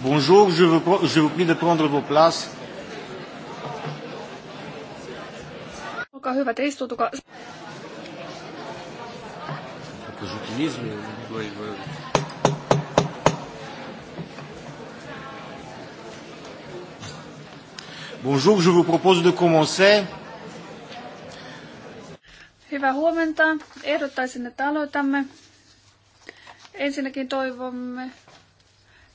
Bonjour, je vous, je vous prie de prendre vos places. Olkaa hyvät, istutukaa. Euh, euh, Bonjour, je vous propose de commencer. Hyvää huomenta. Ehdottaisin, että aloitamme. Ensinnäkin toivomme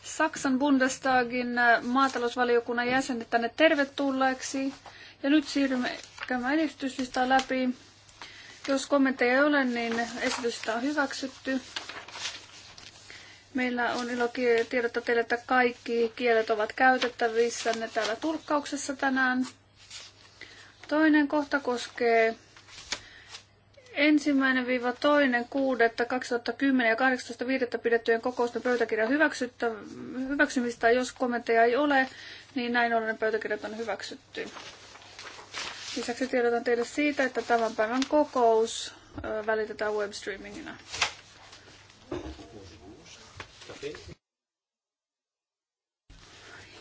Saksan Bundestagin maatalousvaliokunnan jäsenet tänne tervetulleeksi. Ja nyt siirrymme käymään edistyslistaa läpi. Jos kommentteja ei ole, niin esitystä on hyväksytty. Meillä on ilo tiedottaa teille, että kaikki kielet ovat käytettävissä ne täällä tulkkauksessa tänään. Toinen kohta koskee ensimmäinen viiva toinen kuudetta 2010 ja 18.5. pidettyjen kokousten pöytäkirjan hyväksymistä. Jos kommentteja ei ole, niin näin ollen pöytäkirjat on hyväksytty. Lisäksi tiedotan teille siitä, että tämän päivän kokous välitetään webstreaminginä.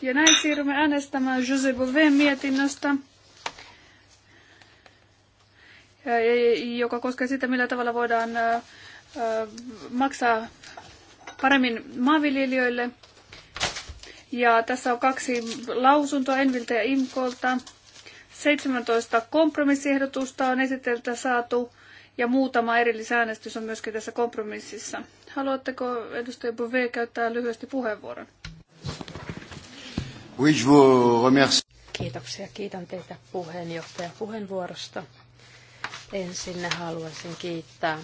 Ja näin siirrymme äänestämään Jose Boveen mietinnöstä joka koskee sitä, millä tavalla voidaan maksaa paremmin maanviljelijöille. Ja tässä on kaksi lausuntoa Enviltä ja Imkolta. 17 kompromissiehdotusta on esiteltä saatu ja muutama erillisäänestys on myöskin tässä kompromississa. Haluatteko edustaja Bouvet käyttää lyhyesti puheenvuoron? Oui, je vous remercie. Kiitoksia. Kiitän teitä puheenjohtajan puheenvuorosta. Ensin haluaisin kiittää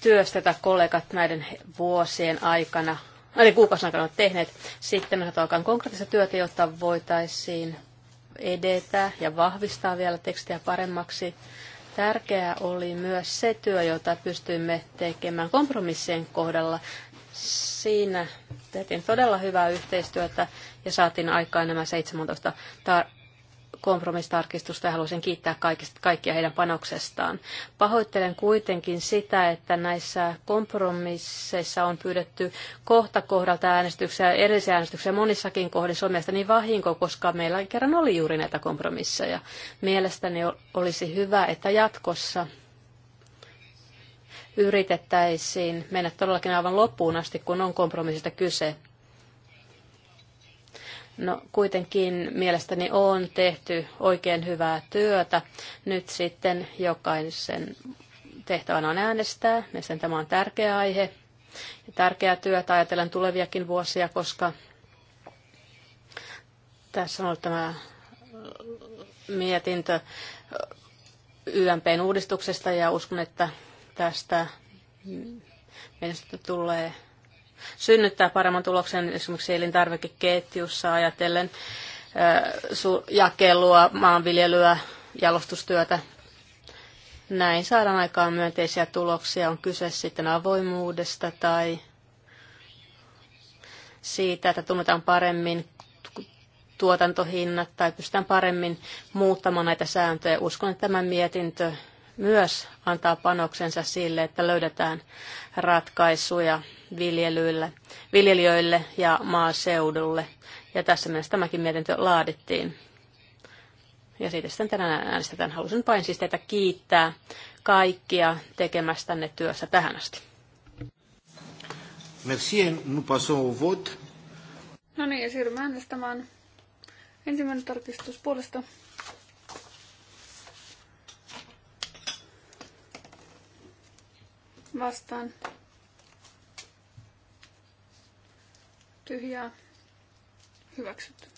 työstä, jota kollegat näiden vuosien aikana, äh, näiden kuukausien aikana ovat tehneet. Sitten me alkaa konkreettista työtä, jotta voitaisiin edetä ja vahvistaa vielä tekstiä paremmaksi. Tärkeää oli myös se työ, jota pystyimme tekemään kompromissien kohdalla. Siinä tehtiin todella hyvää yhteistyötä ja saatiin aikaan nämä 17 tar- kompromistarkistusta ja haluaisin kiittää kaikista, kaikkia heidän panoksestaan. Pahoittelen kuitenkin sitä, että näissä kompromisseissa on pyydetty kohta kohdalta äänestyksiä, erillisiä äänestyksiä monissakin kohdissa on mielestäni niin vahinko, koska meillä kerran oli juuri näitä kompromisseja. Mielestäni olisi hyvä, että jatkossa yritettäisiin mennä todellakin aivan loppuun asti, kun on kompromissista kyse No kuitenkin mielestäni on tehty oikein hyvää työtä. Nyt sitten jokaisen tehtävän on äänestää. Mielestäni tämä on tärkeä aihe ja tärkeää työtä ajatellen tuleviakin vuosia, koska tässä on ollut tämä mietintö YMPn uudistuksesta ja uskon, että tästä mielestäni tulee synnyttää paremman tuloksen esimerkiksi elintarvikeketjussa ajatellen jakelua, maanviljelyä, jalostustyötä. Näin saadaan aikaan myönteisiä tuloksia. On kyse sitten avoimuudesta tai siitä, että tunnetaan paremmin tuotantohinnat tai pystytään paremmin muuttamaan näitä sääntöjä. Uskon, että tämä mietintö myös antaa panoksensa sille, että löydetään ratkaisuja viljelyille, viljelijöille ja maaseudulle. Ja tässä mielessä tämäkin mietintö laadittiin. Ja siitä sitten tänään äänestetään. Halusin vain siis teitä kiittää kaikkia tekemästänne työssä tähän asti. Merci, nous passons vote. No niin, ja siirrymme äänestämään. Ensimmäinen tarkistus puolesta. Vastaan. tyhjää, hyväksytty.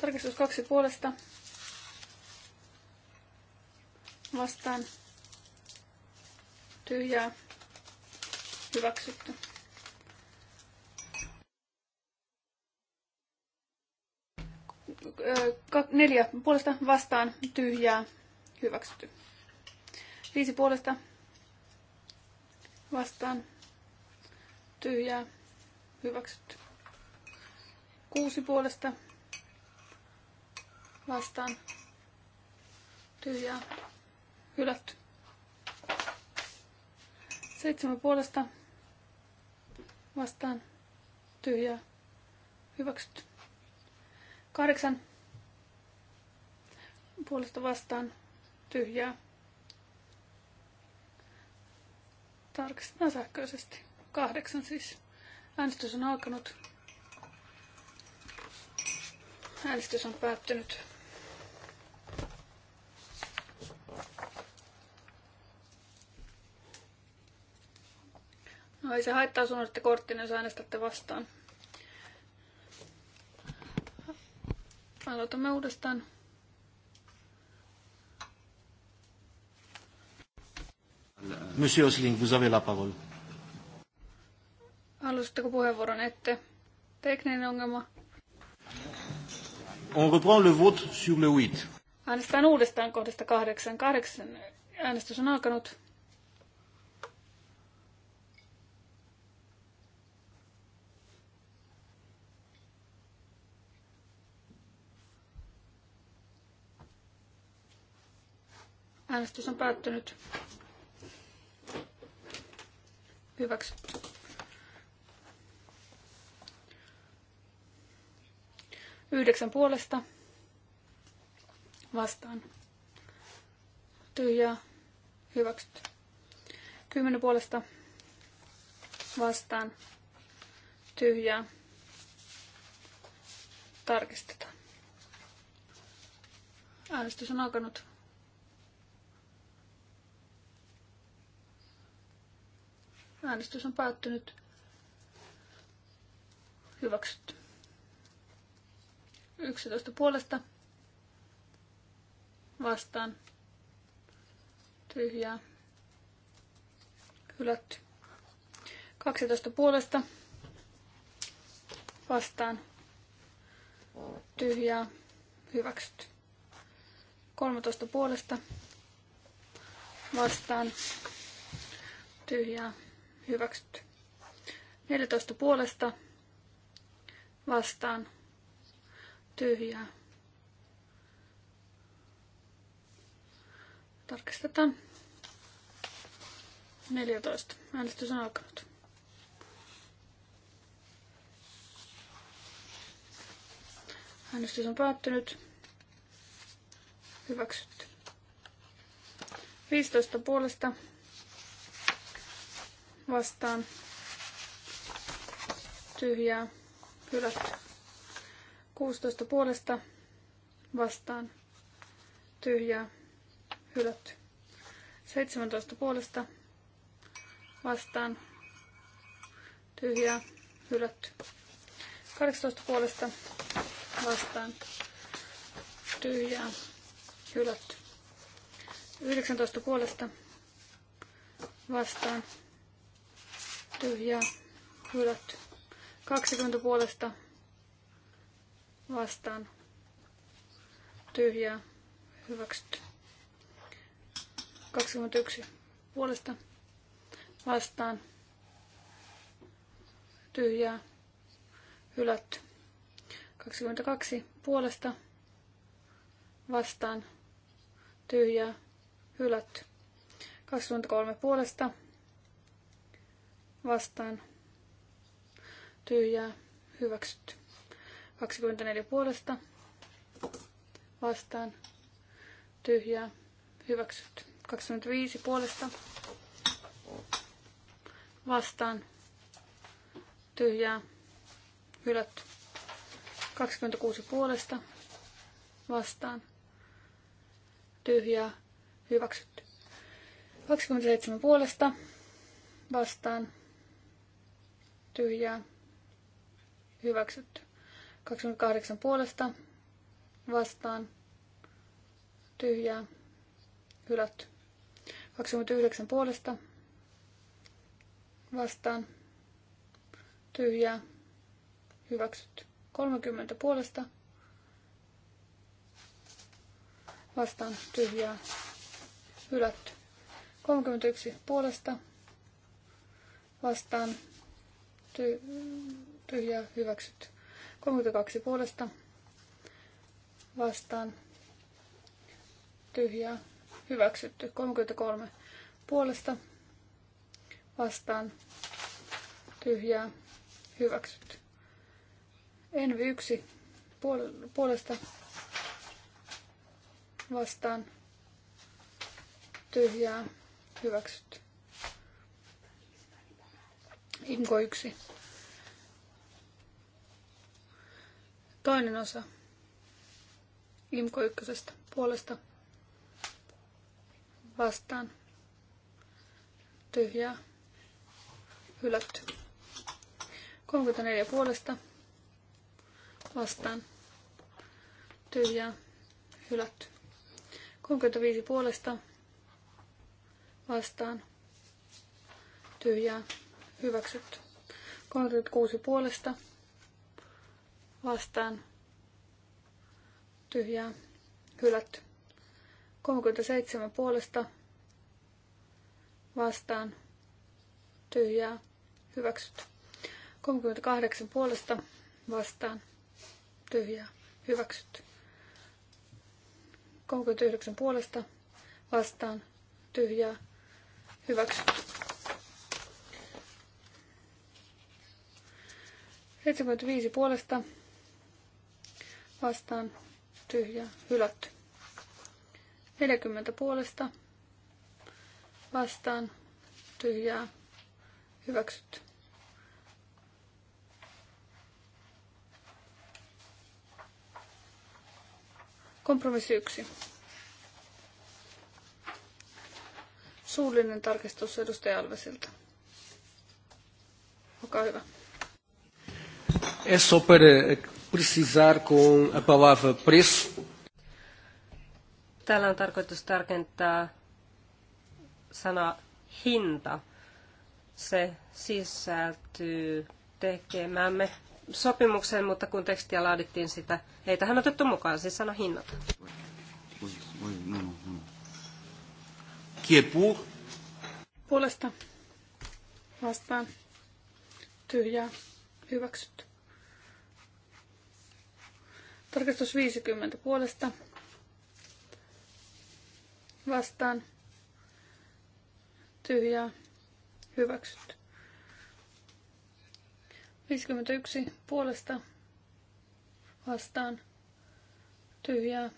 Tarkistus kaksi puolesta. Vastaan. Tyhjää. Hyväksytty. Neljä puolesta vastaan tyhjää hyväksytty. Viisi puolesta vastaan tyhjää hyväksytty. Kuusi puolesta vastaan tyhjää hylätty. Seitsemän puolesta vastaan tyhjää hyväksytty. Kahdeksan puolesta vastaan tyhjää Tarkistetaan sähköisesti. Kahdeksan siis. Äänestys on alkanut. Äänestys on päättynyt. No ei se haittaa sun, että korttina, jos äänestätte vastaan. Aloitamme uudestaan. Monsieur Osling, vous avez la parole. Halusitteko puheenvuoron ette? Tekninen ongelma. On reprend le vote sur le 8. Äänestetään uudestaan kohdasta 8. 8. Äänestys on alkanut. Äänestys on päättynyt. Hyväksytty. Yhdeksän puolesta. Vastaan. Tyhjää. Hyväksytty. Kymmenen puolesta. Vastaan. Tyhjää. Tarkistetaan. Äänestys on alkanut. Äänestys on päättynyt. Hyväksytty. 11 puolesta vastaan tyhjää hylätty. 12 puolesta vastaan tyhjää hyväksytty. 13 puolesta vastaan tyhjää hyväksytty. 14 puolesta vastaan tyhjää. Tarkistetaan. 14. Äänestys on alkanut. Äänestys on päättynyt. Hyväksytty. 15 puolesta vastaan tyhjää hylätty. 16 puolesta vastaan tyhjää hylätty. 17 puolesta vastaan tyhjää hylätty. 18 puolesta vastaan tyhjää hylätty. 19 puolesta vastaan tyhjää, hylätty. 20 puolesta vastaan, tyhjää, hyväksytty. 21 puolesta vastaan, tyhjää, hylätty. 22 puolesta vastaan, tyhjää, hylätty. 23 puolesta vastaan tyhjää hyväksytty. 24 puolesta vastaan tyhjää hyväksytty. 25 puolesta vastaan tyhjää hylätty. 26 puolesta vastaan tyhjää hyväksytty. 27 puolesta vastaan tyhjää, hyväksytty. 28 puolesta vastaan, tyhjää, hylätty. 29 puolesta vastaan, tyhjää, hyväksytty. 30 puolesta vastaan, tyhjää, hylätty. 31 puolesta vastaan, ty, tyhjää hyväksyt. 32 puolesta vastaan tyhjää hyväksytty. 33 puolesta vastaan tyhjää hyväksytty. Envy 1 puolesta vastaan tyhjää hyväksytty. Inko yksi. Toinen osa Imko ykkösestä puolesta vastaan tyhjää hylätty. 34 puolesta vastaan tyhjää hylätty. 35 puolesta vastaan tyhjää Hyväksytty. 36 puolesta. Vastaan. Tyhjää. Hylätty. 37 puolesta. Vastaan. Tyhjää. Hyväksytty. 38 puolesta. Vastaan. Tyhjää. Hyväksytty. 39 puolesta. Vastaan. Tyhjää. Hyväksytty. 75 puolesta vastaan tyhjä hylätty. 40 puolesta vastaan tyhjää hyväksytty. Kompromissi 1. Suullinen tarkistus edustaja Alvesilta. Olkaa hyvä. É só para precisar com a palavra preço. Täällä on tarkoitus tarkentaa sana hinta. Se sisältyy tekemämme sopimukseen, mutta kun tekstiä laadittiin sitä, ei tähän otettu mukaan, siis sana hinnat. Kiepu. Puolesta. Vastaan. Tyhjää. Hyväksytty. Tarkastus 50 puolesta. Vastaan. Tyhjää. hyväksyt 51 puolesta. Vastaan. Tyhjää.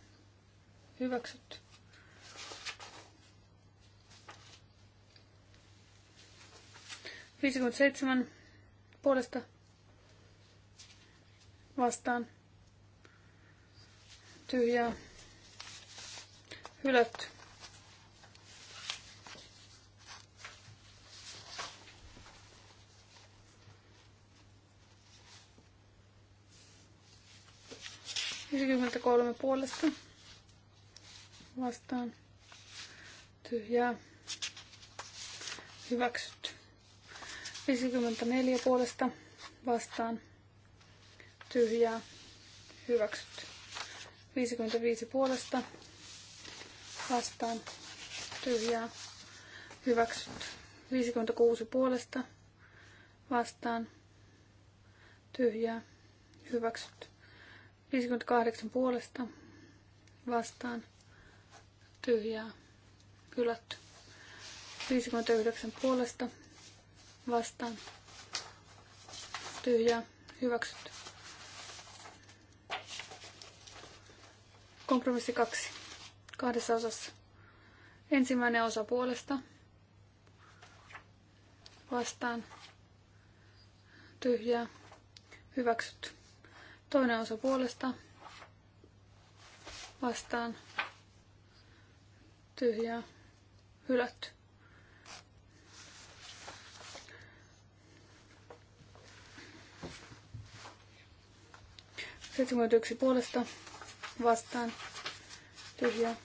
hyväksyt 57 puolesta vastaan tyhjää, hylätty. kolme puolesta vastaan tyhjää hyväksytty. 54 puolesta vastaan tyhjää hyväksytty. 55 puolesta vastaan tyhjää hyväksyt 56 puolesta vastaan tyhjää hyväksyt 58 puolesta vastaan tyhjää hylätty. 59 puolesta vastaan tyhjää hyväksytty. Kompromissi kaksi. Kahdessa osassa. Ensimmäinen osa puolesta. Vastaan. Tyhjää. hyväksyt. Toinen osa puolesta. Vastaan. Tyhjää. Hylätty. yksi puolesta vastaan tyhjä,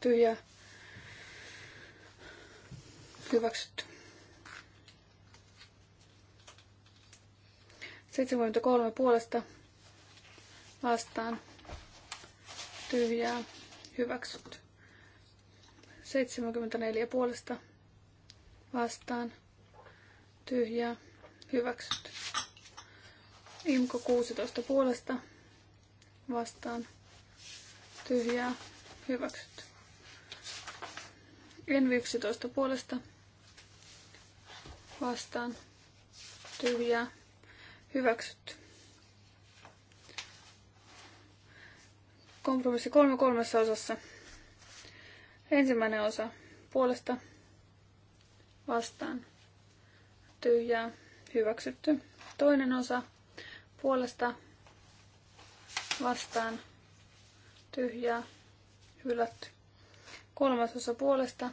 tyhjä, hyväksytty. 73 puolesta vastaan tyhjää hyväksytty. 74 puolesta vastaan tyhjää hyväksytty. Imko 16 puolesta vastaan tyhjää hyväksytty. Envi 11 puolesta vastaan tyhjää hyväksytty. Kompromissi kolme kolmessa osassa. Ensimmäinen osa puolesta vastaan tyhjää hyväksytty. Toinen osa puolesta vastaan tyhjää hylätty. Kolmasosa puolesta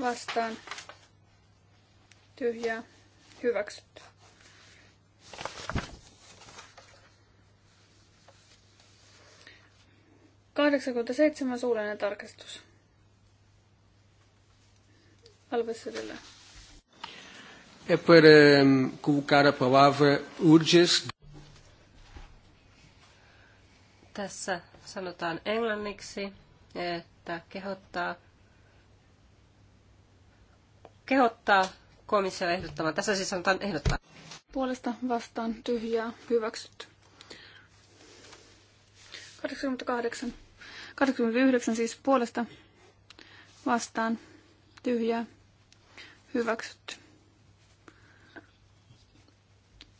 vastaan tyhjää hyväksytty. Kahdeksankymmentäseitsemän suullinen tarkastus. Alves edelleen. É para eh, colocar a palavra urges. Tässä sanotaan englanniksi, että kehottaa, kehottaa komissio ehdottamaan. Tässä siis sanotaan ehdottaa. Puolesta vastaan tyhjää hyväksytty. 88. 89 siis puolesta vastaan tyhjää hyväksytty.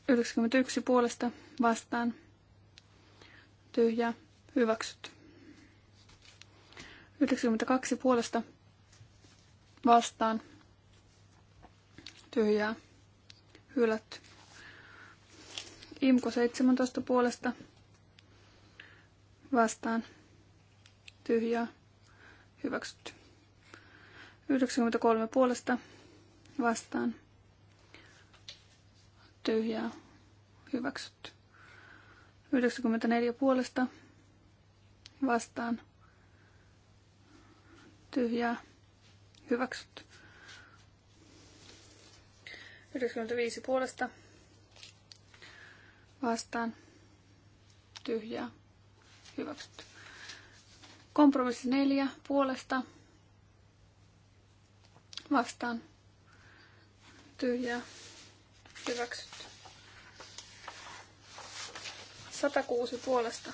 91 puolesta vastaan tyhjää, hyväksyt. 92 puolesta vastaan, tyhjää, hylätty. Imko 17 puolesta vastaan, tyhjää, hyväksytty. 93 puolesta vastaan, tyhjää, hyväksytty. 94 puolesta vastaan tyhjää hyväksytty. 95 puolesta vastaan tyhjää hyväksytty. Kompromissi 4 puolesta vastaan tyhjää hyväksytty. 106 puolesta.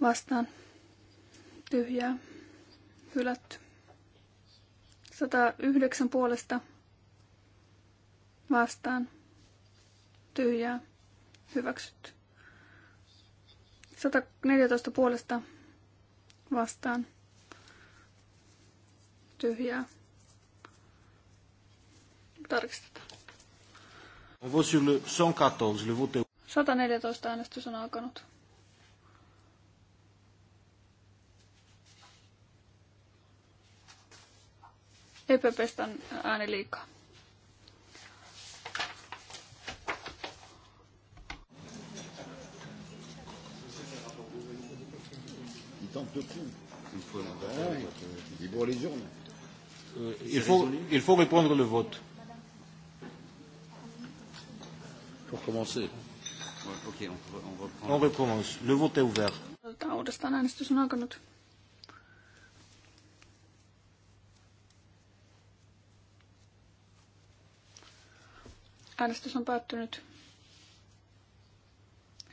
Vastaan. Tyhjää. Hylätty. 109 puolesta. Vastaan. Tyhjää. Hyväksytty. 114 puolesta. Vastaan. Tyhjää. Tarkistetaan. 114, le vote 114 äänestys on alkanut. EPPstä ääni liikaa. Euh, il faut, il faut répondre le vote. pour commencer. on, on recommence. Le vote est ouvert. äänestys on päättynyt.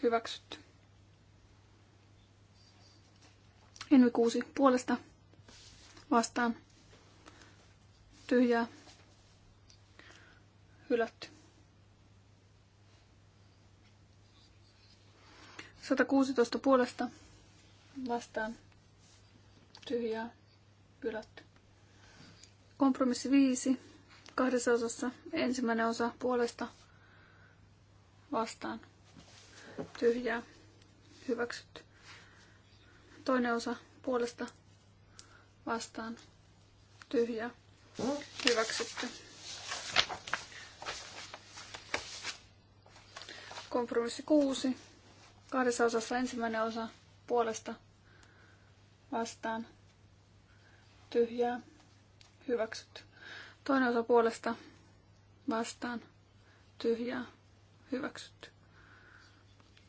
Hyväksytty. Envi kuusi puolesta vastaan. Tyhjää. Hylätty. 116 puolesta vastaan tyhjää Pylätty. Kompromissi 5 kahdessa osassa ensimmäinen osa puolesta vastaan tyhjää hyväksytty. Toinen osa puolesta vastaan tyhjää hyväksytty. Kompromissi 6 Kahdessa osassa ensimmäinen osa puolesta vastaan tyhjää hyväksytty. Toinen osa puolesta vastaan tyhjää hyväksytty.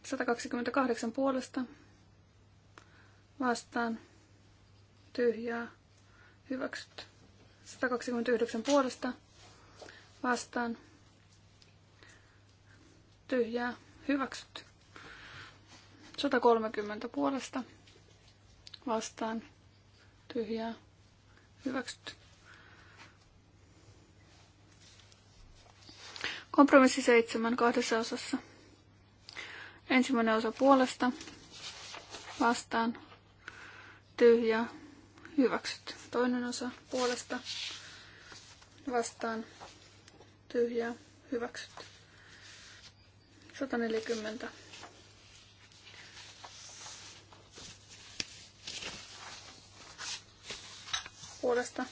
128 puolesta vastaan tyhjää hyväksytty. 129 puolesta vastaan tyhjää hyväksytty. 130 puolesta vastaan tyhjää hyväksytty. Kompromissi seitsemän kahdessa osassa. Ensimmäinen osa puolesta vastaan tyhjää hyväksytty. Toinen osa puolesta vastaan tyhjää hyväksytty. 140 puolesta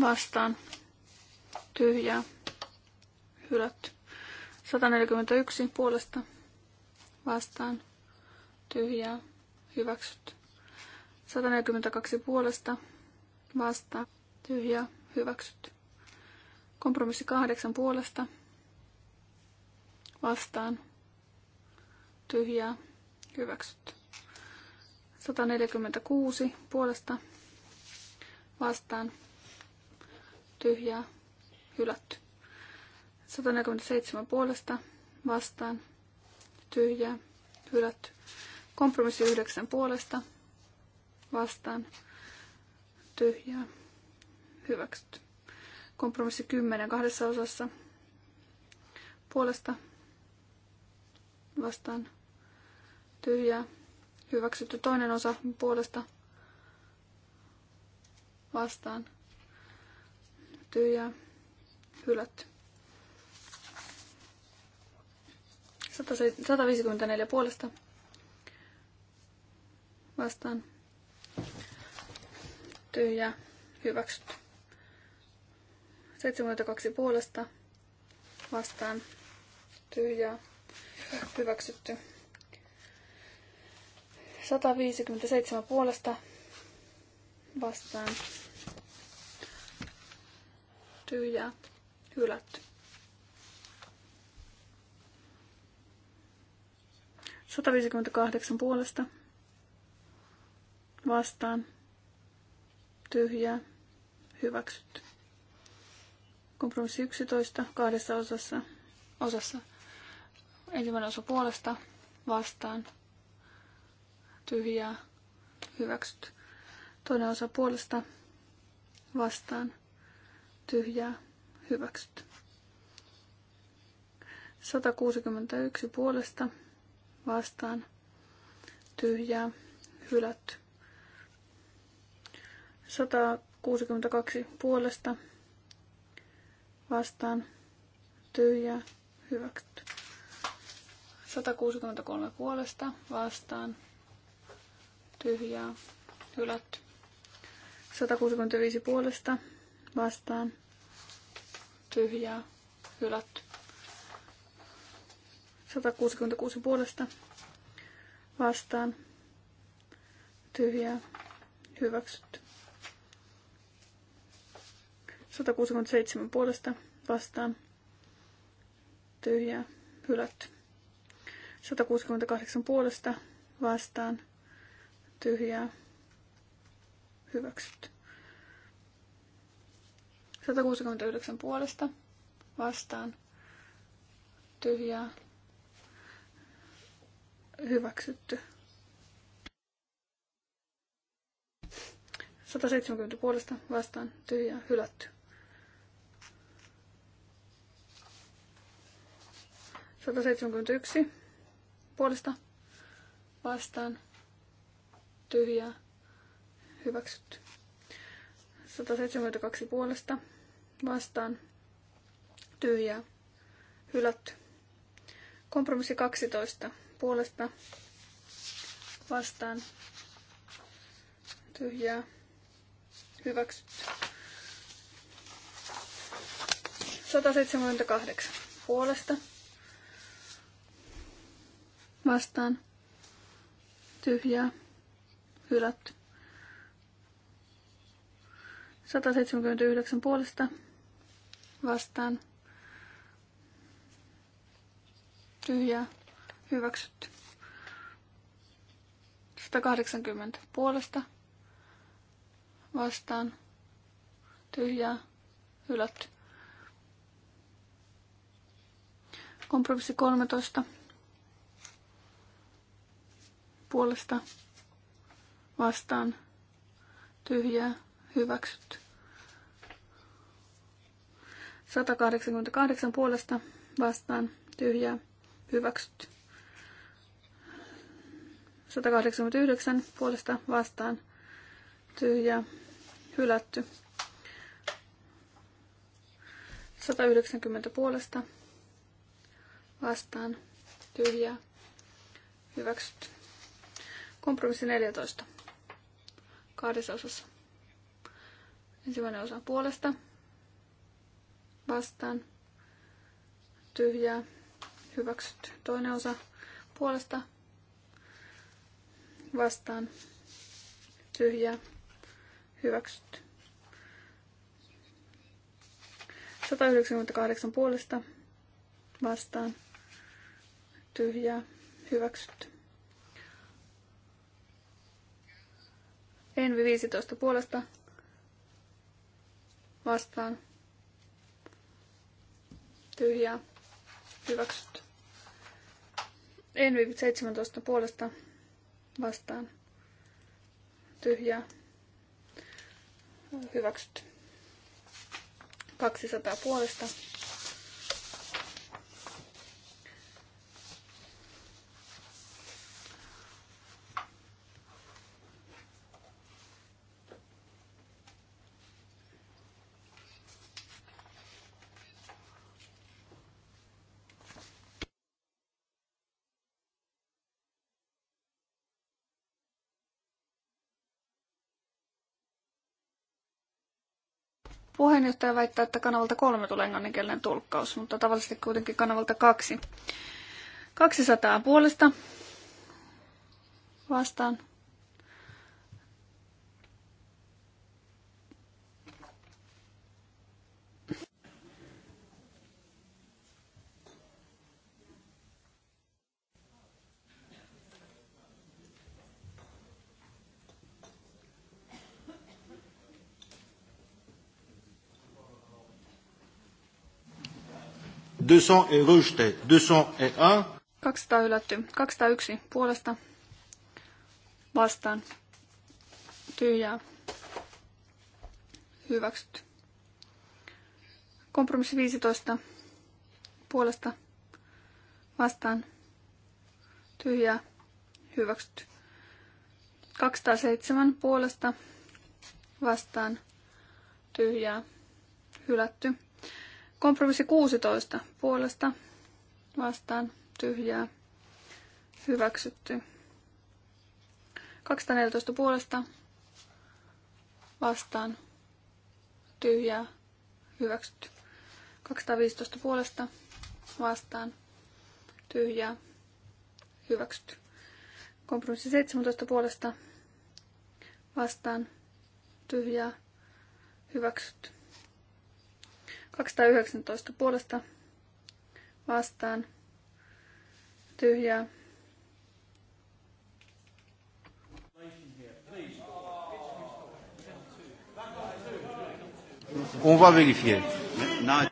vastaan tyhjää hylätty. 141 puolesta vastaan tyhjää hyväksytty. 142 puolesta vastaan tyhjää hyväksytty. Kompromissi 8 puolesta vastaan tyhjää hyväksytty. 146 puolesta vastaan tyhjää hylätty. 147 puolesta vastaan tyhjää hylätty. Kompromissi 9 puolesta vastaan tyhjää hyväksytty. Kompromissi 10 kahdessa osassa puolesta vastaan tyhjää hyväksytty. Toinen osa puolesta vastaan tyhjää hylätty. 154 puolesta vastaan tyhjää hyväksytty. 72 puolesta vastaan tyhjää hyväksytty. 157 puolesta vastaan ja hylätty. 158 puolesta vastaan tyhjää hyväksytty. Kompromissi 11 kahdessa osassa. osassa. Ensimmäinen osa puolesta vastaan tyhjää hyväksytty. Toinen osa puolesta vastaan tyhjää hyväksytty. 161 puolesta vastaan tyhjää hylätty. 162 puolesta vastaan tyhjää hyväksytty. 163 puolesta vastaan tyhjää hylätty. 165 puolesta vastaan tyhjää hylätty. 166 puolesta vastaan tyhjää hyväksytty. 167 puolesta vastaan tyhjää hylätty. 168 puolesta vastaan tyhjää hyväksytty. 169 puolesta vastaan tyhjää hyväksytty. 170 puolesta vastaan tyhjää hylätty. 171 puolesta vastaan tyhjää hyväksytty. 172 puolesta vastaan tyhjää hylätty. Kompromissi 12 puolesta vastaan tyhjää hyväksytty. 178 puolesta vastaan tyhjää hylätty. 179 puolesta vastaan tyhjää hyväksytty. 180 puolesta vastaan tyhjää hylätty. Kompromissi 13 puolesta vastaan tyhjää hyväksytty. 188 puolesta vastaan tyhjää hyväksyt. 189 puolesta vastaan tyhjää hylätty. 190 puolesta vastaan tyhjää hyväksyt. Kompromissi 14 kahdessa osassa. Ensimmäinen osa puolesta vastaan tyhjää hyväksytty. Toinen osa puolesta vastaan tyhjää hyväksytty. 198 puolesta vastaan tyhjää hyväksytty. Envi 15 puolesta vastaan Tyhjää. Hyväksytty. Envi 17 puolesta vastaan. Tyhjää. Hyväksytty. 200 puolesta puheenjohtaja väittää, että kanavalta kolme tulee englanninkielinen tulkkaus, mutta tavallisesti kuitenkin kanavalta kaksi. 200 puolesta vastaan 200 est 201 puolesta. Vastaan. Tyhjää. Hyväksytty. Kompromissi 15 puolesta. Vastaan. Tyhjää. Hyväksytty. 207 puolesta. Vastaan. Tyhjää. Hylätty. Kompromissi 16 puolesta vastaan tyhjää hyväksytty. 214 puolesta vastaan tyhjää hyväksytty. 215 puolesta vastaan tyhjää hyväksytty. Kompromissi 17 puolesta vastaan tyhjää hyväksytty. 219 puolesta vastaan tyhjää. On va vérifier. Non.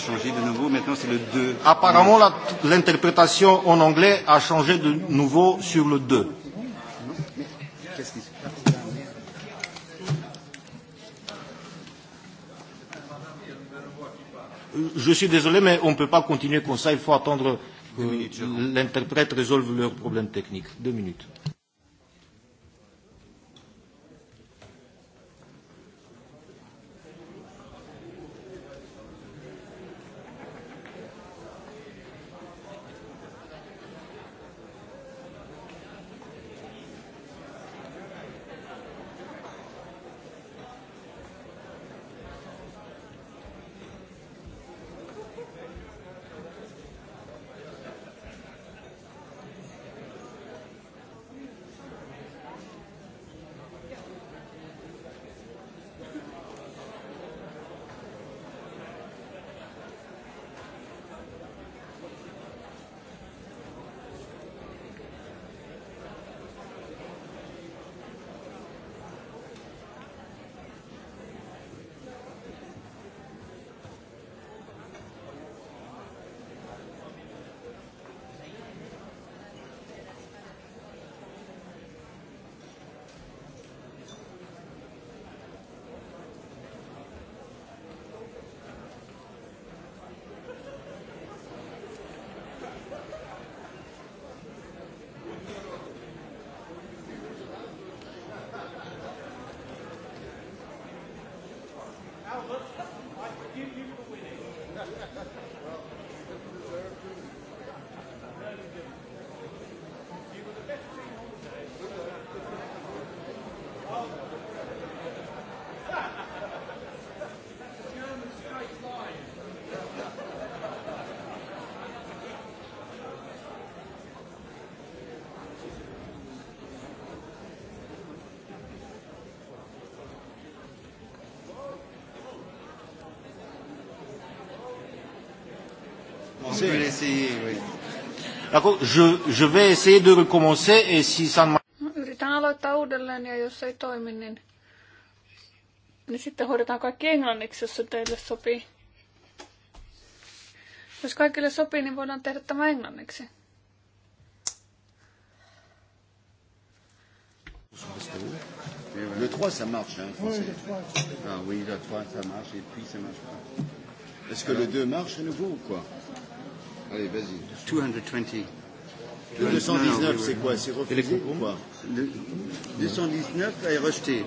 changé de nouveau. Maintenant, c'est le 2. Apparemment, l'interprétation en anglais a changé de nouveau sur le 2. Euh, je suis désolé, mais on ne peut pas continuer comme ça. Il faut attendre que l'interprète résolve leurs problèmes techniques. Deux minutes. Je vais essayer, oui. D'accord, je, je vais essayer de recommencer et si ça ne no, Yritän aloittaa uudelleen ja jos ei toimi, niin, niin sitten hoidetaan kaikki englanniksi, jos se teille sopii. Jos kaikille sopii, niin voidaan tehdä tämä englanniksi. Le 3, ça marche, hein, français. Oui, le 3. Ah oui, le 3, ça marche, et puis ça marche pas. Est-ce que Alors... le 2 marche à nouveau ou quoi Allez, vas-y. 220. 219, c'est quoi C'est refusé ou quoi 219 est rejeté.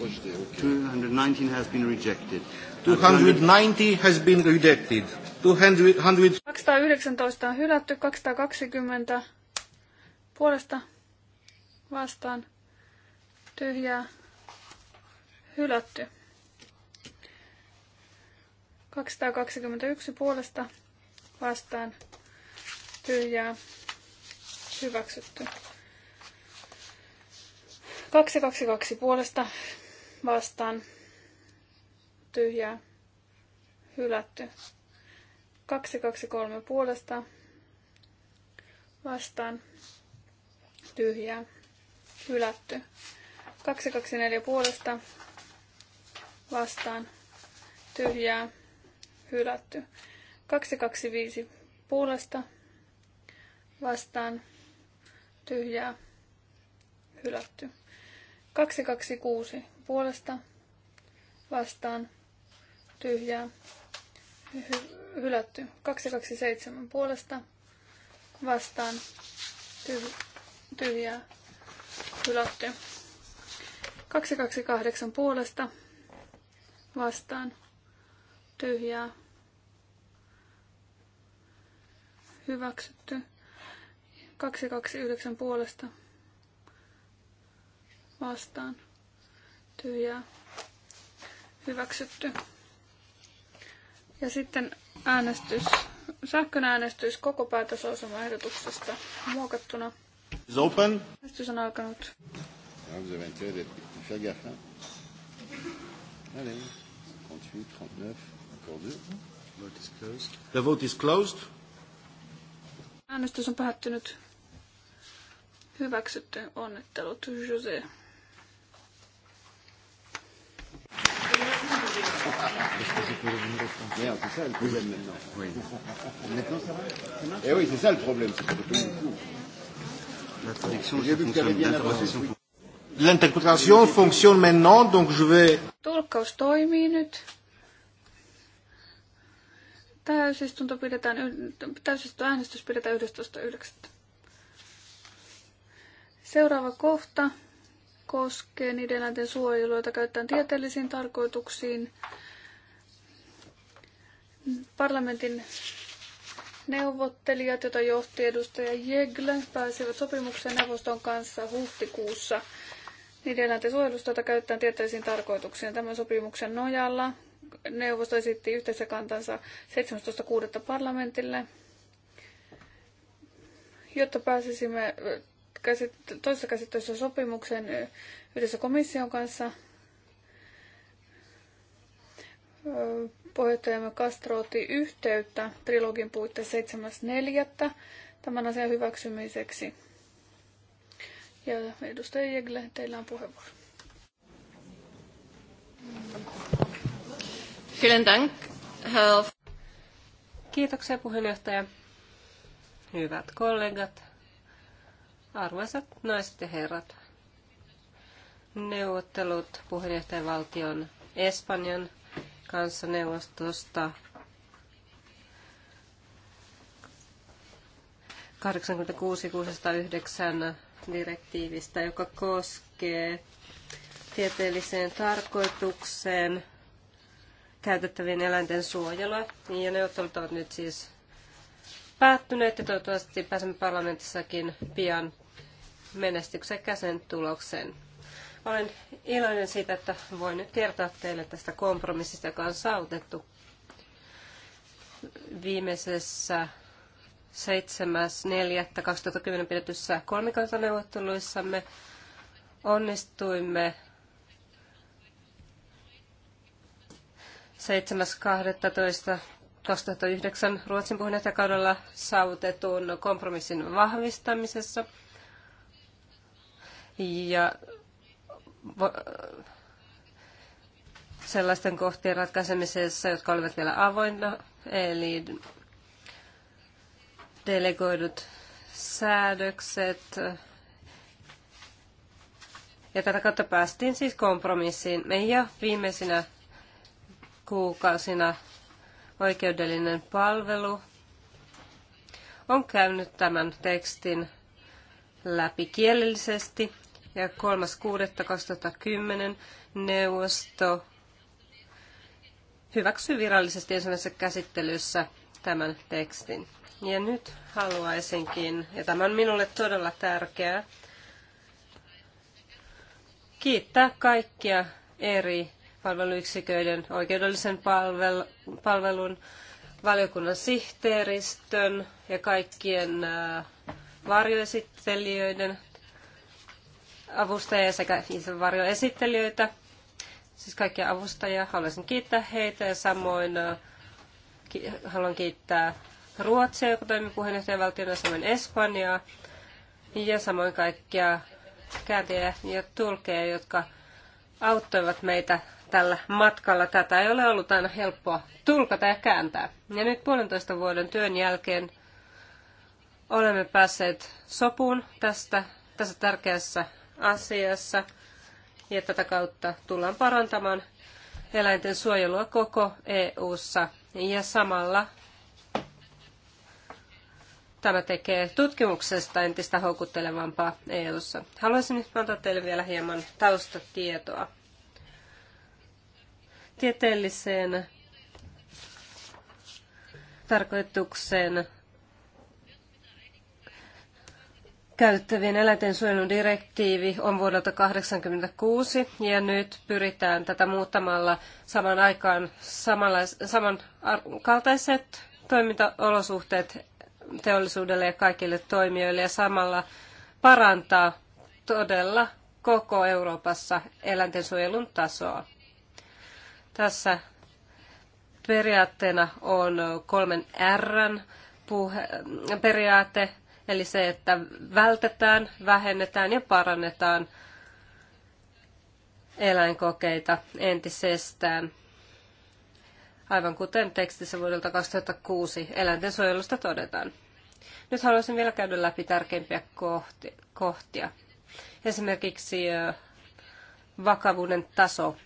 Rejeté, ok. 219 has been rejected. 290 has been rejected. 200, 219 on hylätty, 220 puolesta vastaan tyhjää hylätty. 221 puolesta vastaan tyhjää hyväksytty. 222 puolesta vastaan tyhjää hylätty. 223 puolesta vastaan tyhjää hylätty. 224 puolesta vastaan tyhjää hylätty. 225 puolesta vastaan tyhjää hylätty. 226 puolesta vastaan tyhjää hy- hylätty. 227 puolesta vastaan tyh- tyhjää hylätty. 228 puolesta vastaan tyhjää hyväksytty. 229 puolesta vastaan tyhjää hyväksytty. Ja sitten äänestys, sähkön äänestys koko päätöslausumaehdotuksesta muokattuna. It's open. Äänestys on alkanut. Allez, 38, 39, encore deux. The vote is closed. The vote is closed. Äänestys on päättynyt. Hyväksytty. Onnittelut, Jose. Eh L'interprétation fonctionne maintenant, donc je vais... Tulkkaus toimii nyt. Täysistunto pidetään, äänestys pidetään 11.9. Seuraava kohta koskee niiden eläinten suojelua, joita käytetään tieteellisiin tarkoituksiin. Parlamentin neuvottelijat, joita johti edustaja Jegle, pääsivät sopimukseen neuvoston kanssa huhtikuussa niiden eläinten suojelusta, jota käytetään tieteellisiin tarkoituksiin. Tämän sopimuksen nojalla neuvosto esitti yhteensä kantansa 17.6. parlamentille, jotta pääsisimme äh, toisessa käsittelyssä sopimuksen äh, yhdessä komission kanssa. Äh, puheenjohtajamme Castro otti yhteyttä trilogin puitteissa 7.4. tämän asian hyväksymiseksi. Ja edustaja Jegle, teillä on puheenvuoro. Kiitoksia puheenjohtaja. Hyvät kollegat, arvoisat naiset ja herrat. Neuvottelut puheenjohtajavaltion Espanjan kanssa neuvostosta 86-609 direktiivistä, joka koskee tieteelliseen tarkoitukseen käytettävien eläinten suojelua. Niin, ja neuvottelut ovat nyt siis päättyneet ja toivottavasti pääsemme parlamentissakin pian menestyksekkäisen tulokseen. Olen iloinen siitä, että voin nyt kertoa teille tästä kompromissista, joka on saavutettu viimeisessä 7.4.2010 pidetyssä kolmikantaneuvotteluissamme. Onnistuimme 7.12.2009 Ruotsin puheenjohtajakaudella saavutetun kompromissin vahvistamisessa. Ja sellaisten kohtien ratkaisemisessa, jotka olivat vielä avoinna, eli delegoidut säädökset. Ja tätä kautta päästiin siis kompromissiin. Ja viimeisinä kuukausina oikeudellinen palvelu on käynyt tämän tekstin läpi kielellisesti ja 3.6.2010 neuvosto hyväksyi virallisesti ensimmäisessä käsittelyssä tämän tekstin. Ja nyt haluaisinkin, ja tämä on minulle todella tärkeää, kiittää kaikkia eri palveluyksiköiden oikeudellisen palvel, palvelun, valiokunnan sihteeristön ja kaikkien äh, varjoesittelijöiden avustajia sekä varjoesittelijöitä, siis kaikkia avustajia. Haluaisin kiittää heitä ja samoin äh, haluan kiittää Ruotsia, joka toimi puheenjohtajavaltiona, samoin Espanjaa ja samoin kaikkia kääntäjiä ja tulkeja, jotka auttoivat meitä tällä matkalla. Tätä ei ole ollut aina helppoa tulkata ja kääntää. Ja nyt puolentoista vuoden työn jälkeen olemme päässeet sopuun tästä, tässä tärkeässä asiassa. Ja tätä kautta tullaan parantamaan eläinten suojelua koko EU:ssa ja samalla tämä tekee tutkimuksesta entistä houkuttelevampaa EU:ssa. Haluaisin nyt antaa teille vielä hieman taustatietoa tieteelliseen tarkoitukseen käyttävien eläinten suojeludirektiivi on vuodelta 1986 ja nyt pyritään tätä muuttamalla saman aikaan samanlais- samankaltaiset toimintaolosuhteet teollisuudelle ja kaikille toimijoille ja samalla parantaa todella koko Euroopassa suojelun tasoa. Tässä periaatteena on kolmen Rn puhe, periaate, eli se, että vältetään, vähennetään ja parannetaan eläinkokeita entisestään. Aivan kuten tekstissä vuodelta 2006 eläintensuojelusta todetaan. Nyt haluaisin vielä käydä läpi tärkeimpiä kohtia. Esimerkiksi vakavuuden taso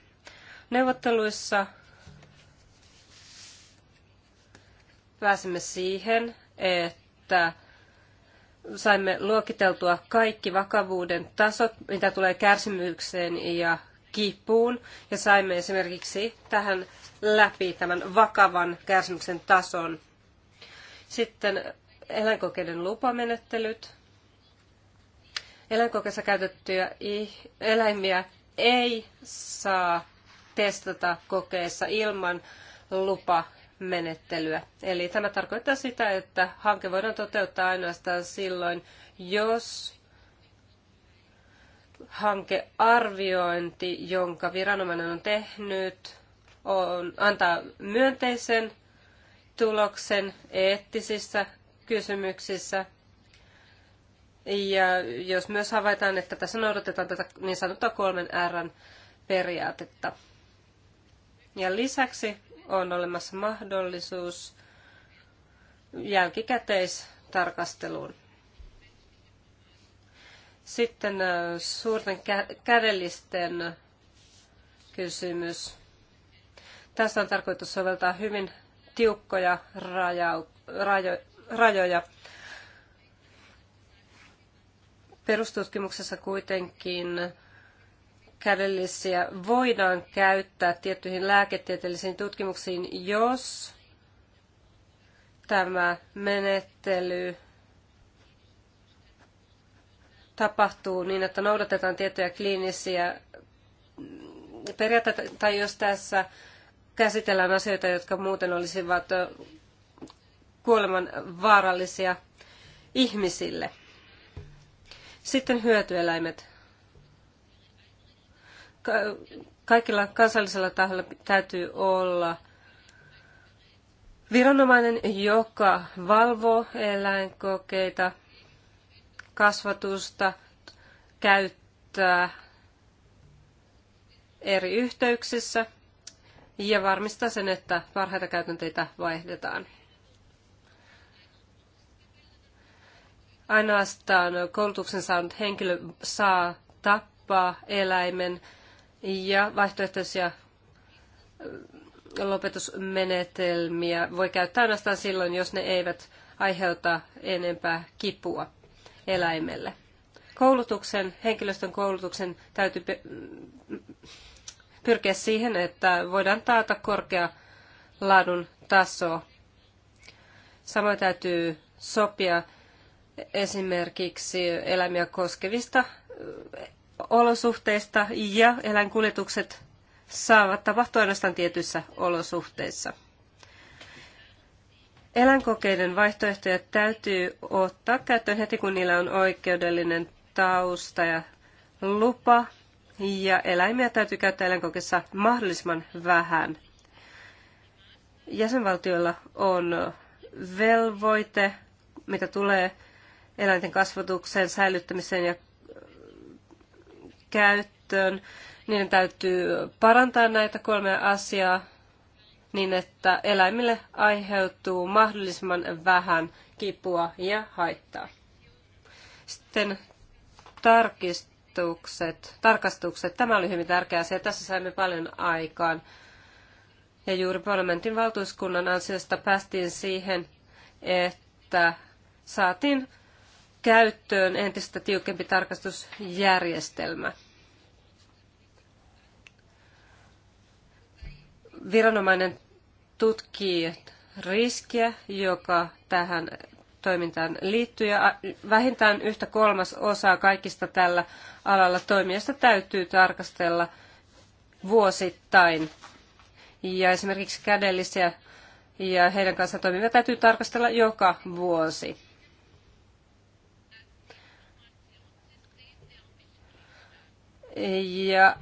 Neuvotteluissa pääsimme siihen, että saimme luokiteltua kaikki vakavuuden tasot, mitä tulee kärsimykseen ja kipuun, ja saimme esimerkiksi tähän läpi tämän vakavan kärsimyksen tason. Sitten eläinkokeiden lupamenettelyt. Eläinkokeissa käytettyjä eläimiä ei saa testata kokeessa ilman lupamenettelyä. Eli tämä tarkoittaa sitä, että hanke voidaan toteuttaa ainoastaan silloin, jos hankearviointi, jonka viranomainen on tehnyt, on, antaa myönteisen tuloksen eettisissä kysymyksissä. Ja jos myös havaitaan, että tässä noudatetaan tätä niin sanottua kolmen R periaatetta. Ja lisäksi on olemassa mahdollisuus jälkikäteistarkasteluun. Sitten suurten kädellisten kysymys. Tässä on tarkoitus soveltaa hyvin tiukkoja rajo, rajo, rajoja. Perustutkimuksessa kuitenkin kädellisiä voidaan käyttää tiettyihin lääketieteellisiin tutkimuksiin, jos tämä menettely tapahtuu niin, että noudatetaan tiettyjä kliinisiä periaatteita, tai jos tässä käsitellään asioita, jotka muuten olisivat kuoleman vaarallisia ihmisille. Sitten hyötyeläimet kaikilla kansallisella tahoilla täytyy olla viranomainen, joka valvoo eläinkokeita, kasvatusta, käyttää eri yhteyksissä ja varmistaa sen, että parhaita käytänteitä vaihdetaan. Ainoastaan koulutuksen saanut henkilö saa tappaa eläimen ja vaihtoehtoisia lopetusmenetelmiä voi käyttää ainoastaan silloin, jos ne eivät aiheuta enempää kipua eläimelle. Koulutuksen, henkilöstön koulutuksen täytyy pyrkiä siihen, että voidaan taata korkea laadun taso. Samoin täytyy sopia esimerkiksi eläimiä koskevista olosuhteista ja eläinkuljetukset saavat tapahtua ainoastaan tietyissä olosuhteissa. Eläinkokeiden vaihtoehtoja täytyy ottaa käyttöön heti, kun niillä on oikeudellinen tausta ja lupa. Ja eläimiä täytyy käyttää eläinkokeissa mahdollisimman vähän. Jäsenvaltioilla on velvoite, mitä tulee eläinten kasvatukseen, säilyttämiseen ja käyttöön. Niiden täytyy parantaa näitä kolmea asiaa niin, että eläimille aiheutuu mahdollisimman vähän kipua ja haittaa. Sitten tarkistukset, tarkastukset. Tämä oli hyvin tärkeä asia. Tässä saimme paljon aikaan. Ja juuri parlamentin valtuuskunnan ansiosta päästiin siihen, että saatiin käyttöön entistä tiukempi tarkastusjärjestelmä. Viranomainen tutkii riskiä, joka tähän toimintaan liittyy, ja vähintään yhtä kolmas osaa kaikista tällä alalla toimijasta täytyy tarkastella vuosittain. Ja esimerkiksi kädellisiä ja heidän kanssaan toimivia täytyy tarkastella joka vuosi. Ja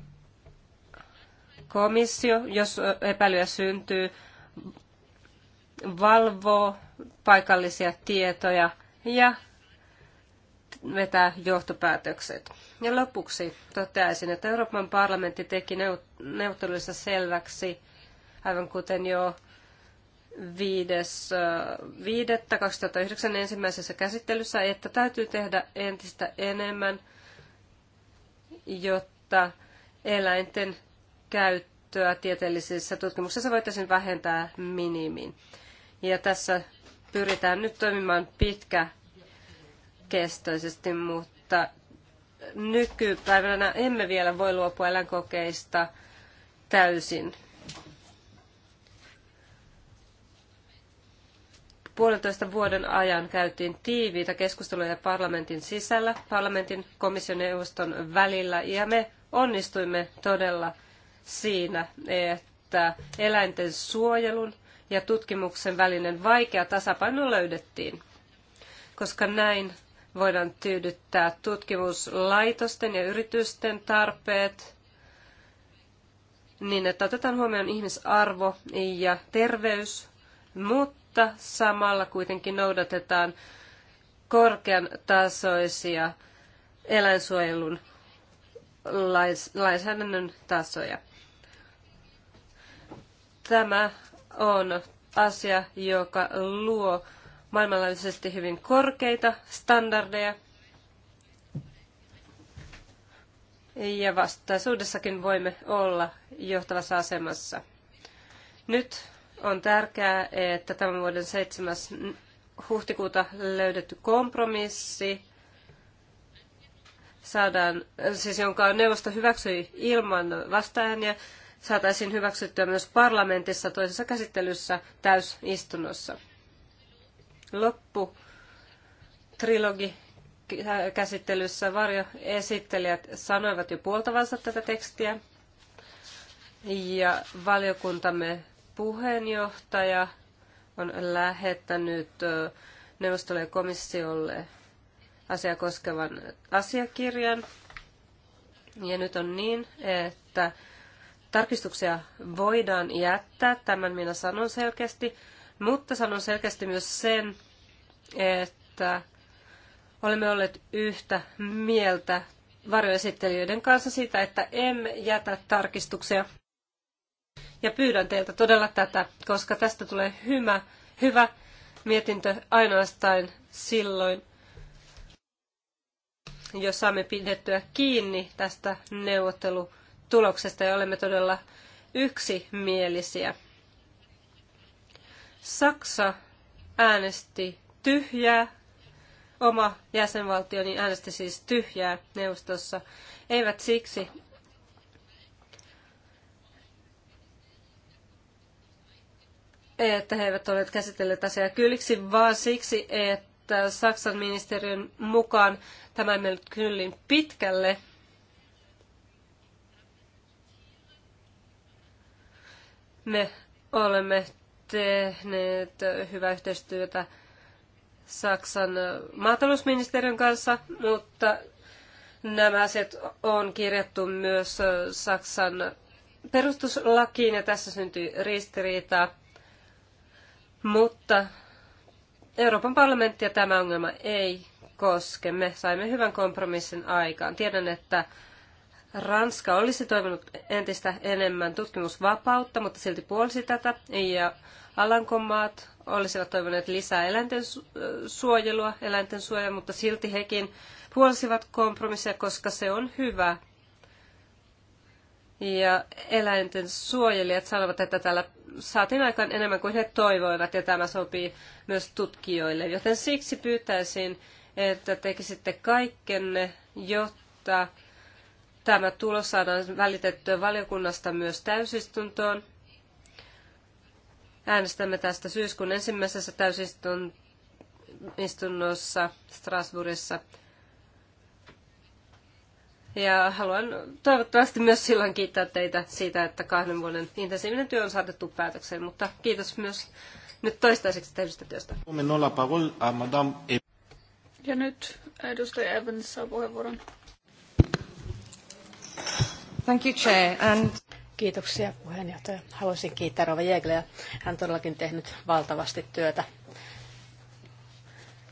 komissio, jos epäilyä syntyy, valvoo paikallisia tietoja ja vetää johtopäätökset. Ja lopuksi toteaisin, että Euroopan parlamentti teki neuvotteluissa selväksi, aivan kuten jo 5.5.2009 ensimmäisessä käsittelyssä, että täytyy tehdä entistä enemmän – jotta eläinten käyttöä tieteellisissä tutkimuksissa voitaisiin vähentää minimiin. Ja tässä pyritään nyt toimimaan pitkäkestoisesti, mutta nykypäivänä emme vielä voi luopua eläinkokeista täysin. puolentoista vuoden ajan käytiin tiiviitä keskusteluja parlamentin sisällä, parlamentin komission ja neuvoston välillä, ja me onnistuimme todella siinä, että eläinten suojelun ja tutkimuksen välinen vaikea tasapaino löydettiin, koska näin voidaan tyydyttää tutkimuslaitosten ja yritysten tarpeet niin, että otetaan huomioon ihmisarvo ja terveys, mutta mutta samalla kuitenkin noudatetaan korkean tasoisia eläinsuojelun lainsäädännön tasoja. Tämä on asia, joka luo maailmanlaajuisesti hyvin korkeita standardeja. Ja vastaisuudessakin voimme olla johtavassa asemassa. Nyt on tärkeää, että tämän vuoden 7. huhtikuuta löydetty kompromissi saadaan, siis jonka neuvosto hyväksyi ilman vastaääniä, saataisiin hyväksyttyä myös parlamentissa toisessa käsittelyssä täysistunnossa. Loppu trilogi käsittelyssä varjoesittelijät sanoivat jo puoltavansa tätä tekstiä ja valiokuntamme puheenjohtaja on lähettänyt neuvostolle ja komissiolle asiaa koskevan asiakirjan. Ja nyt on niin, että tarkistuksia voidaan jättää, tämän minä sanon selkeästi, mutta sanon selkeästi myös sen, että olemme olleet yhtä mieltä varjoesittelijöiden kanssa siitä, että emme jätä tarkistuksia ja pyydän teiltä todella tätä, koska tästä tulee hyvä, hyvä mietintö ainoastaan silloin, jos saamme pidettyä kiinni tästä neuvottelutuloksesta ja olemme todella yksimielisiä. Saksa äänesti tyhjää, oma jäsenvaltioni äänesti siis tyhjää neuvostossa, eivät siksi, että he eivät ole käsitelleet asiaa kylliksi, vaan siksi, että Saksan ministeriön mukaan tämä ei mennyt kyllin pitkälle. Me olemme tehneet hyvää yhteistyötä Saksan maatalousministeriön kanssa, mutta nämä asiat on kirjattu myös Saksan perustuslakiin ja tässä syntyi ristiriitaa. Mutta Euroopan parlamentti ja tämä ongelma ei koske. Me saimme hyvän kompromissin aikaan. Tiedän, että Ranska olisi toivonut entistä enemmän tutkimusvapautta, mutta silti puolsi tätä. Ja Alankomaat olisivat toivoneet lisää eläinten suojelua, eläinten suojelua, mutta silti hekin puolsivat kompromissia, koska se on hyvä ja eläinten suojelijat sanovat, että tällä saatiin aikaan enemmän kuin he toivoivat, ja tämä sopii myös tutkijoille. Joten siksi pyytäisin, että tekisitte kaikkenne, jotta tämä tulos saadaan välitettyä valiokunnasta myös täysistuntoon. Äänestämme tästä syyskuun ensimmäisessä täysistunnossa Strasbourgissa. Ja haluan toivottavasti myös silloin kiittää teitä siitä, että kahden vuoden intensiivinen työ on saatettu päätökseen, mutta kiitos myös nyt toistaiseksi tehdystä työstä. Ja nyt edustaja Evans saa puheenvuoron. Thank you, Chair. And... Kiitoksia puheenjohtaja. Haluaisin kiittää Rova Jäglejä. Hän on todellakin tehnyt valtavasti työtä.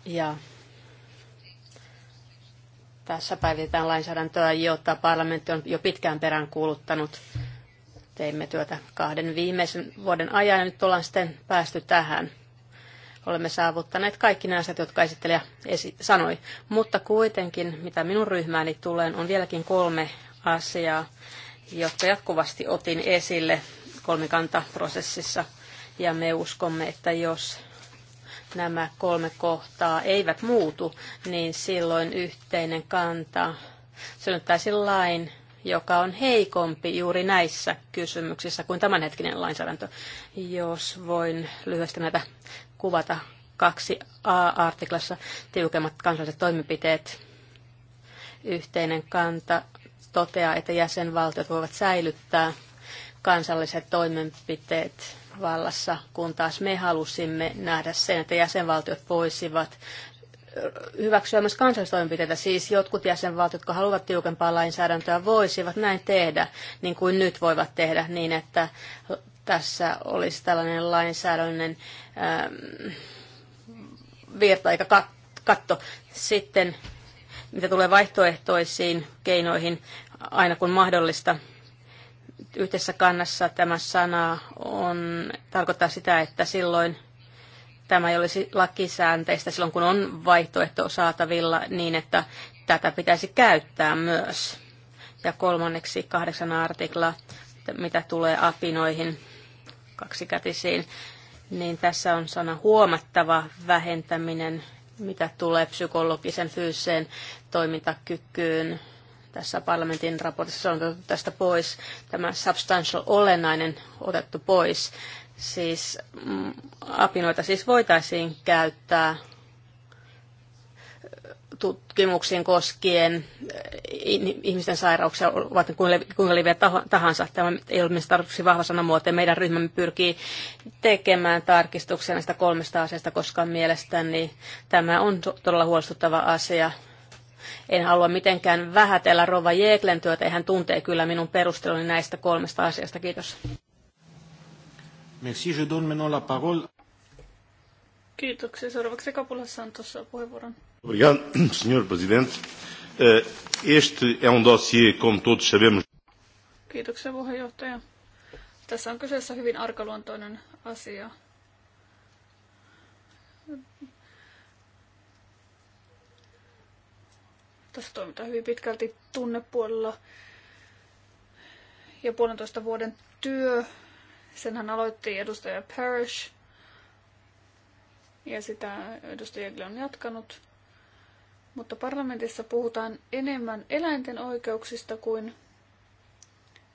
Ja tässä päivitetään lainsäädäntöä, jota parlamentti on jo pitkään perään kuuluttanut. Teimme työtä kahden viimeisen vuoden ajan ja nyt ollaan sitten päästy tähän. Olemme saavuttaneet kaikki nämä asiat, jotka esittelijä esi- sanoi. Mutta kuitenkin, mitä minun ryhmääni tulee, on vieläkin kolme asiaa, jotka jatkuvasti otin esille kolmikantaprosessissa. Ja me uskomme, että jos nämä kolme kohtaa eivät muutu, niin silloin yhteinen kanta synnyttäisi lain, joka on heikompi juuri näissä kysymyksissä kuin tämänhetkinen lainsäädäntö. Jos voin lyhyesti näitä kuvata kaksi A-artiklassa tiukemmat kansalliset toimenpiteet. Yhteinen kanta toteaa, että jäsenvaltiot voivat säilyttää kansalliset toimenpiteet vallassa, kun taas me halusimme nähdä sen, että jäsenvaltiot voisivat hyväksyä myös kansallistoimenpiteitä. Siis jotkut jäsenvaltiot, jotka haluavat tiukempaa lainsäädäntöä, voisivat näin tehdä, niin kuin nyt voivat tehdä, niin että tässä olisi tällainen lainsäädännön ähm, virta eikä katto. Sitten mitä tulee vaihtoehtoisiin keinoihin, aina kun mahdollista, yhdessä kannassa tämä sana on, tarkoittaa sitä, että silloin tämä ei olisi lakisäänteistä silloin, kun on vaihtoehto saatavilla niin, että tätä pitäisi käyttää myös. Ja kolmanneksi kahdeksan artikla, mitä tulee apinoihin kaksikätisiin, niin tässä on sana huomattava vähentäminen, mitä tulee psykologisen fyysiseen toimintakykyyn tässä parlamentin raportissa on otettu tästä pois, tämä substantial olennainen otettu pois. Siis mm, apinoita siis voitaisiin käyttää tutkimuksiin koskien eh, ihmisten sairauksia, ovat kuinka liviä tahansa. Tämä ei ole mielestäni tarpeeksi vahva sanamuoto. Meidän ryhmämme pyrkii tekemään tarkistuksia näistä kolmesta asiasta, koska mielestäni tämä on todella huolestuttava asia. En halua mitenkään vähätellä Rova Jeeklen työtä, hän tuntee kyllä minun perusteluni näistä kolmesta asiasta. Kiitos. Merci, je donne maintenant la parole. Kiitoksia. Seuraavaksi Kapula Santos puheenvuoron. Obrigado, senhor presidente. Eh, este é um dossier, como todos sabemos. Kiitoksia puheenjohtaja. Tässä on kyseessä hyvin arkaluontoinen asia. Tässä toimitaan hyvin pitkälti tunnepuolella. Ja puolentoista vuoden työ, senhän aloitti edustaja Parrish. Ja sitä edustaja Jägle on jatkanut. Mutta parlamentissa puhutaan enemmän eläinten oikeuksista kuin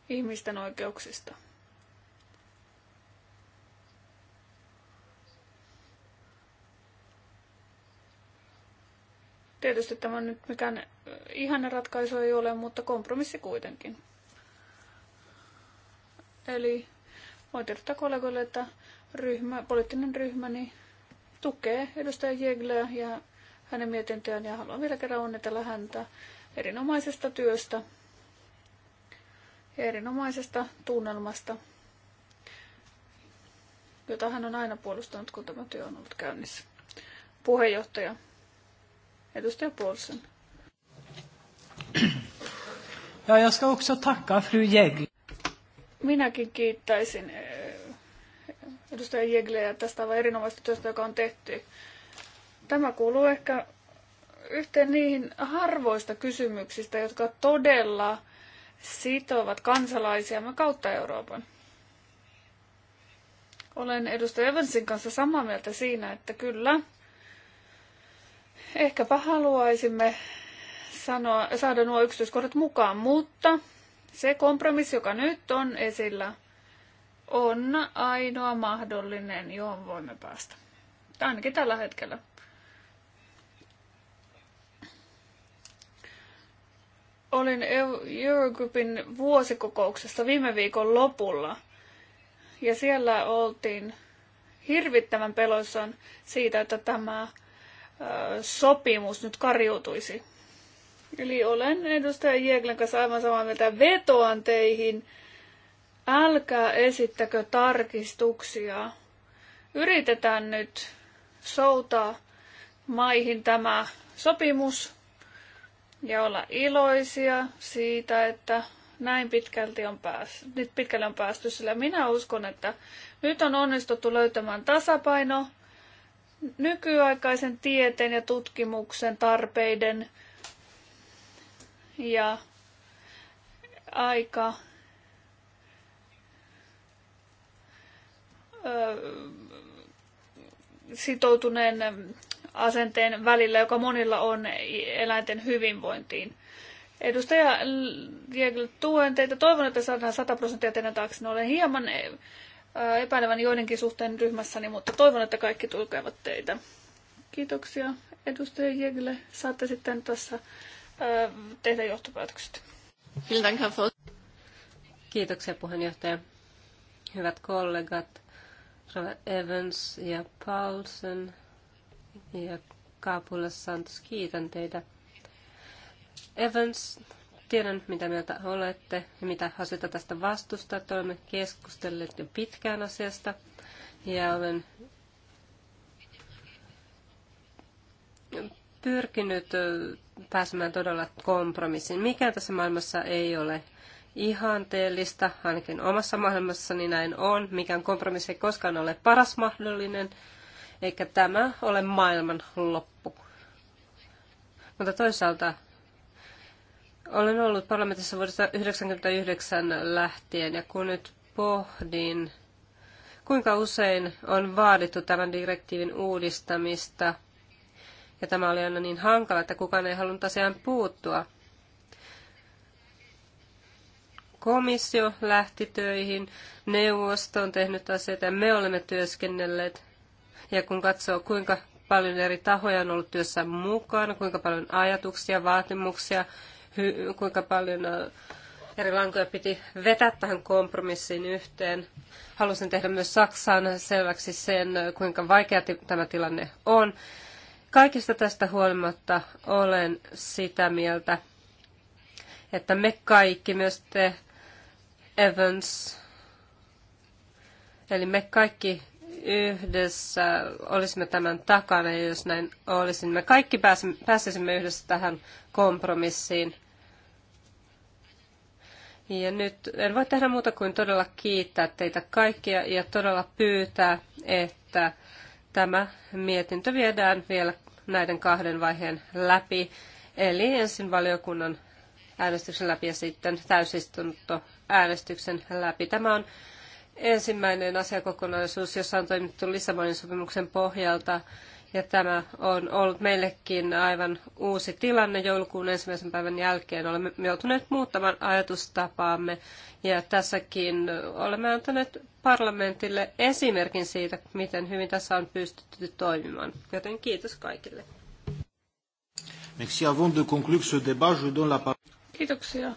ihmisten oikeuksista. Tietysti tämä nyt mikään ihana ratkaisu ei ole, mutta kompromissi kuitenkin. Eli voin tiedottaa kollegoille, että ryhmä, poliittinen ryhmäni tukee edustaja Jegleä ja hänen mietintöään ja haluan vielä kerran onnitella häntä erinomaisesta työstä ja erinomaisesta tunnelmasta, jota hän on aina puolustanut, kun tämä työ on ollut käynnissä. Puheenjohtaja Edustaja Paulsen. Ja jag ska också tacka fru Minäkin kiittäisin eh, edustaja Jegleä tästä aivan erinomaisesta työstä, joka on tehty. Tämä kuuluu ehkä yhteen niihin harvoista kysymyksistä, jotka todella sitovat kansalaisiamme kautta Euroopan. Olen edustaja Evansin kanssa samaa mieltä siinä, että kyllä, ehkäpä haluaisimme sanoa, saada nuo yksityiskohdat mukaan, mutta se kompromissi, joka nyt on esillä, on ainoa mahdollinen, johon voimme päästä. Ainakin tällä hetkellä. Olin Eurogroupin vuosikokouksessa viime viikon lopulla ja siellä oltiin hirvittävän peloissaan siitä, että tämä sopimus nyt karjoutuisi. Eli olen edustaja Jeglen kanssa aivan samaa mieltä. Vetoan teihin, älkää esittäkö tarkistuksia. Yritetään nyt soutaa maihin tämä sopimus ja olla iloisia siitä, että näin pitkälti on päästy, nyt pitkälle on päästy, sillä minä uskon, että nyt on onnistuttu löytämään tasapaino nykyaikaisen tieteen ja tutkimuksen tarpeiden ja aika sitoutuneen asenteen välillä, joka monilla on eläinten hyvinvointiin. Edustaja Jägel, tuen teitä. Toivon, että saadaan 100 prosenttia teidän taakse. Olen hieman Äh, epäilevän joidenkin suhteen ryhmässäni, mutta toivon, että kaikki tulkevat teitä. Kiitoksia edustaja Jegille. Saatte sitten tässä äh, tehdä johtopäätökset. Kiitoksia puheenjohtaja. Hyvät kollegat, Robert Evans ja Paulsen ja Kaapula Santos, kiitän teitä. Evans Tiedän, mitä mieltä olette ja mitä asioita tästä vastusta. Olemme keskustelleet jo pitkään asiasta ja olen pyrkinyt pääsemään todella kompromissiin. Mikään tässä maailmassa ei ole ihanteellista, ainakin omassa maailmassani näin on. Mikään kompromissi ei koskaan ole paras mahdollinen, eikä tämä ole maailman loppu. Mutta toisaalta olen ollut parlamentissa vuodesta 1999 lähtien ja kun nyt pohdin, kuinka usein on vaadittu tämän direktiivin uudistamista, ja tämä oli aina niin hankala, että kukaan ei halunnut asiaan puuttua. Komissio lähti töihin, neuvosto on tehnyt asioita ja me olemme työskennelleet. Ja kun katsoo, kuinka paljon eri tahoja on ollut työssä mukana, kuinka paljon ajatuksia, vaatimuksia kuinka paljon eri lankoja piti vetää tähän kompromissiin yhteen. Halusin tehdä myös Saksaan selväksi sen, kuinka vaikea tämä tilanne on. Kaikesta tästä huolimatta olen sitä mieltä, että me kaikki, myös te Evans, eli me kaikki yhdessä olisimme tämän takana, ja jos näin olisimme, niin kaikki pääsisimme yhdessä tähän kompromissiin – ja nyt en voi tehdä muuta kuin todella kiittää teitä kaikkia ja todella pyytää, että tämä mietintö viedään vielä näiden kahden vaiheen läpi. Eli ensin valiokunnan äänestyksen läpi ja sitten täysistunto äänestyksen läpi. Tämä on ensimmäinen asiakokonaisuus, jossa on toimittu Lissabonin sopimuksen pohjalta ja tämä on ollut meillekin aivan uusi tilanne joulukuun ensimmäisen päivän jälkeen. Olemme joutuneet muuttamaan ajatustapaamme ja tässäkin olemme antaneet parlamentille esimerkin siitä, miten hyvin tässä on pystytty toimimaan. Joten kiitos kaikille. Kiitoksia.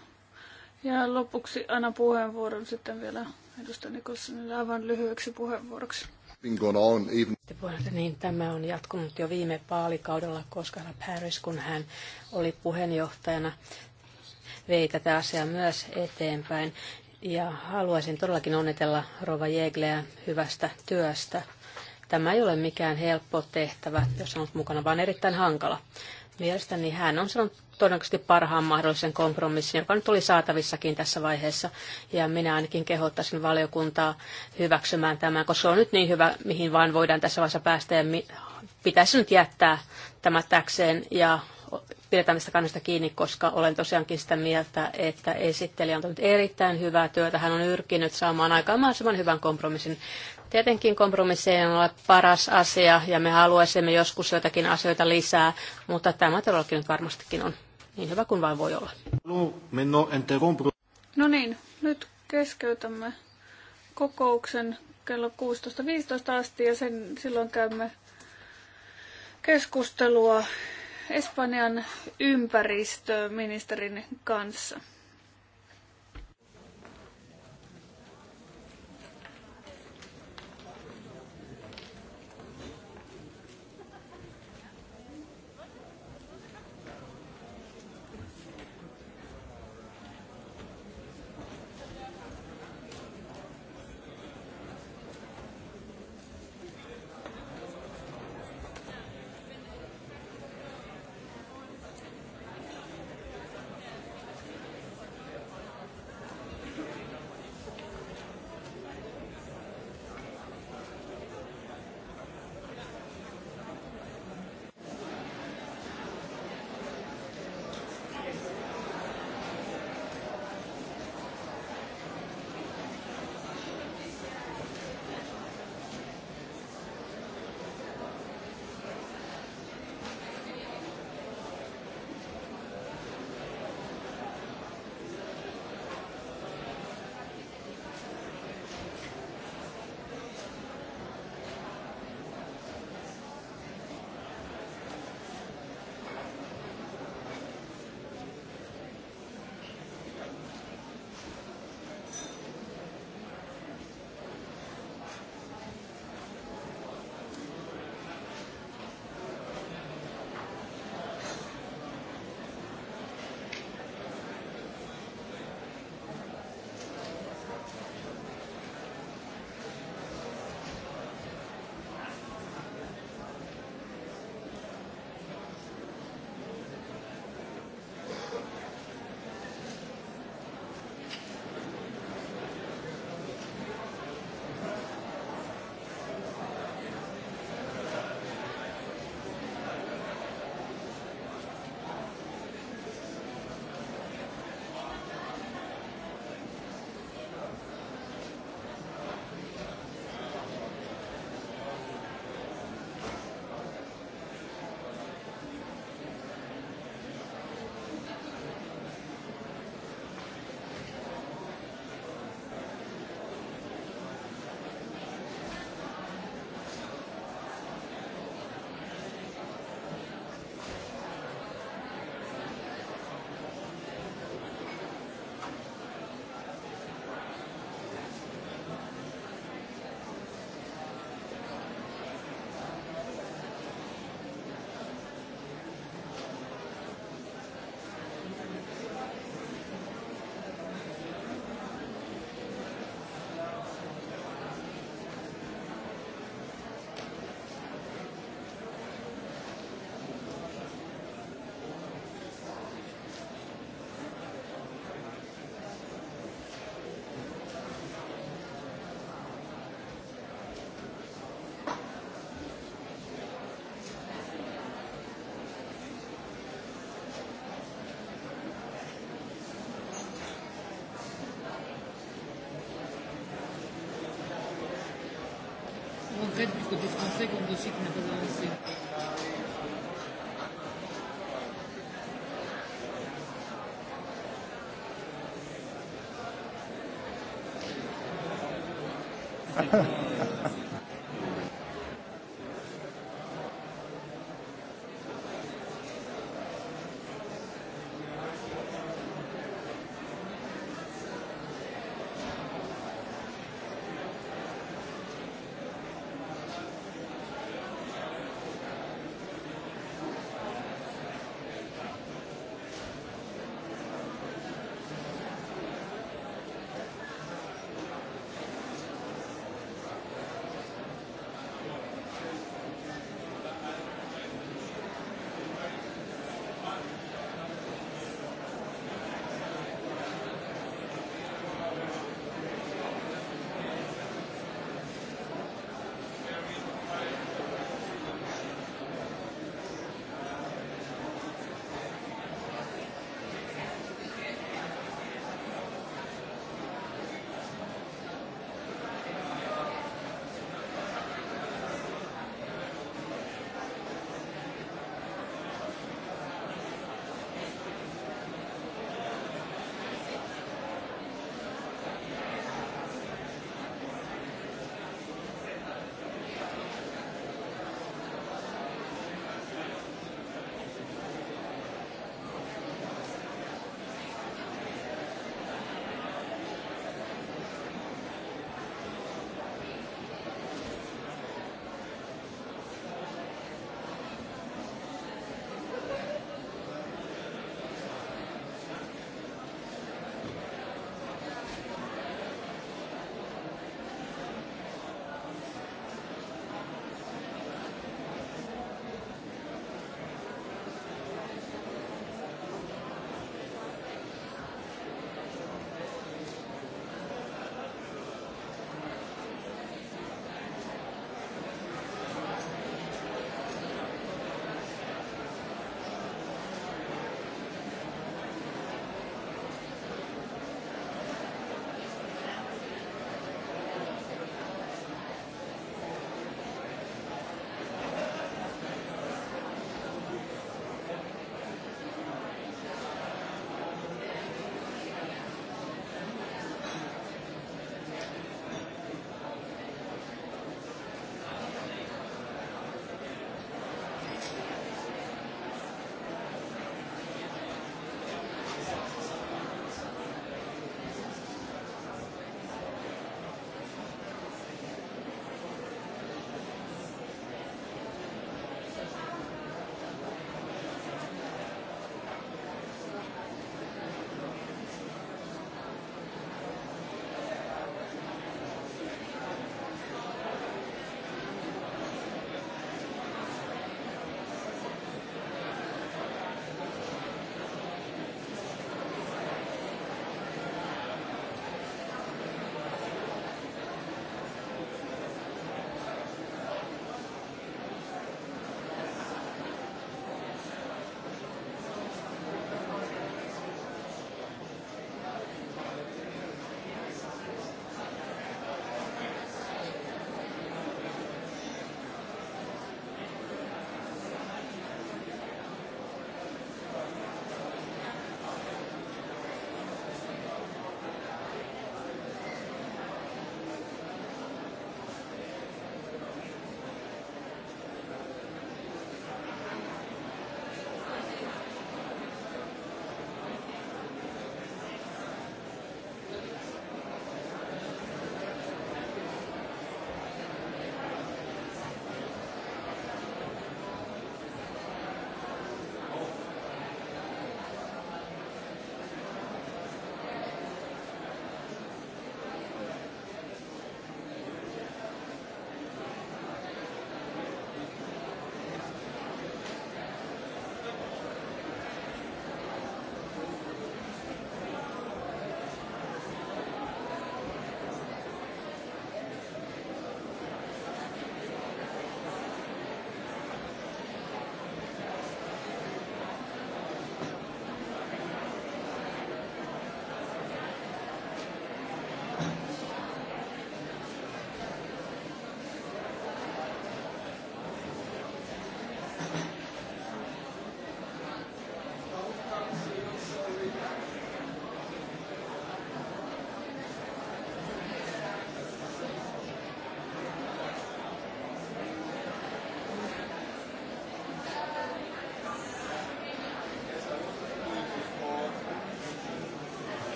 Ja lopuksi anna puheenvuoron sitten vielä edustaja Nikolsonille aivan lyhyeksi puheenvuoroksi. Niin, tämä on jatkunut jo viime paalikaudella koska Paris, kun hän oli puheenjohtajana, vei tätä asiaa myös eteenpäin. Ja haluaisin todellakin onnitella Rova Jegleä hyvästä työstä. Tämä ei ole mikään helppo tehtävä, jos on mukana, vaan erittäin hankala. Mielestäni hän on sanonut todennäköisesti parhaan mahdollisen kompromissin, joka nyt oli saatavissakin tässä vaiheessa. Ja minä ainakin kehottaisin valiokuntaa hyväksymään tämän, koska se on nyt niin hyvä, mihin vaan voidaan tässä vaiheessa päästä. Ja pitäisi nyt jättää tämä täkseen ja pidetään tästä kannasta kiinni, koska olen tosiaankin sitä mieltä, että esittelijä on tehnyt erittäin hyvää työtä. Hän on yrkinyt saamaan aikaan mahdollisimman hyvän kompromissin. Tietenkin kompromissi ei ole paras asia ja me haluaisimme joskus jotakin asioita lisää, mutta tämä todellakin nyt varmastikin on niin hyvä kuin vain voi olla. No niin, nyt keskeytämme kokouksen kello 16.15 asti ja sen, silloin käymme keskustelua Espanjan ympäristöministerin kanssa. que du français n'a pas avancé. Ha ha.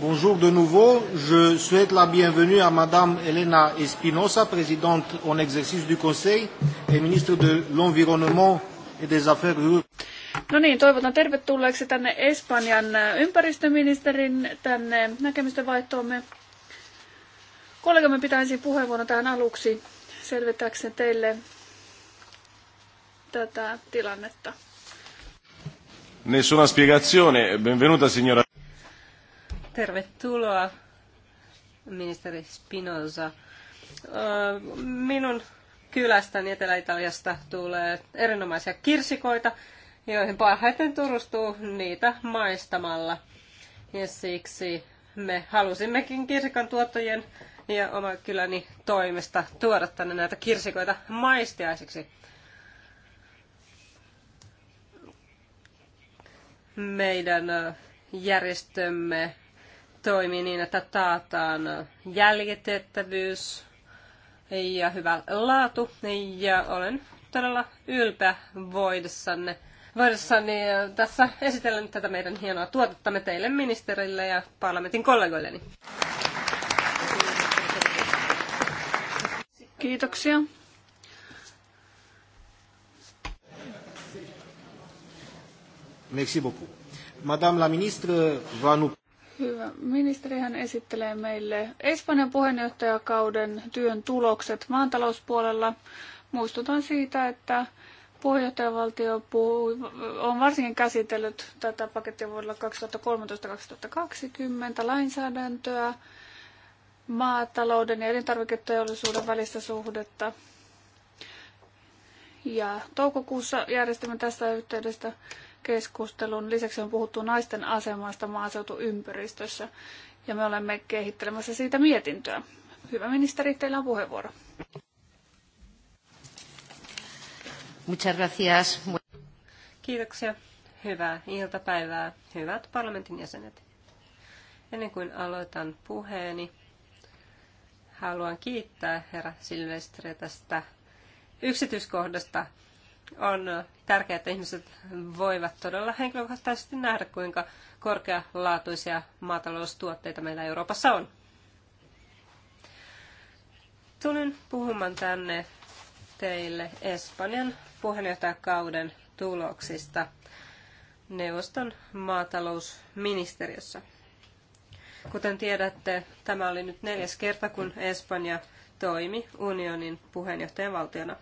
Bonjour de nouveau. Je souhaite la bienvenue à Madame Elena Espinosa, présidente en exercice du Conseil et ministre de l'Environnement et des Affaires rurales. No niin, toivotan tervetulleeksi tänne Espanjan ympäristöministerin tänne näkemysten vaihtoomme. Kollegamme pitäisi puheenvuoron tähän aluksi selvittääkseni teille tätä tilannetta. Nessuna spiegazione. Benvenuta signora. Tervetuloa, ministeri Spinoza. Minun kylästäni Etelä-Italiasta tulee erinomaisia kirsikoita, joihin parhaiten turustuu niitä maistamalla. Ja siksi me halusimmekin kirsikan tuottajien ja oma kyläni toimesta tuoda tänne näitä kirsikoita maistiaiseksi. Meidän järjestömme toimii niin, että taataan jäljitettävyys ja hyvä laatu. Ja olen todella ylpeä voidessanne voidessani äh, tässä esitellen tätä meidän hienoa tuotettamme teille ministerille ja parlamentin kollegoilleni. Kiitoksia. Merci beaucoup. Madame la ministre va nous... Hyvä. Ministerihän esittelee meille Espanjan puheenjohtajakauden työn tulokset maantalouspuolella. Muistutan siitä, että puheenjohtajavaltio puhui, on varsinkin käsitellyt tätä pakettia vuodella 2013-2020 lainsäädäntöä, maatalouden ja elintarviketeollisuuden välistä suhdetta. Ja toukokuussa järjestimme tästä yhteydestä keskustelun. Lisäksi on puhuttu naisten asemasta maaseutuympäristössä ja me olemme kehittelemässä siitä mietintöä. Hyvä ministeri, teillä on puheenvuoro. Muchas gracias. Kiitoksia. Hyvää iltapäivää, hyvät parlamentin jäsenet. Ennen kuin aloitan puheeni, haluan kiittää herra Silvestre tästä yksityiskohdasta, on tärkeää, että ihmiset voivat todella henkilökohtaisesti nähdä, kuinka korkealaatuisia maataloustuotteita meillä Euroopassa on. Tulin puhumaan tänne teille Espanjan puheenjohtajakauden tuloksista neuvoston maatalousministeriössä. Kuten tiedätte, tämä oli nyt neljäs kerta, kun Espanja toimi unionin puheenjohtajavaltiona.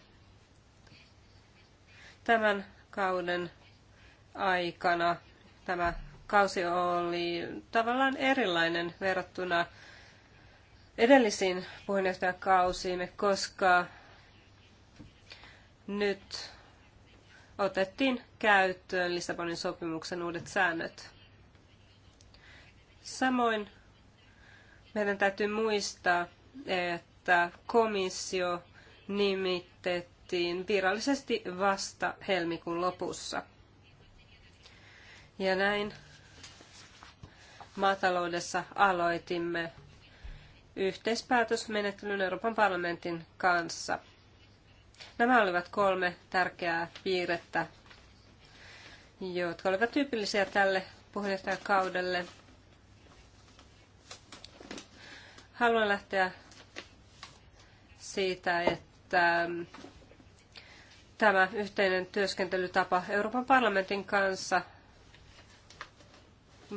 Tämän kauden aikana tämä kausi oli tavallaan erilainen verrattuna edellisiin puheenjohtajakausiimme, koska nyt otettiin käyttöön Lissabonin sopimuksen uudet säännöt. Samoin meidän täytyy muistaa, että komissio nimitettiin hyväksyttiin virallisesti vasta helmikuun lopussa. Ja näin maataloudessa aloitimme yhteispäätösmenettelyn Euroopan parlamentin kanssa. Nämä olivat kolme tärkeää piirrettä, jotka olivat tyypillisiä tälle puheenjohtajakaudelle. Haluan lähteä siitä, että tämä yhteinen työskentelytapa Euroopan parlamentin kanssa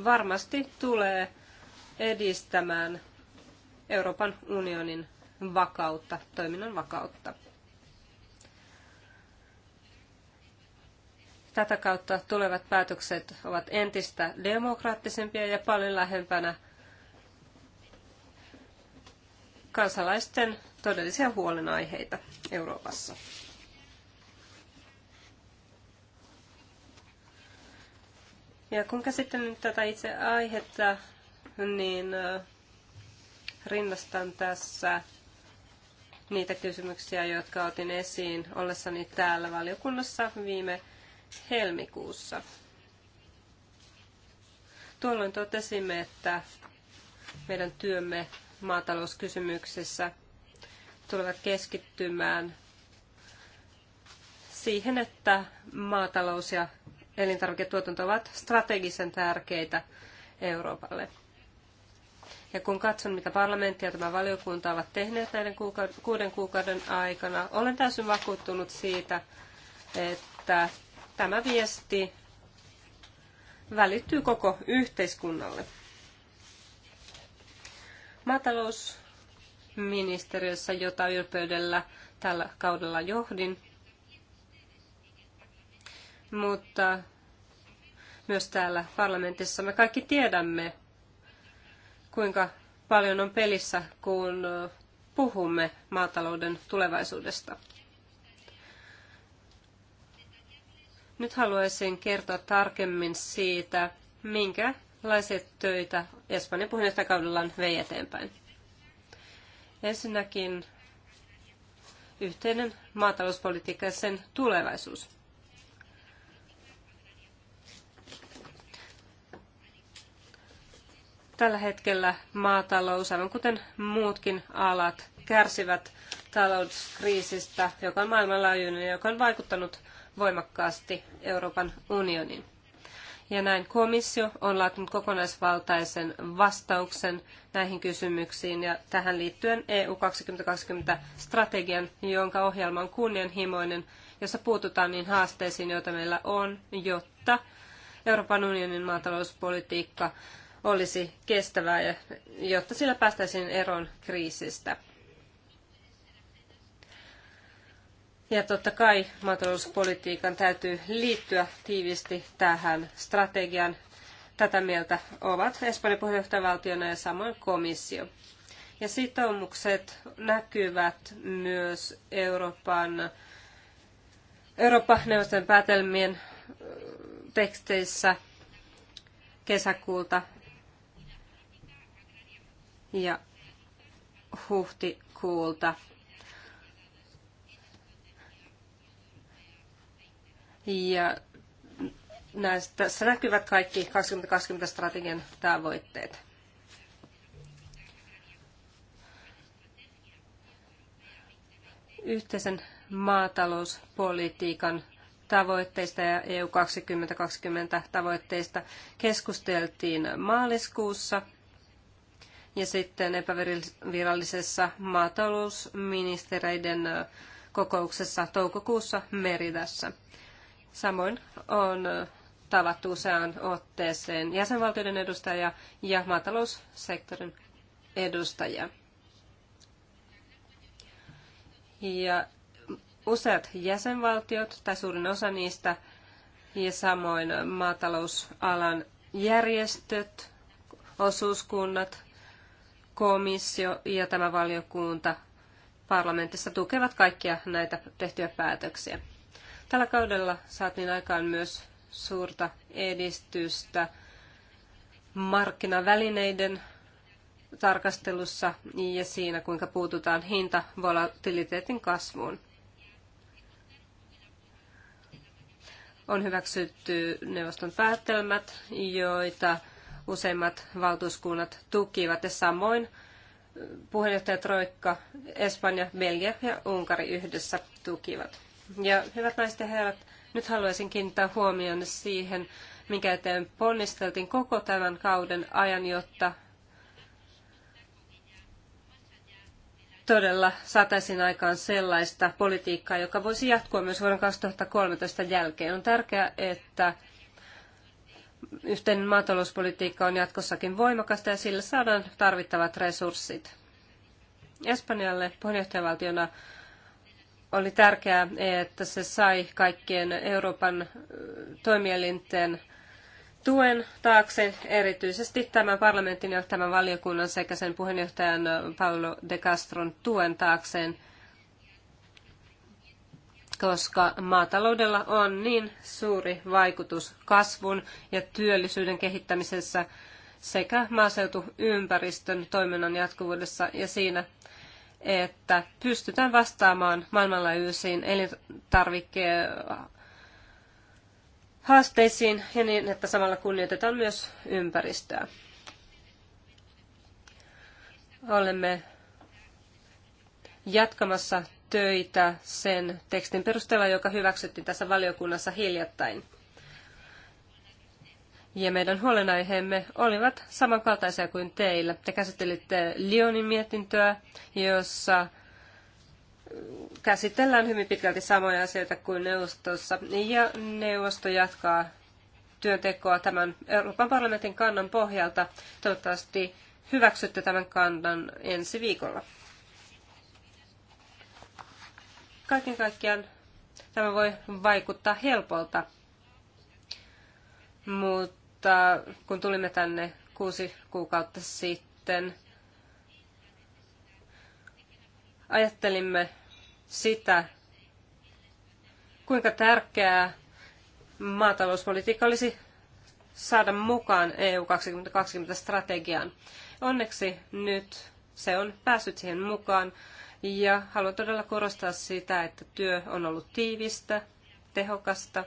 varmasti tulee edistämään Euroopan unionin vakautta, toiminnan vakautta. Tätä kautta tulevat päätökset ovat entistä demokraattisempia ja paljon lähempänä kansalaisten todellisia huolenaiheita Euroopassa. Ja kun käsittelen tätä itse aihetta, niin rinnastan tässä niitä kysymyksiä, jotka otin esiin ollessani täällä valiokunnassa viime helmikuussa. Tuolloin totesimme, että meidän työmme maatalouskysymyksissä tulevat keskittymään siihen, että maatalous ja elintarviketuotanto ovat strategisen tärkeitä Euroopalle. Ja kun katson, mitä parlamentti ja tämä valiokunta ovat tehneet näiden kuuden kuukauden aikana, olen täysin vakuuttunut siitä, että tämä viesti välittyy koko yhteiskunnalle. Maatalousministeriössä, jota ylpeydellä tällä kaudella johdin, mutta myös täällä parlamentissa me kaikki tiedämme, kuinka paljon on pelissä, kun puhumme maatalouden tulevaisuudesta. Nyt haluaisin kertoa tarkemmin siitä, minkälaiset töitä Espanjan puheenjohtajakaudellaan vei eteenpäin. Ensinnäkin yhteinen maatalouspolitiikka ja sen tulevaisuus. Tällä hetkellä maatalous, aivan kuten muutkin alat, kärsivät talouskriisistä, joka on maailmanlaajuinen ja joka on vaikuttanut voimakkaasti Euroopan unionin. Ja näin komissio on laatinut kokonaisvaltaisen vastauksen näihin kysymyksiin ja tähän liittyen EU 2020-strategian, jonka ohjelma on kunnianhimoinen, jossa puututaan niin haasteisiin, joita meillä on, jotta Euroopan unionin maatalouspolitiikka olisi kestävää, ja jotta sillä päästäisiin eroon kriisistä. Ja totta kai maatalouspolitiikan täytyy liittyä tiiviisti tähän strategian. Tätä mieltä ovat Espanjan puheenjohtajavaltiona ja samoin komissio. Ja sitoumukset näkyvät myös Euroopan Eurooppa-neuvoston päätelmien teksteissä kesäkuulta ja huhtikuulta. Ja näistä, tässä näkyvät kaikki 2020-strategian tavoitteet. Yhteisen maatalouspolitiikan tavoitteista ja EU 2020 tavoitteista keskusteltiin maaliskuussa – ja sitten epävirallisessa maatalousministereiden kokouksessa toukokuussa Meridassa. Samoin on tavattu useaan otteeseen jäsenvaltioiden edustajia ja maataloussektorin edustajia. Ja useat jäsenvaltiot tai suurin osa niistä ja samoin maatalousalan järjestöt, osuuskunnat komissio ja tämä valiokunta parlamentissa tukevat kaikkia näitä tehtyjä päätöksiä. Tällä kaudella saatiin aikaan myös suurta edistystä markkinavälineiden tarkastelussa ja siinä, kuinka puututaan hintavolatiliteetin kasvuun. On hyväksytty neuvoston päättelmät, joita useimmat valtuuskunnat tukivat ja samoin puheenjohtaja Troikka, Espanja, Belgia ja Unkari yhdessä tukivat. Ja hyvät naiset ja herrat, nyt haluaisin kiinnittää huomioon siihen, minkä eteen ponnisteltiin koko tämän kauden ajan, jotta todella saataisiin aikaan sellaista politiikkaa, joka voisi jatkua myös vuoden 2013 jälkeen. On tärkeää, että yhteinen maatalouspolitiikka on jatkossakin voimakasta ja sillä saadaan tarvittavat resurssit. Espanjalle puheenjohtajavaltiona oli tärkeää, että se sai kaikkien Euroopan toimielinten tuen taakse, erityisesti tämän parlamentin ja tämän valiokunnan sekä sen puheenjohtajan Paolo de Castron tuen taakseen – koska maataloudella on niin suuri vaikutus kasvun ja työllisyyden kehittämisessä sekä maaseutuympäristön toiminnan jatkuvuudessa ja siinä, että pystytään vastaamaan maailmanlaajuisiin elintarvikkeen haasteisiin ja niin, että samalla kunnioitetaan myös ympäristöä. Olemme jatkamassa töitä sen tekstin perusteella, joka hyväksyttiin tässä valiokunnassa hiljattain. Ja meidän huolenaiheemme olivat samankaltaisia kuin teillä. Te käsittelitte Lionin mietintöä, jossa käsitellään hyvin pitkälti samoja asioita kuin neuvostossa. Ja neuvosto jatkaa työntekoa tämän Euroopan parlamentin kannan pohjalta. Toivottavasti hyväksytte tämän kannan ensi viikolla. Kaiken kaikkiaan tämä voi vaikuttaa helpolta, mutta kun tulimme tänne kuusi kuukautta sitten, ajattelimme sitä, kuinka tärkeää maatalouspolitiikka olisi saada mukaan EU 2020 strategiaan. Onneksi nyt se on päässyt siihen mukaan ja haluan todella korostaa sitä, että työ on ollut tiivistä, tehokasta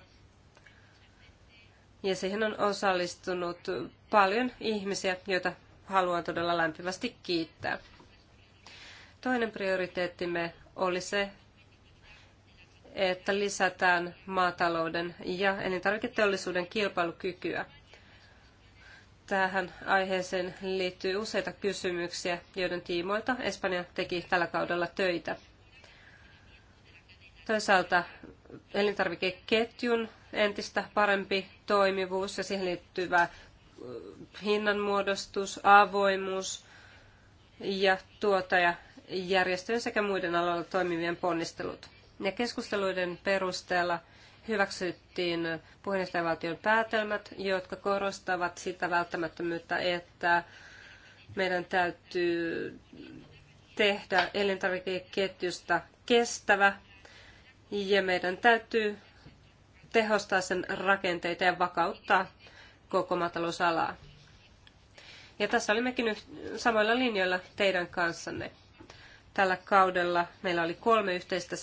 ja siihen on osallistunut paljon ihmisiä, joita haluan todella lämpimästi kiittää. Toinen prioriteettimme oli se, että lisätään maatalouden ja elintarviketeollisuuden kilpailukykyä. Tähän aiheeseen liittyy useita kysymyksiä, joiden tiimoilta Espanja teki tällä kaudella töitä. Toisaalta elintarvikeketjun entistä parempi toimivuus ja siihen liittyvä hinnanmuodostus, avoimuus ja tuotajajärjestöjen sekä muiden aloilla toimivien ponnistelut. Ja keskusteluiden perusteella – hyväksyttiin puheenjohtajavaltion päätelmät, jotka korostavat sitä välttämättömyyttä, että meidän täytyy tehdä elintarvikeketjusta kestävä ja meidän täytyy tehostaa sen rakenteita ja vakauttaa koko maatalousalaa. Ja tässä olimmekin samoilla linjoilla teidän kanssanne. Tällä kaudella meillä oli kolme yhteistä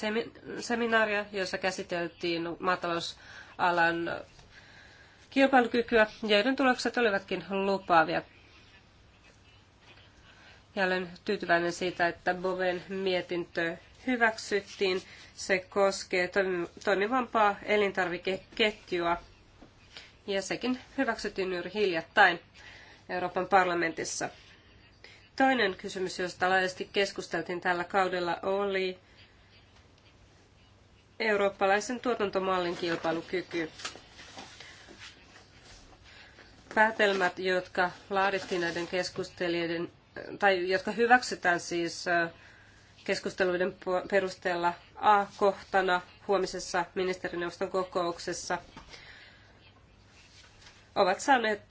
seminaaria, joissa käsiteltiin maatalousalan kilpailukykyä, joiden tulokset olivatkin lupaavia. Ja olen tyytyväinen siitä, että Boven mietintö hyväksyttiin. Se koskee toimivampaa elintarvikeketjua ja sekin hyväksyttiin juuri hiljattain Euroopan parlamentissa. Toinen kysymys, josta laajasti keskusteltiin tällä kaudella, oli eurooppalaisen tuotantomallin kilpailukyky. Päätelmät, jotka laadittiin näiden keskustelijoiden, tai jotka hyväksytään siis keskusteluiden perusteella A-kohtana huomisessa ministerineuvoston kokouksessa, ovat saaneet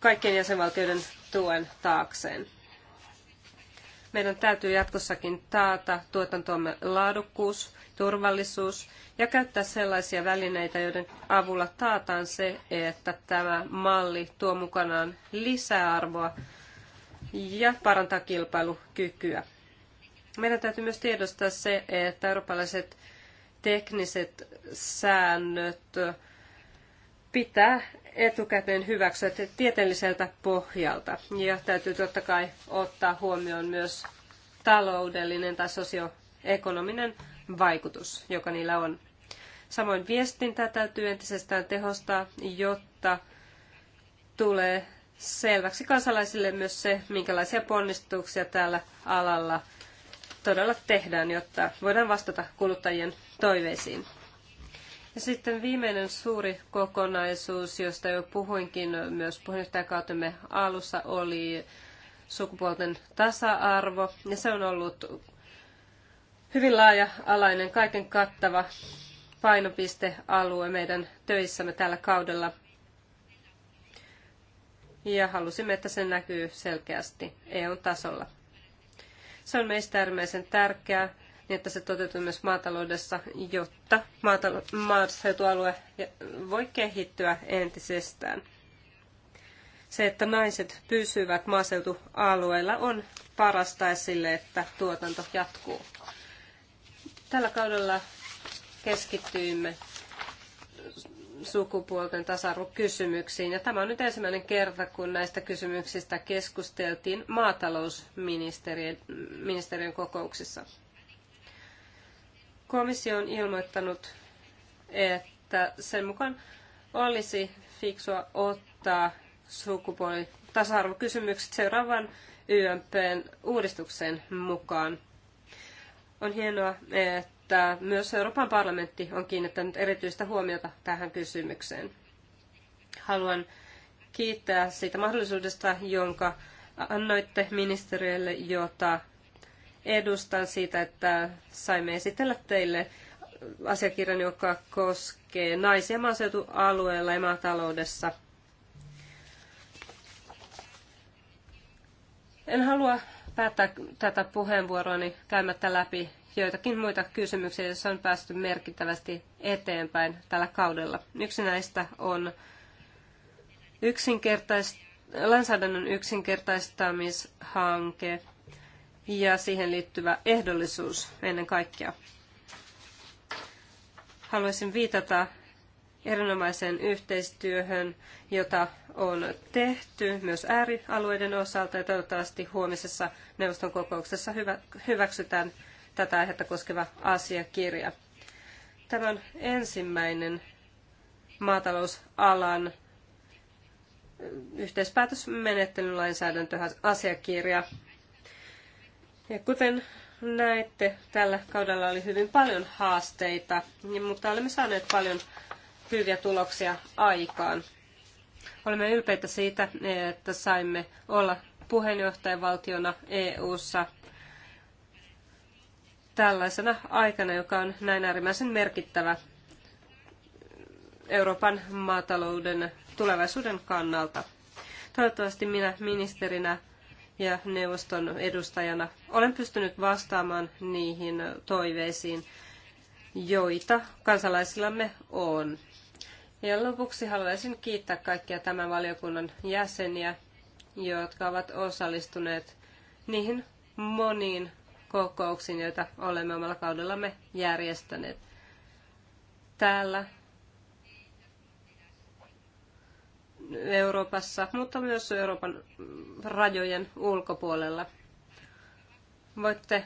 kaikkien jäsenvaltioiden tuen taakseen. Meidän täytyy jatkossakin taata tuotantomme laadukkuus, turvallisuus ja käyttää sellaisia välineitä, joiden avulla taataan se, että tämä malli tuo mukanaan lisäarvoa ja parantaa kilpailukykyä. Meidän täytyy myös tiedostaa se, että eurooppalaiset tekniset säännöt pitää etukäteen hyväksyä tieteelliseltä pohjalta. Ja täytyy totta kai ottaa huomioon myös taloudellinen tai sosioekonominen vaikutus, joka niillä on. Samoin viestintää täytyy entisestään tehostaa, jotta tulee selväksi kansalaisille myös se, minkälaisia ponnistuksia täällä alalla todella tehdään, jotta voidaan vastata kuluttajien toiveisiin. Ja sitten viimeinen suuri kokonaisuus, josta jo puhuinkin myös puheenjohtajakautemme alussa, oli sukupuolten tasa-arvo. Ja se on ollut hyvin laaja-alainen, kaiken kattava painopistealue meidän töissämme tällä kaudella. Ja halusimme, että se näkyy selkeästi EU-tasolla. Se on meistä äärimmäisen tärkeää niin että se toteutuu myös maataloudessa, jotta maatalo- maaseutualue voi kehittyä entisestään. Se, että naiset pysyvät maaseutualueilla, on parasta sille, että tuotanto jatkuu. Tällä kaudella keskittyimme sukupuolten tasa kysymyksiin Ja tämä on nyt ensimmäinen kerta, kun näistä kysymyksistä keskusteltiin maatalousministeriön kokouksissa. Komissio on ilmoittanut, että sen mukaan olisi fiksua ottaa sukupuoli tasa-arvokysymykset seuraavan YMPn uudistuksen mukaan. On hienoa, että myös Euroopan parlamentti on kiinnittänyt erityistä huomiota tähän kysymykseen. Haluan kiittää siitä mahdollisuudesta, jonka annoitte ministeriölle, jota edustan siitä, että saimme esitellä teille asiakirjan, joka koskee naisia maaseutualueella ja maataloudessa. En halua päättää tätä puheenvuoroani niin käymättä läpi joitakin muita kysymyksiä, joissa on päästy merkittävästi eteenpäin tällä kaudella. Yksi näistä on yksinkertaist- lainsäädännön yksinkertaistamishanke – ja siihen liittyvä ehdollisuus ennen kaikkea. Haluaisin viitata erinomaiseen yhteistyöhön, jota on tehty myös äärialueiden osalta ja toivottavasti huomisessa neuvoston kokouksessa hyväksytään tätä aihetta koskeva asiakirja. Tämä on ensimmäinen maatalousalan yhteispäätösmenettelyn lainsäädäntöasiakirja, ja kuten näette, tällä kaudella oli hyvin paljon haasteita, niin, mutta olemme saaneet paljon hyviä tuloksia aikaan. Olemme ylpeitä siitä, että saimme olla puheenjohtajavaltiona EU-ssa tällaisena aikana, joka on näin äärimmäisen merkittävä Euroopan maatalouden tulevaisuuden kannalta. Toivottavasti minä ministerinä ja neuvoston edustajana olen pystynyt vastaamaan niihin toiveisiin, joita kansalaisillamme on. Ja lopuksi haluaisin kiittää kaikkia tämän valiokunnan jäseniä, jotka ovat osallistuneet niihin moniin kokouksiin, joita olemme omalla kaudellamme järjestäneet. Täällä Euroopassa, mutta myös Euroopan rajojen ulkopuolella. Voitte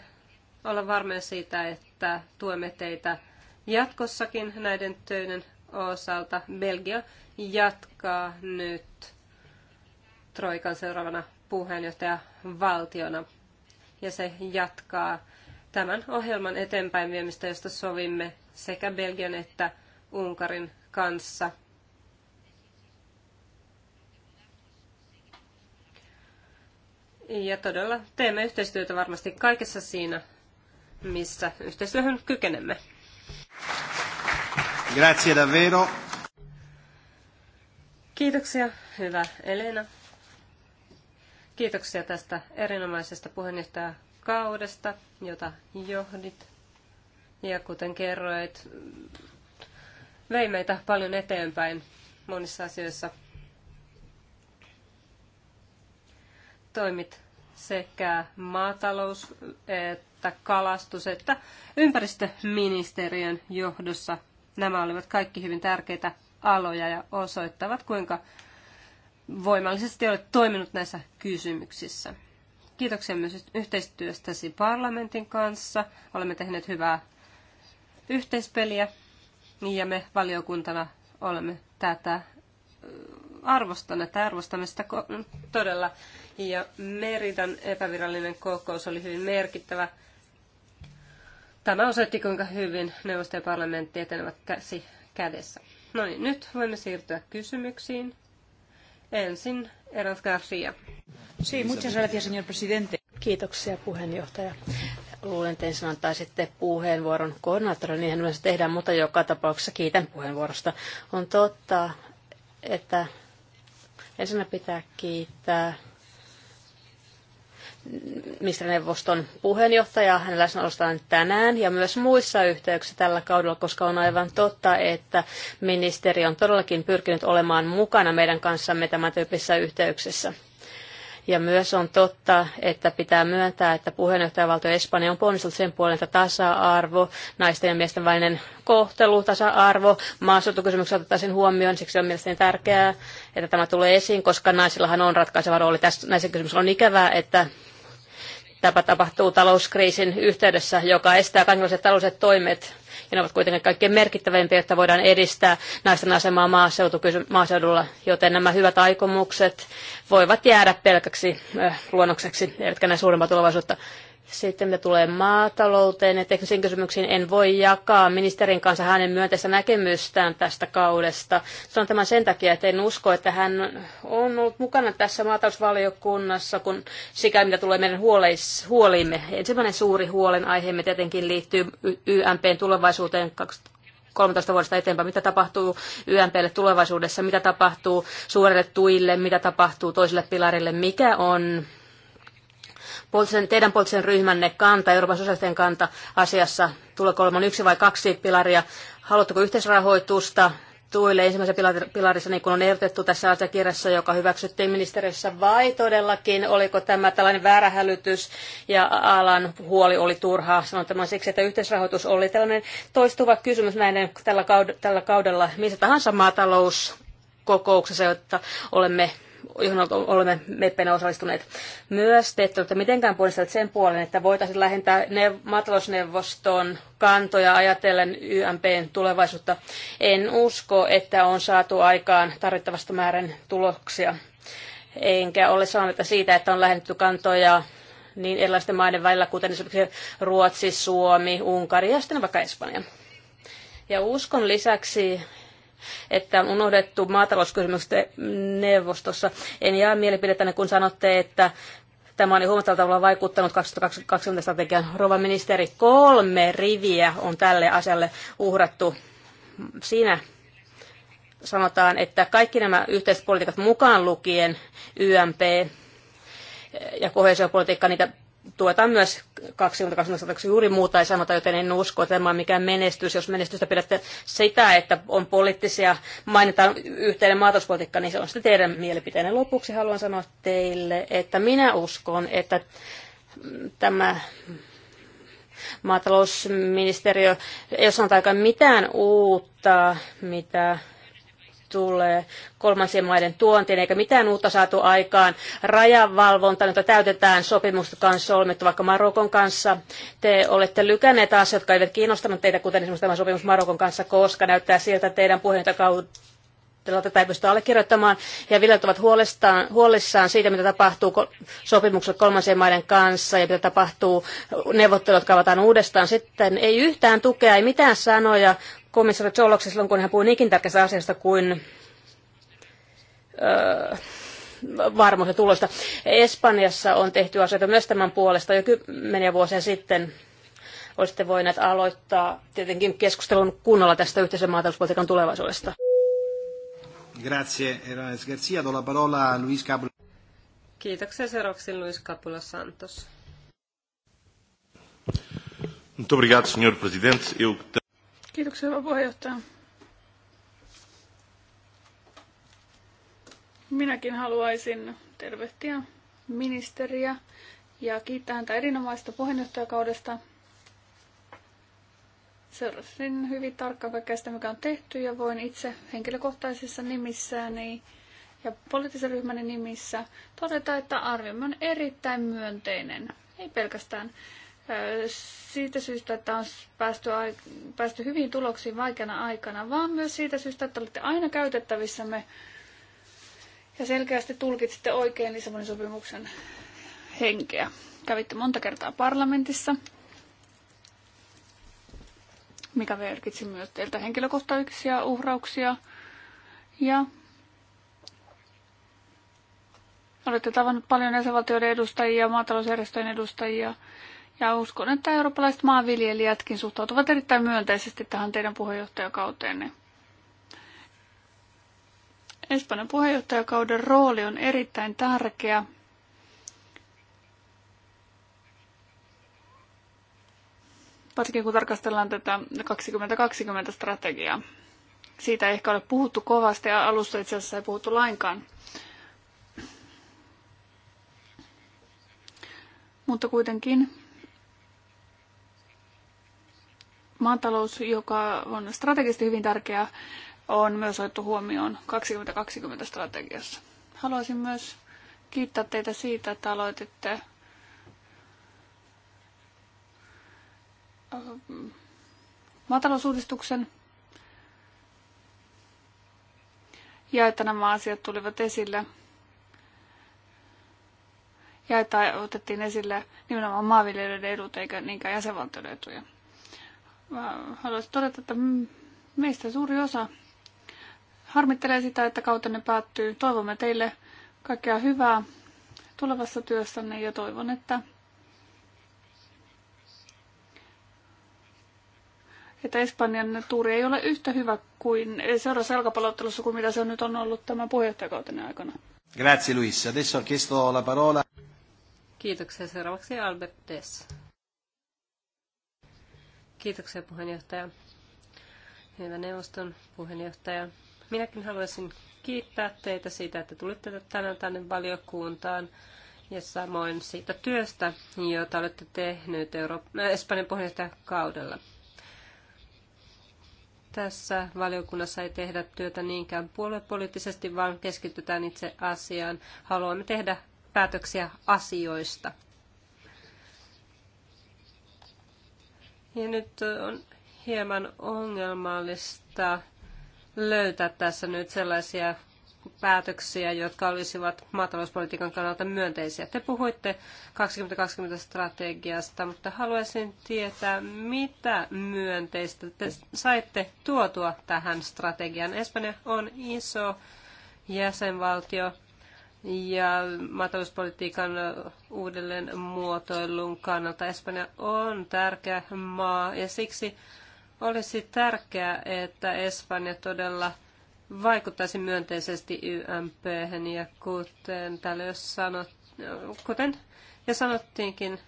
olla varmoja siitä, että tuemme teitä jatkossakin näiden töiden osalta. Belgia jatkaa nyt Troikan seuraavana puheenjohtajavaltiona ja se jatkaa tämän ohjelman eteenpäin viemistä, josta sovimme sekä Belgian että Unkarin kanssa – Ja todella teemme yhteistyötä varmasti kaikessa siinä, missä yhteistyöhön kykenemme. Grazie davvero. Kiitoksia, hyvä Elena. Kiitoksia tästä erinomaisesta puheenjohtajakaudesta, jota johdit. Ja kuten kerroit, vei meitä paljon eteenpäin monissa asioissa toimit sekä maatalous että kalastus että ympäristöministeriön johdossa. Nämä olivat kaikki hyvin tärkeitä aloja ja osoittavat, kuinka voimallisesti olet toiminut näissä kysymyksissä. Kiitoksia myös yhteistyöstäsi parlamentin kanssa. Olemme tehneet hyvää yhteispeliä ja me valiokuntana olemme tätä arvostan, että arvostamme sitä todella. Ja Meridan epävirallinen kokous oli hyvin merkittävä. Tämä osoitti, kuinka hyvin neuvosto ja parlamentti etenevät käsi kädessä. No niin, nyt voimme siirtyä kysymyksiin. Ensin Eras Garcia. Sí, muchas gracias, señor presidente. Kiitoksia puheenjohtaja. Luulen, että ensin antaisitte puheenvuoron koordinaattorille, niin hän myös tehdään, mutta joka tapauksessa kiitän puheenvuorosta. On totta, että Ensinnä pitää kiittää ministerineuvoston puheenjohtajaa hänen läsnäolostaan tänään ja myös muissa yhteyksissä tällä kaudella, koska on aivan totta, että ministeri on todellakin pyrkinyt olemaan mukana meidän kanssamme tämän tyyppisissä yhteyksissä. Ja myös on totta, että pitää myöntää, että puheenjohtajavaltio Espanja on ponnistellut sen puolen, että tasa-arvo, naisten ja miesten välinen kohtelu, tasa-arvo, maaseutukysymykset otettaisiin huomioon. Siksi on mielestäni tärkeää, että tämä tulee esiin, koska naisillahan on ratkaiseva rooli tässä, näissä kysymyksissä. On ikävää, että tämä tapahtuu talouskriisin yhteydessä, joka estää kaikenlaiset taloudelliset toimet ja ne ovat kuitenkin kaikkein merkittävimpiä, jotta voidaan edistää naisten asemaa maaseudulla, joten nämä hyvät aikomukset voivat jäädä pelkäksi luonnokseksi, eivätkä näin suurempaa tulevaisuutta sitten me tulee maatalouteen ja teknisiin kysymyksiin, en voi jakaa ministerin kanssa hänen myönteistä näkemystään tästä kaudesta. Sanon tämän sen takia, että en usko, että hän on ollut mukana tässä maatalousvaliokunnassa, kun sikä mitä tulee meidän huoleis, huoliimme. Ensimmäinen suuri huolenaiheemme tietenkin liittyy YMPn tulevaisuuteen 13 vuodesta eteenpäin, mitä tapahtuu YMPlle tulevaisuudessa, mitä tapahtuu suurelle tuille, mitä tapahtuu toiselle pilarille, mikä on poliittisen, teidän poliittisen ryhmänne kanta, Euroopan sosiaalisten kanta asiassa? Tuleeko olemaan yksi vai kaksi pilaria? Haluatteko yhteisrahoitusta tuille ensimmäisessä pilarissa, niin kuin on ehdotettu tässä asiakirjassa, joka hyväksyttiin ministeriössä, vai todellakin oliko tämä tällainen väärähälytys ja alan huoli oli turhaa? Sanon tämän siksi, että yhteisrahoitus oli tällainen toistuva kysymys näiden tällä kaudella, tällä kaudella missä tahansa maatalous kokouksessa, jotta olemme johon olemme meppeinä osallistuneet. Myös te ette ole mitenkään puolustaneet sen puolen, että voitaisiin lähentää ne kantoja ajatellen YMPn tulevaisuutta. En usko, että on saatu aikaan tarvittavasta määrän tuloksia. Enkä ole saanut siitä, että on lähennetty kantoja niin erilaisten maiden välillä, kuten esimerkiksi Ruotsi, Suomi, Unkari ja sitten vaikka Espanja. Ja uskon lisäksi, että on unohdettu maatalouskysymykset neuvostossa. En jää mielipidettäni, kun sanotte, että Tämä on huomattavalla tavalla vaikuttanut 2020 strategian. Rova ministeri, kolme riviä on tälle asialle uhrattu. Siinä sanotaan, että kaikki nämä yhteispolitiikat mukaan lukien YMP ja kohesiopolitiikka, niitä tuetaan myös 2020 juuri muuta ei sanota, joten en usko, että tämä on mikään menestys. Jos menestystä pidätte sitä, että on poliittisia, mainitaan yhteinen maatalouspolitiikka, niin se on sitten teidän mielipiteenne. Lopuksi haluan sanoa teille, että minä uskon, että tämä maatalousministeriö ei ole sanonut aikaan mitään uutta, mitä tulee kolmansien maiden tuontiin, eikä mitään uutta saatu aikaan. Rajavalvonta, jota täytetään sopimusta kanssa solmittu vaikka Marokon kanssa. Te olette lykänneet asioita, jotka eivät kiinnostanut teitä, kuten esimerkiksi tämä sopimus Marokon kanssa, koska näyttää siltä, että teidän puheenjohtajakautta tätä ei pysty allekirjoittamaan, ja viljelijät ovat huolissaan siitä, mitä tapahtuu sopimukset kolmansien maiden kanssa, ja mitä tapahtuu neuvottelut kavataan uudestaan. Sitten ei yhtään tukea, ei mitään sanoja komissaari Jolloksi silloin, kun hän puhui niinkin tärkeästä asiasta kuin öö, varmuus ja tulosta. Espanjassa on tehty asioita myös tämän puolesta jo kymmeniä vuosia sitten. Olisitte voineet aloittaa tietenkin keskustelun kunnolla tästä yhteisen maatalouspolitiikan tulevaisuudesta. Grazie, Erones Garcia. Do la parola a Luis Capula. Kiitoksia seuraavaksi Luis Capula Santos. Muito obrigado, Senhor Presidente. Eu Kiitoksia, hyvä puheenjohtaja. Minäkin haluaisin tervehtiä ministeriä ja kiittää häntä erinomaista puheenjohtajakaudesta. Seurasin hyvin tarkkaan kaikkea sitä, mikä on tehty ja voin itse henkilökohtaisissa nimissäni ja poliittisen ryhmäni nimissä todeta, että arviomme on erittäin myönteinen. Ei pelkästään siitä syystä, että on päästy, päästy hyvin tuloksiin vaikeana aikana, vaan myös siitä syystä, että olette aina käytettävissämme ja selkeästi tulkitsitte oikein Lissabonin sopimuksen henkeä. Kävitte monta kertaa parlamentissa, mikä merkitsi myös teiltä henkilökohtaisia uhrauksia. Ja olette tavannut paljon jäsenvaltioiden edustajia, maatalousjärjestöjen edustajia, ja uskon, että eurooppalaiset maanviljelijätkin suhtautuvat erittäin myönteisesti tähän teidän puheenjohtajakauteenne. Espanjan puheenjohtajakauden rooli on erittäin tärkeä. Varsinkin kun tarkastellaan tätä 2020-strategiaa. Siitä ei ehkä ole puhuttu kovasti ja alusta itse asiassa ei puhuttu lainkaan. Mutta kuitenkin Maatalous, joka on strategisesti hyvin tärkeä, on myös otettu huomioon 2020-strategiassa. Haluaisin myös kiittää teitä siitä, että aloititte ähm, maatalousuudistuksen ja että nämä asiat tulivat esille ja että otettiin esille nimenomaan maanviljelijöiden edut eikä niinkään jäsenvaltioiden etuja haluaisin todeta, että meistä suuri osa harmittelee sitä, että kautenne päättyy. Toivomme teille kaikkea hyvää tulevassa työssänne ja toivon, että, että Espanjan tuuri ei ole yhtä hyvä kuin seuraavassa jalkapalottelussa kuin mitä se on nyt on ollut tämän puheenjohtajakautenne aikana. Grazie Luis. Adesso ho chiesto la parola. Kiitoksia. Seuraavaksi Albert Dess. Kiitoksia puheenjohtaja. Hyvä neuvoston puheenjohtaja. Minäkin haluaisin kiittää teitä siitä, että tulitte tänään tänne valiokuntaan ja samoin siitä työstä, jota olette tehnyt Euro- äh, Espanjan puheenjohtajakaudella. Tässä valiokunnassa ei tehdä työtä niinkään puoluepoliittisesti, vaan keskitytään itse asiaan. Haluamme tehdä päätöksiä asioista. Ja nyt on hieman ongelmallista löytää tässä nyt sellaisia päätöksiä, jotka olisivat maatalouspolitiikan kannalta myönteisiä. Te puhuitte 2020-strategiasta, mutta haluaisin tietää, mitä myönteistä te saitte tuotua tähän strategiaan. Espanja on iso jäsenvaltio ja maatalouspolitiikan uudelleen muotoilun kannalta. Espanja on tärkeä maa ja siksi olisi tärkeää, että Espanja todella vaikuttaisi myönteisesti YMP ja kuten täällä jo sanot, kuten ja sanottiinkin,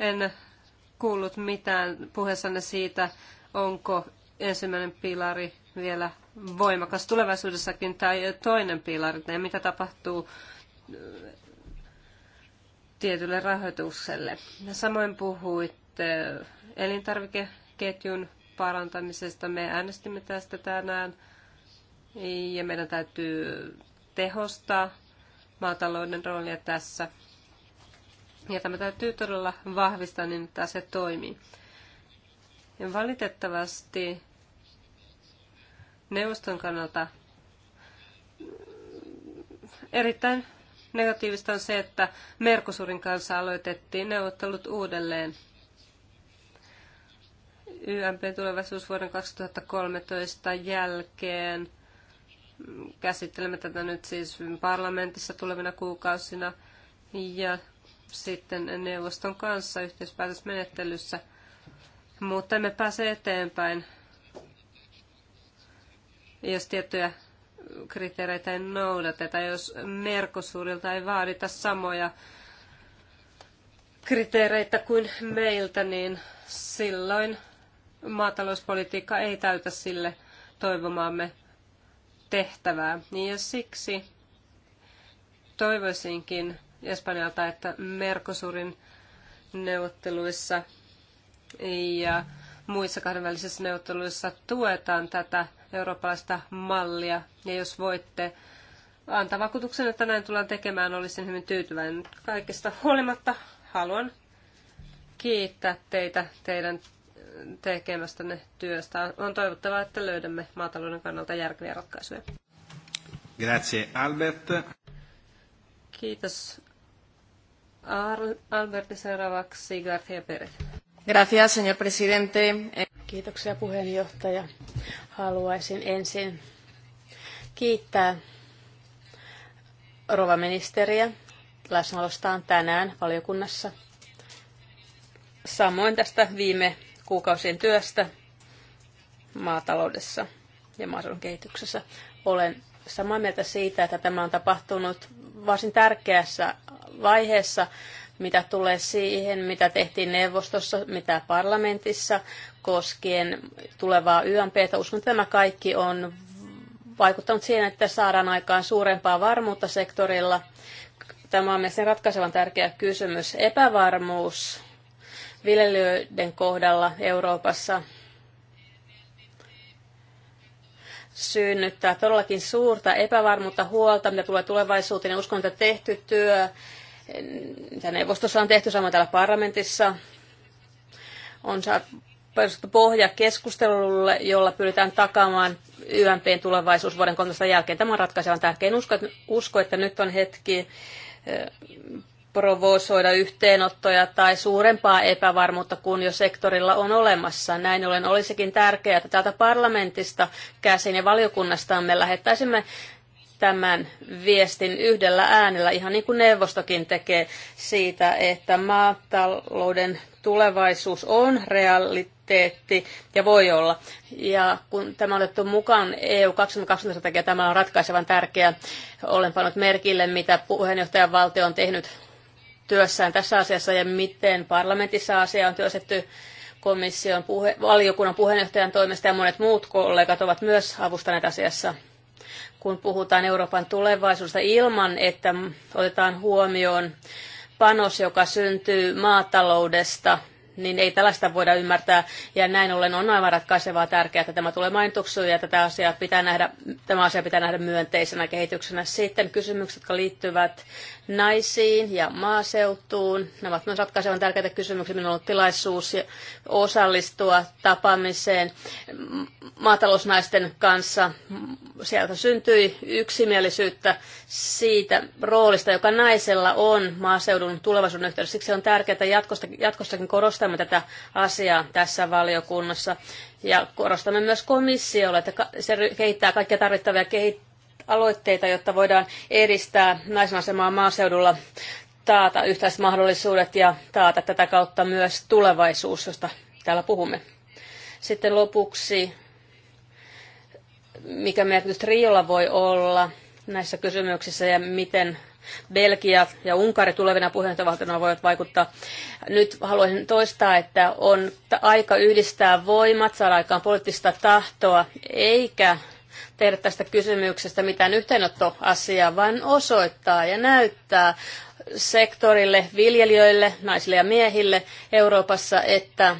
en kuullut mitään puheessanne siitä, onko ensimmäinen pilari vielä voimakas tulevaisuudessakin tai toinen pilari, ja mitä tapahtuu äh, tietylle rahoitukselle. Ja samoin puhuitte elintarvikeketjun parantamisesta. Me äänestimme tästä tänään ja meidän täytyy tehostaa maatalouden roolia tässä. Ja tämä täytyy todella vahvistaa niin, että se toimii. Ja valitettavasti neuvoston kannalta erittäin negatiivista on se, että Merkosurin kanssa aloitettiin neuvottelut uudelleen. YMP tulevaisuus vuoden 2013 jälkeen. Käsittelemme tätä nyt siis parlamentissa tulevina kuukausina ja sitten neuvoston kanssa yhteispäätösmenettelyssä. Mutta emme pääse eteenpäin jos tiettyjä kriteereitä ei noudateta, jos Merkosuurilta ei vaadita samoja kriteereitä kuin meiltä, niin silloin maatalouspolitiikka ei täytä sille toivomaamme tehtävää. Ja siksi toivoisinkin Espanjalta, että merkosurin neuvotteluissa ja muissa kahdenvälisissä neuvotteluissa tuetaan tätä eurooppalaista mallia. Ja jos voitte antaa vakuutuksen, että näin tullaan tekemään, olisin hyvin tyytyväinen. Kaikesta huolimatta haluan kiittää teitä teidän tekemästänne työstä. On toivottavaa, että löydämme maatalouden kannalta järkeviä ratkaisuja. Grazie Albert. Kiitos Albert seuraavaksi García Pérez. Gracias, señor presidente. Kiitoksia puheenjohtaja. Haluaisin ensin kiittää rouva ministeriä läsnäolostaan tänään valiokunnassa. Samoin tästä viime kuukausien työstä maataloudessa ja maaseudun kehityksessä. Olen samaa mieltä siitä, että tämä on tapahtunut varsin tärkeässä vaiheessa mitä tulee siihen, mitä tehtiin neuvostossa, mitä parlamentissa koskien tulevaa YMPtä. Uskon, että tämä kaikki on vaikuttanut siihen, että saadaan aikaan suurempaa varmuutta sektorilla. Tämä on mielestäni ratkaisevan tärkeä kysymys. Epävarmuus viljelijöiden kohdalla Euroopassa synnyttää todellakin suurta epävarmuutta huolta, mitä tulee tulevaisuuteen. Uskon, että tehty työ mitä neuvostossa on tehty, samoin täällä parlamentissa. On saatu pohja keskustelulle, jolla pyritään takaamaan YMPn tulevaisuus vuoden 13 jälkeen. Tämä on ratkaisevan tärkeä. En usko, usko, että nyt on hetki provosoida yhteenottoja tai suurempaa epävarmuutta kuin jo sektorilla on olemassa. Näin ollen olisikin tärkeää, että täältä parlamentista käsin ja valiokunnastamme lähettäisimme tämän viestin yhdellä äänellä, ihan niin kuin neuvostokin tekee siitä, että maatalouden tulevaisuus on realiteetti ja voi olla. Ja kun tämä on otettu mukaan EU 2020-strategia, tämä on ratkaisevan tärkeä. Olen pannut merkille, mitä puheenjohtajan valtio on tehnyt työssään tässä asiassa ja miten parlamentissa asia on työstetty komission puhe, valiokunnan puheenjohtajan toimesta ja monet muut kollegat ovat myös avustaneet asiassa kun puhutaan Euroopan tulevaisuudesta ilman, että otetaan huomioon panos, joka syntyy maataloudesta, niin ei tällaista voida ymmärtää. Ja näin ollen on aivan ratkaisevaa tärkeää, että tämä tulee mainituksi ja tätä asiaa pitää nähdä, tämä asia pitää nähdä myönteisenä kehityksenä. Sitten kysymykset, jotka liittyvät naisiin ja maaseutuun. Nämä ovat myös ratkaisevan tärkeitä kysymyksiä. Minulla on ollut tilaisuus osallistua tapaamiseen maatalousnaisten kanssa. Sieltä syntyi yksimielisyyttä siitä roolista, joka naisella on maaseudun tulevaisuuden yhteydessä. Siksi on tärkeää, että jatkossakin korostamme tätä asiaa tässä valiokunnassa. Ja korostamme myös komissiolle, että se kehittää kaikkia tarvittavia kehittämistä aloitteita, jotta voidaan edistää naisen asemaa maaseudulla, taata mahdollisuudet ja taata tätä kautta myös tulevaisuus, josta täällä puhumme. Sitten lopuksi, mikä merkitys Riolla voi olla näissä kysymyksissä ja miten Belgia ja Unkari tulevina puheenjohtajavaltioina voivat vaikuttaa. Nyt haluaisin toistaa, että on aika yhdistää voimat, saada aikaan poliittista tahtoa, eikä tehdä tästä kysymyksestä mitään yhteenottoasiaa, vaan osoittaa ja näyttää sektorille, viljelijöille, naisille ja miehille Euroopassa, että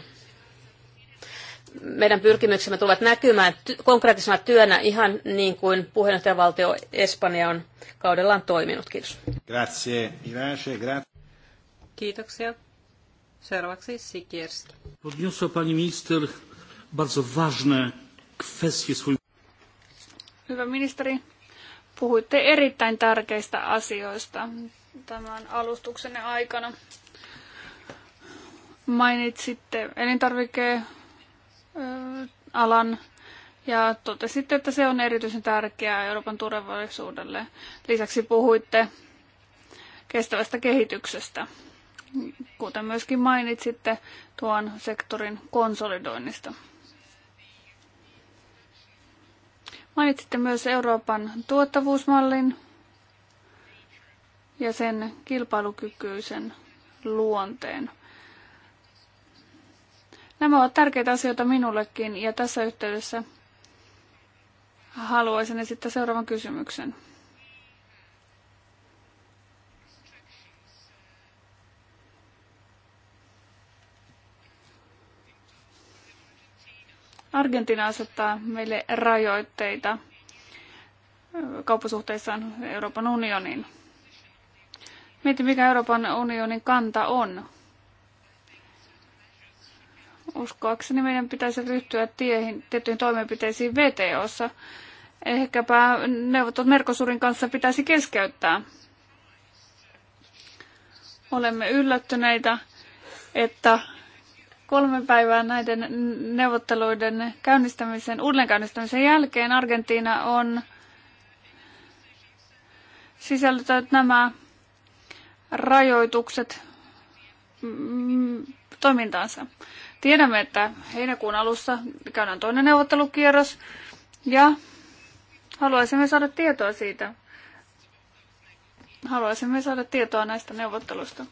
meidän pyrkimyksemme tulevat näkymään ty- konkreettisena työnä ihan niin kuin puheenjohtajavaltio Espanja on kaudellaan toiminut. Kiitos. Grazie, grazie. Kiitoksia. Seuraavaksi Sikierski. Podniosła pani minister bardzo ważne kwestie swoim... Hyvä ministeri, puhuitte erittäin tärkeistä asioista tämän alustuksenne aikana. Mainitsitte elintarvikealan ja totesitte, että se on erityisen tärkeää Euroopan turvallisuudelle. Lisäksi puhuitte kestävästä kehityksestä, kuten myöskin mainitsitte tuon sektorin konsolidoinnista. Mainitsitte myös Euroopan tuottavuusmallin ja sen kilpailukykyisen luonteen. Nämä ovat tärkeitä asioita minullekin ja tässä yhteydessä haluaisin esittää seuraavan kysymyksen. Argentiina asettaa meille rajoitteita kauppasuhteissaan Euroopan unioniin. Mietin, mikä Euroopan unionin kanta on. Uskoakseni meidän pitäisi ryhtyä tiehin, tiettyihin toimenpiteisiin VTOssa. Ehkäpä neuvottelut Merkosurin kanssa pitäisi keskeyttää. Olemme yllättyneitä, että Kolme päivää näiden neuvotteluiden käynnistämisen, käynnistämisen jälkeen Argentiina on sisältänyt nämä rajoitukset mm, toimintaansa. Tiedämme, että heinäkuun alussa käydään toinen neuvottelukierros ja haluaisimme saada tietoa siitä. Haluaisimme saada tietoa näistä neuvotteluista.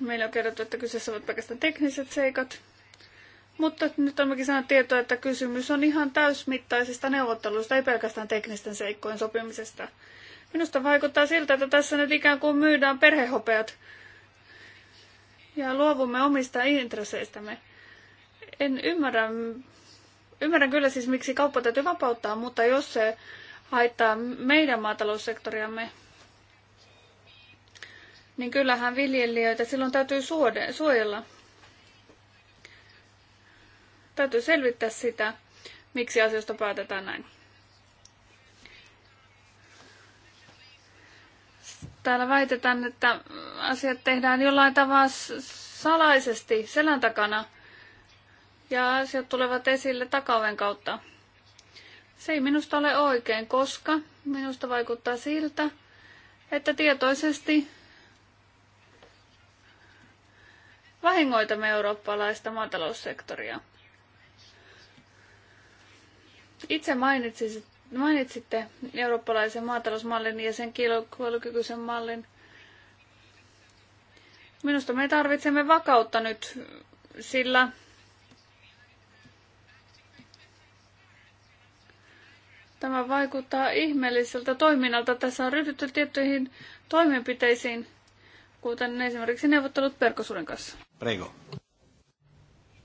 Meillä on kerrottu, että kyseessä ovat pelkästään tekniset seikat, mutta nyt onkin saanut tietoa, että kysymys on ihan täysmittaisista neuvotteluista, ei pelkästään teknisten seikkojen sopimisesta. Minusta vaikuttaa siltä, että tässä nyt ikään kuin myydään perhehopeat ja luovumme omista intresseistämme. En ymmärrä, ymmärrän kyllä siis miksi kauppa täytyy vapauttaa, mutta jos se haittaa meidän maataloussektoriamme, niin kyllähän viljelijöitä silloin täytyy suojella. Täytyy selvittää sitä, miksi asioista päätetään näin. Täällä väitetään, että asiat tehdään jollain tavalla salaisesti selän takana ja asiat tulevat esille takaven kautta. Se ei minusta ole oikein, koska minusta vaikuttaa siltä, että tietoisesti vahingoitamme eurooppalaista maataloussektoria. Itse mainitsitte eurooppalaisen maatalousmallin ja sen kilpailukykyisen mallin. Minusta me tarvitsemme vakautta nyt, sillä Tämä vaikuttaa ihmeelliseltä toiminnalta. Tässä on ryhdytty tiettyihin toimenpiteisiin, kuten esimerkiksi neuvottelut Perkosuuden kanssa. Prego.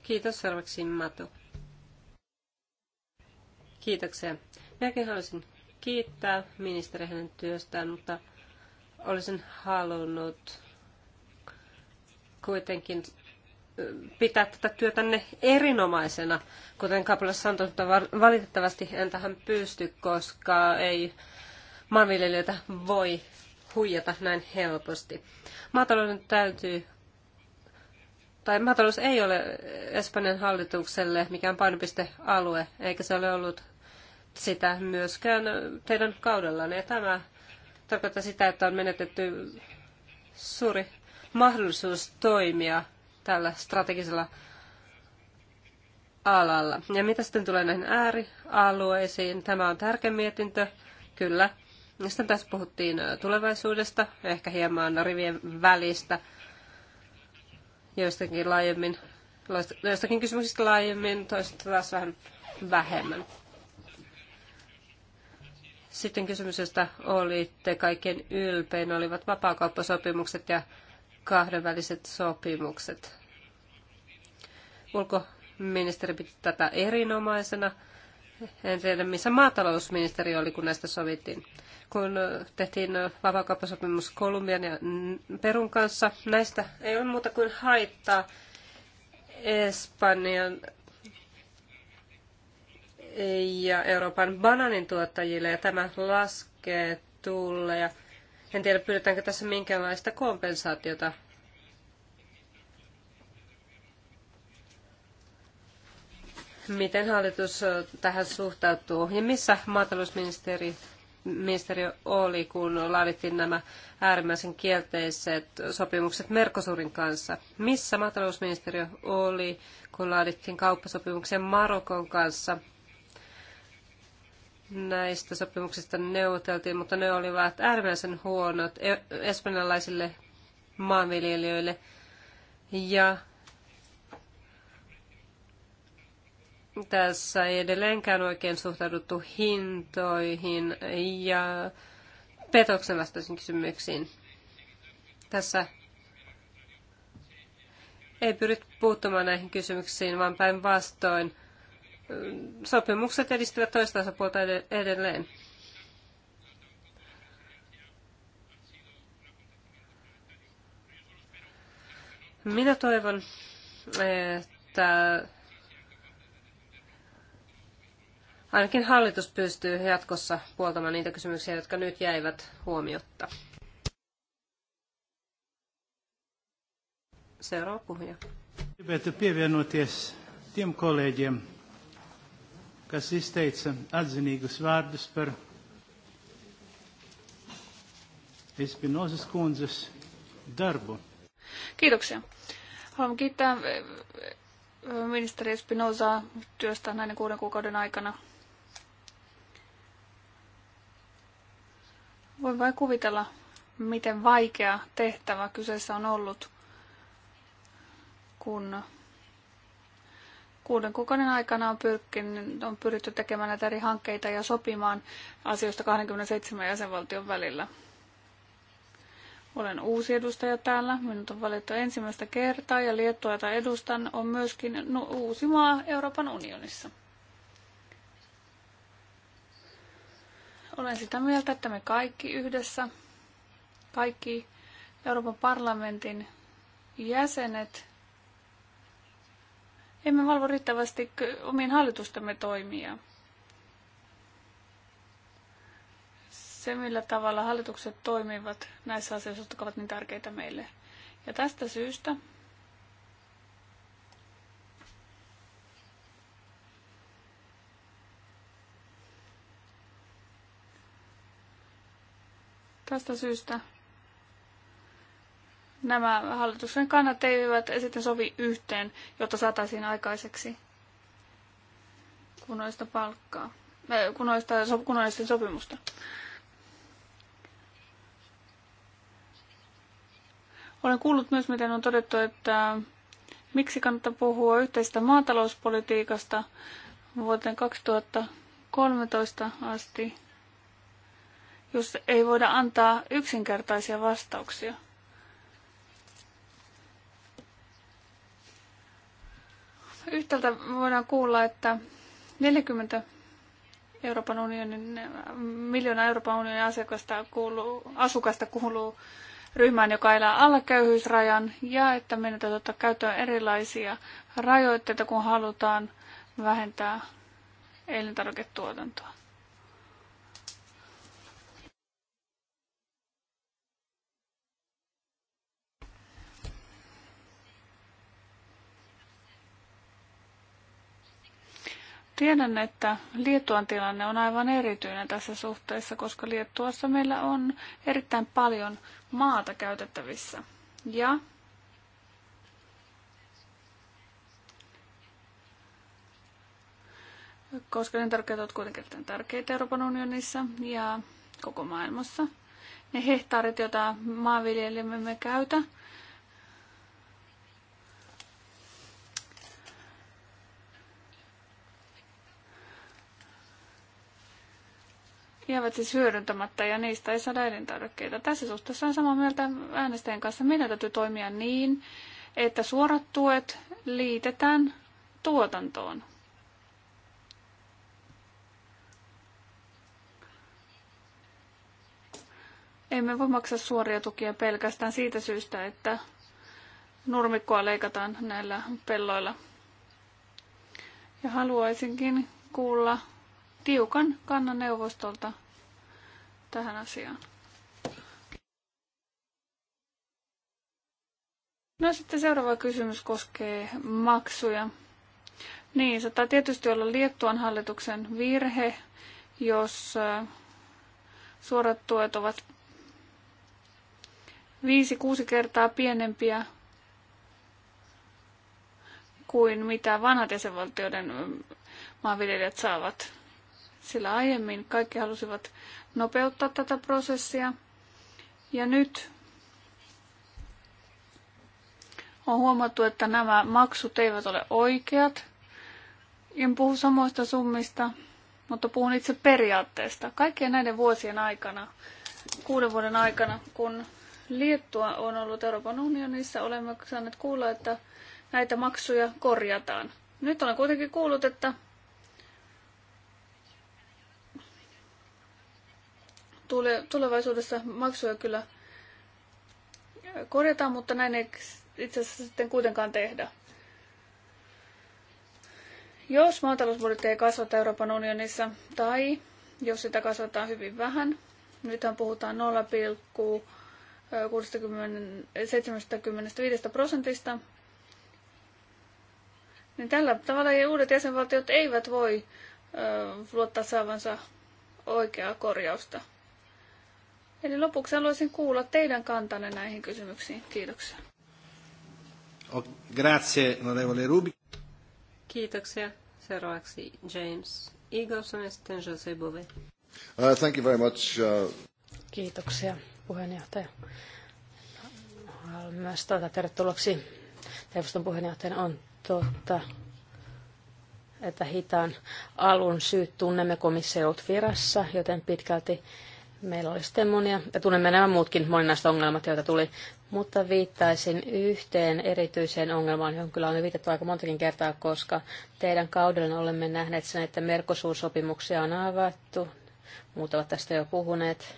Kiitos seuraavaksi Matu. Kiitoksia. Minäkin haluaisin kiittää ministeri hänen työstään, mutta olisin halunnut kuitenkin pitää tätä työtänne erinomaisena, kuten Kapula sanoi, mutta valitettavasti en tähän pysty, koska ei maanviljelijöitä voi huijata näin helposti. Maatalouden täytyy tai maatalous ei ole Espanjan hallitukselle mikään painopistealue, eikä se ole ollut sitä myöskään teidän kaudellanne. Ja tämä tarkoittaa sitä, että on menetetty suuri mahdollisuus toimia tällä strategisella alalla. Ja mitä sitten tulee näihin äärialueisiin? Tämä on tärkeä mietintö, kyllä. sitten tässä puhuttiin tulevaisuudesta, ehkä hieman rivien välistä – joistakin laajemmin, no joistakin kysymyksistä laajemmin, toista taas vähän vähemmän. Sitten kysymys, josta olitte kaikkein ylpein, olivat vapaakauppasopimukset ja kahdenväliset sopimukset. Ulkoministeri piti tätä erinomaisena. En tiedä, missä maatalousministeri oli, kun näistä sovittiin kun tehtiin vapaakauppasopimus Kolumbian ja Perun kanssa. Näistä ei ole muuta kuin haittaa Espanjan ja Euroopan bananin tuottajille, ja tämä laskee Ja En tiedä, pyydetäänkö tässä minkäänlaista kompensaatiota miten hallitus tähän suhtautuu ja missä maatalousministeri ministeriö oli, kun laadittiin nämä äärimmäisen kielteiset sopimukset Mercosurin kanssa? Missä maatalousministeriö oli, kun laadittiin kauppasopimuksen Marokon kanssa? Näistä sopimuksista neuvoteltiin, mutta ne olivat äärimmäisen huonot e- espanjalaisille maanviljelijöille ja Tässä ei edelleenkään oikein suhtauduttu hintoihin ja petoksen vastaisiin kysymyksiin. Tässä ei pyrit puuttumaan näihin kysymyksiin, vaan päinvastoin sopimukset edistävät toista osapuolta edelleen. Minä toivon, että ainakin hallitus pystyy jatkossa puoltamaan niitä kysymyksiä, jotka nyt jäivät huomiotta. Seuraava puhuja. Gribētu pievienoties tiem kolēģiem, kas izteica Espinozas kundzes darbu. Kiitoksia. Haluan kiittää eh, eh, ministeri Espinosaa työstä näiden kuuden kuukauden aikana. Voi vain kuvitella, miten vaikea tehtävä kyseessä on ollut, kun kuuden kuukauden aikana on, pyrkin, on pyritty tekemään näitä eri hankkeita ja sopimaan asioista 27 jäsenvaltion välillä. Olen uusi edustaja täällä. Minut on valittu ensimmäistä kertaa ja Liettua, jota edustan, on myöskin uusi maa Euroopan unionissa. Olen sitä mieltä, että me kaikki yhdessä, kaikki Euroopan parlamentin jäsenet, emme valvo riittävästi omien hallitustemme toimia. Se, millä tavalla hallitukset toimivat näissä asioissa, jotka ovat niin tärkeitä meille. Ja tästä syystä Tästä syystä nämä hallituksen kannat eivät sitten sovi yhteen, jotta saataisiin aikaiseksi kunnoista palkkaa, kunnoista, eh, kunnoista sopimusta. Olen kuullut myös, miten on todettu, että miksi kannattaa puhua yhteistä maatalouspolitiikasta vuoteen 2013 asti jos ei voida antaa yksinkertaisia vastauksia. Yhtäältä voidaan kuulla, että 40 Euroopan unionin, miljoona Euroopan unionin asiakasta kuuluu, asukasta kuuluu ryhmään, joka elää alla köyhyysrajan, ja että meidän täytyy ottaa käyttöön erilaisia rajoitteita, kun halutaan vähentää elintarviketuotantoa. Tiedän, että Liettuan tilanne on aivan erityinen tässä suhteessa, koska Liettuassa meillä on erittäin paljon maata käytettävissä. Ja koska ne tärkeät ovat kuitenkin tärkeitä Euroopan unionissa ja koko maailmassa. Ne hehtaarit, joita maanviljelijämme käytä, jäävät siis hyödyntämättä ja niistä ei saada elintarvikkeita. Tässä suhteessa on samaa mieltä äänestäjien kanssa. Meidän täytyy toimia niin, että suorat tuet liitetään tuotantoon. Emme voi maksaa suoria tukia pelkästään siitä syystä, että nurmikkoa leikataan näillä pelloilla. Ja haluaisinkin kuulla tiukan kannan neuvostolta tähän asiaan. No sitten seuraava kysymys koskee maksuja. Niin, se tietysti olla Liettuan hallituksen virhe, jos äh, suorat tuet ovat viisi kuusi kertaa pienempiä kuin mitä vanhat jäsenvaltioiden äh, maanviljelijät saavat sillä aiemmin kaikki halusivat nopeuttaa tätä prosessia. Ja nyt on huomattu, että nämä maksut eivät ole oikeat. En puhu samoista summista, mutta puhun itse periaatteesta. Kaikkien näiden vuosien aikana, kuuden vuoden aikana, kun Liettua on ollut Euroopan unionissa, olemme saaneet kuulla, että näitä maksuja korjataan. Nyt olen kuitenkin kuullut, että tule, tulevaisuudessa maksuja kyllä korjataan, mutta näin ei itse asiassa sitten kuitenkaan tehdä. Jos maatalousbudjetti ei kasvata Euroopan unionissa tai jos sitä kasvataan hyvin vähän, nythän puhutaan 0,75 prosentista, niin tällä tavalla uudet jäsenvaltiot eivät voi luottaa saavansa oikeaa korjausta. Eli lopuksi haluaisin kuulla teidän kantanne näihin kysymyksiin. Kiitoksia. Grazie, onorevole Rubi. Kiitoksia. Seuraavaksi James Eagleson ja sitten Jose Bove. Uh, thank you very much. Uh... Kiitoksia, puheenjohtaja. Haluan myös tuota tervetulleeksi neuvoston puheenjohtajana on totta, että hitaan alun syyt tunnemme komissiot virassa, joten pitkälti Meillä oli sitten monia, ja tunnemme nämä muutkin moninaiset ongelmat, joita tuli, mutta viittaisin yhteen erityiseen ongelmaan, johon kyllä on viitattu aika montakin kertaa, koska teidän kaudellanne olemme nähneet sen, että merkosuussopimuksia on avattu, muut ovat tästä jo puhuneet.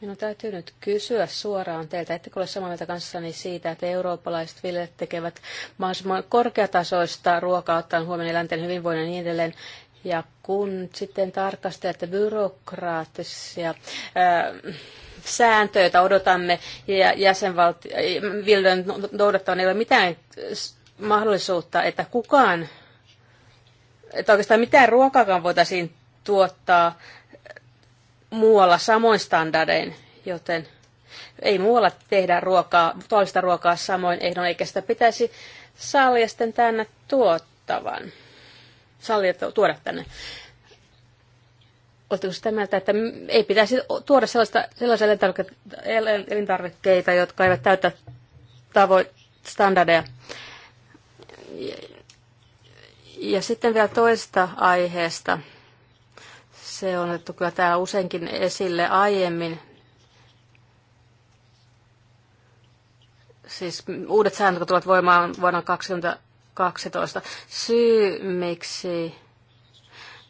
Minun täytyy nyt kysyä suoraan teiltä, ettekö ole samaa mieltä kanssani siitä, että eurooppalaiset viljelijät tekevät mahdollisimman korkeatasoista ruokaa ottaen huomioon eläinten hyvinvoinnin ja niin edelleen, ja kun sitten tarkastelette byrokraattisia ää, sääntöjä, joita odotamme ja jäsenvaltio, Vilden noudattavan ei ole mitään mahdollisuutta, että kukaan, että oikeastaan mitään ruokakaan voitaisiin tuottaa muualla samoin standardein, joten ei muualla tehdä ruokaa, toista ruokaa samoin ehdon, eikä sitä pitäisi sallia sitten tänne tuottavan sallia tuoda tänne. Oletteko sitä mieltä, että ei pitäisi tuoda sellaista, sellaisia elintarvikkeita, jotka eivät täytä tavoit standardeja? Ja, ja sitten vielä toista aiheesta. Se on otettu kyllä täällä useinkin esille aiemmin, siis uudet säännöt, jotka tulevat voimaan vuonna 20 12. Syy miksi...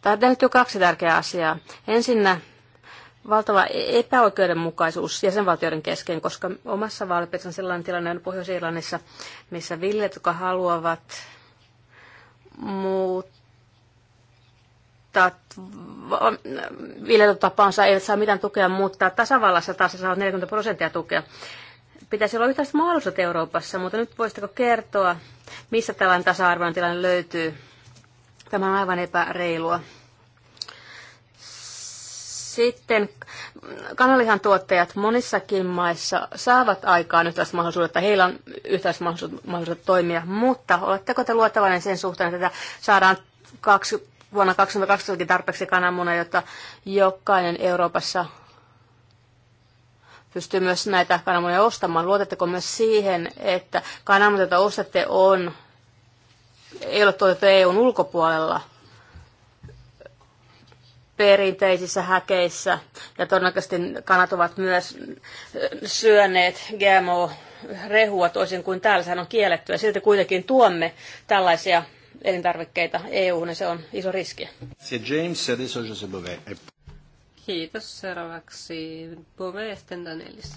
Tämä liittyy kaksi tärkeää asiaa. Ensinnä valtava e- epäoikeudenmukaisuus jäsenvaltioiden kesken, koska omassa vaalipiirissä on sellainen tilanne on Pohjois-Irlannissa, missä villet, jotka haluavat muuttaa viljelytapaansa, eivät saa mitään tukea muuttaa. Tasavallassa taas saa 40 prosenttia tukea pitäisi olla yhtä mahdollisuudet Euroopassa, mutta nyt voisitteko kertoa, missä tällainen tasa-arvoinen tilanne löytyy? Tämä on aivan epäreilua. Sitten kanalihan tuottajat monissakin maissa saavat aikaan yhtäiset mahdollisuudet, että heillä on yhtäiset mahdollisuudet, mahdollisuudet toimia, mutta oletteko te luottavainen sen suhteen, että saadaan kaksi, vuonna 2020 tarpeeksi kananmuna, jotta jokainen Euroopassa pystyy myös näitä kananmunia ostamaan. Luotatteko myös siihen, että kananmunat, joita ostatte, on, ei ole tuotettu EUn ulkopuolella perinteisissä häkeissä, ja todennäköisesti kanat ovat myös syöneet GMO-rehua toisin kuin täällä sehän on ja Silti kuitenkin tuomme tällaisia elintarvikkeita EU-hun, ja se on iso riski. James, Kiitos. Seuraavaksi Bove Estendanelis.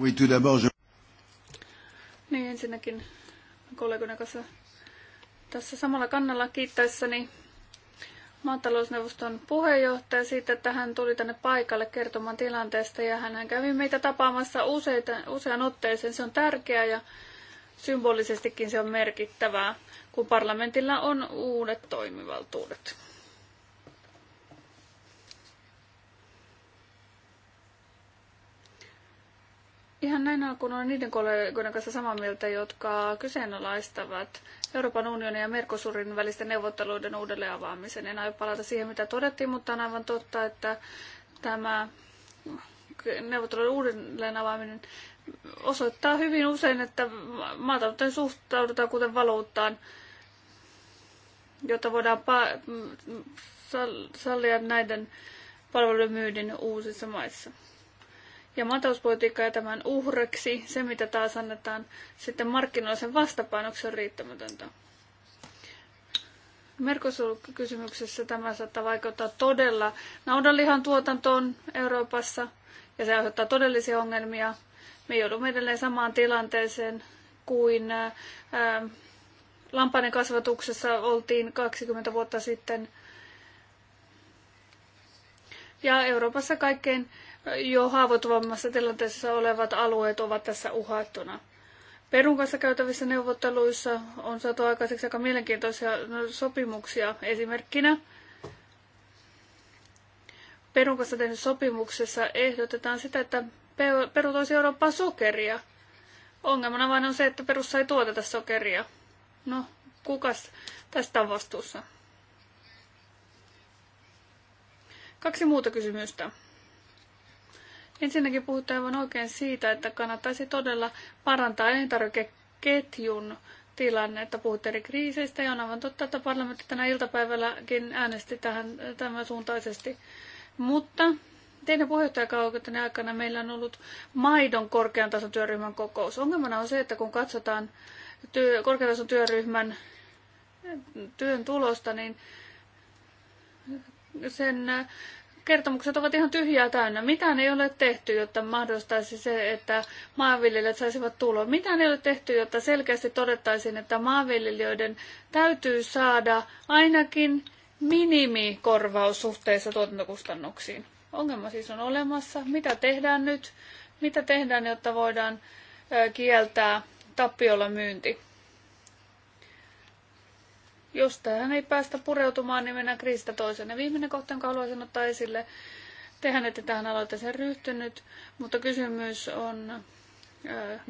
Oui, tout d'abord, je... Niin, ensinnäkin kollegoiden kanssa tässä samalla kannalla kiittäessäni maatalousneuvoston puheenjohtaja siitä, että hän tuli tänne paikalle kertomaan tilanteesta ja hän kävi meitä tapaamassa useita, usean otteeseen. Se on tärkeää ja symbolisestikin se on merkittävää, kun parlamentilla on uudet toimivaltuudet. Ihan näin alkuun on niiden kollegoiden kanssa samaa mieltä, jotka kyseenalaistavat Euroopan unionin ja Mercosurin välisten neuvotteluiden uudelleen avaamisen. En aio palata siihen, mitä todettiin, mutta on aivan totta, että tämä neuvotteluiden uudelleen avaaminen osoittaa hyvin usein, että maatalouteen suhtaudutaan kuten valuuttaan, jotta voidaan sallia näiden palvelujen myydin uusissa maissa ja maatalouspolitiikka ja tämän uhreksi, se mitä taas annetaan sitten markkinoisen vastapainoksi on riittämätöntä. Merkosulkukysymyksessä tämä saattaa vaikuttaa todella naudanlihan tuotantoon Euroopassa ja se aiheuttaa todellisia ongelmia. Me joudumme edelleen samaan tilanteeseen kuin ää, ähm, kasvatuksessa oltiin 20 vuotta sitten. Ja Euroopassa kaikkein jo haavoittuvammassa tilanteessa olevat alueet ovat tässä uhattuna. Perun kanssa käytävissä neuvotteluissa on saatu aikaiseksi aika mielenkiintoisia sopimuksia esimerkkinä. Perun kanssa tehdyssä sopimuksessa ehdotetaan sitä, että Peru toisi Eurooppaan sokeria. Ongelmana vain on se, että Perussa ei tuoteta sokeria. No, kukas tästä on vastuussa? Kaksi muuta kysymystä. Ensinnäkin puhutaan aivan oikein siitä, että kannattaisi todella parantaa elintarvikeketjun että Puhutte eri kriiseistä ja on aivan totta, että parlamentti tänä iltapäivälläkin äänesti tähän tämän suuntaisesti. Mutta teidän puheenjohtajakauden aikana meillä on ollut maidon korkean tason työryhmän kokous. Ongelmana on se, että kun katsotaan työ, korkean tason työryhmän työn tulosta, niin sen kertomukset ovat ihan tyhjää täynnä. Mitään ei ole tehty, jotta mahdollistaisi se, että maanviljelijät saisivat tuloa. Mitään ei ole tehty, jotta selkeästi todettaisiin, että maanviljelijöiden täytyy saada ainakin minimikorvaus suhteessa tuotantokustannuksiin. Ongelma siis on olemassa. Mitä tehdään nyt? Mitä tehdään, jotta voidaan kieltää tappiolla myynti? Jos tähän ei päästä pureutumaan, niin mennään kriisistä toiseen. Ja viimeinen kohta, jonka haluaisin ottaa esille, tehän ette tähän aloitteeseen ryhtynyt, mutta kysymys on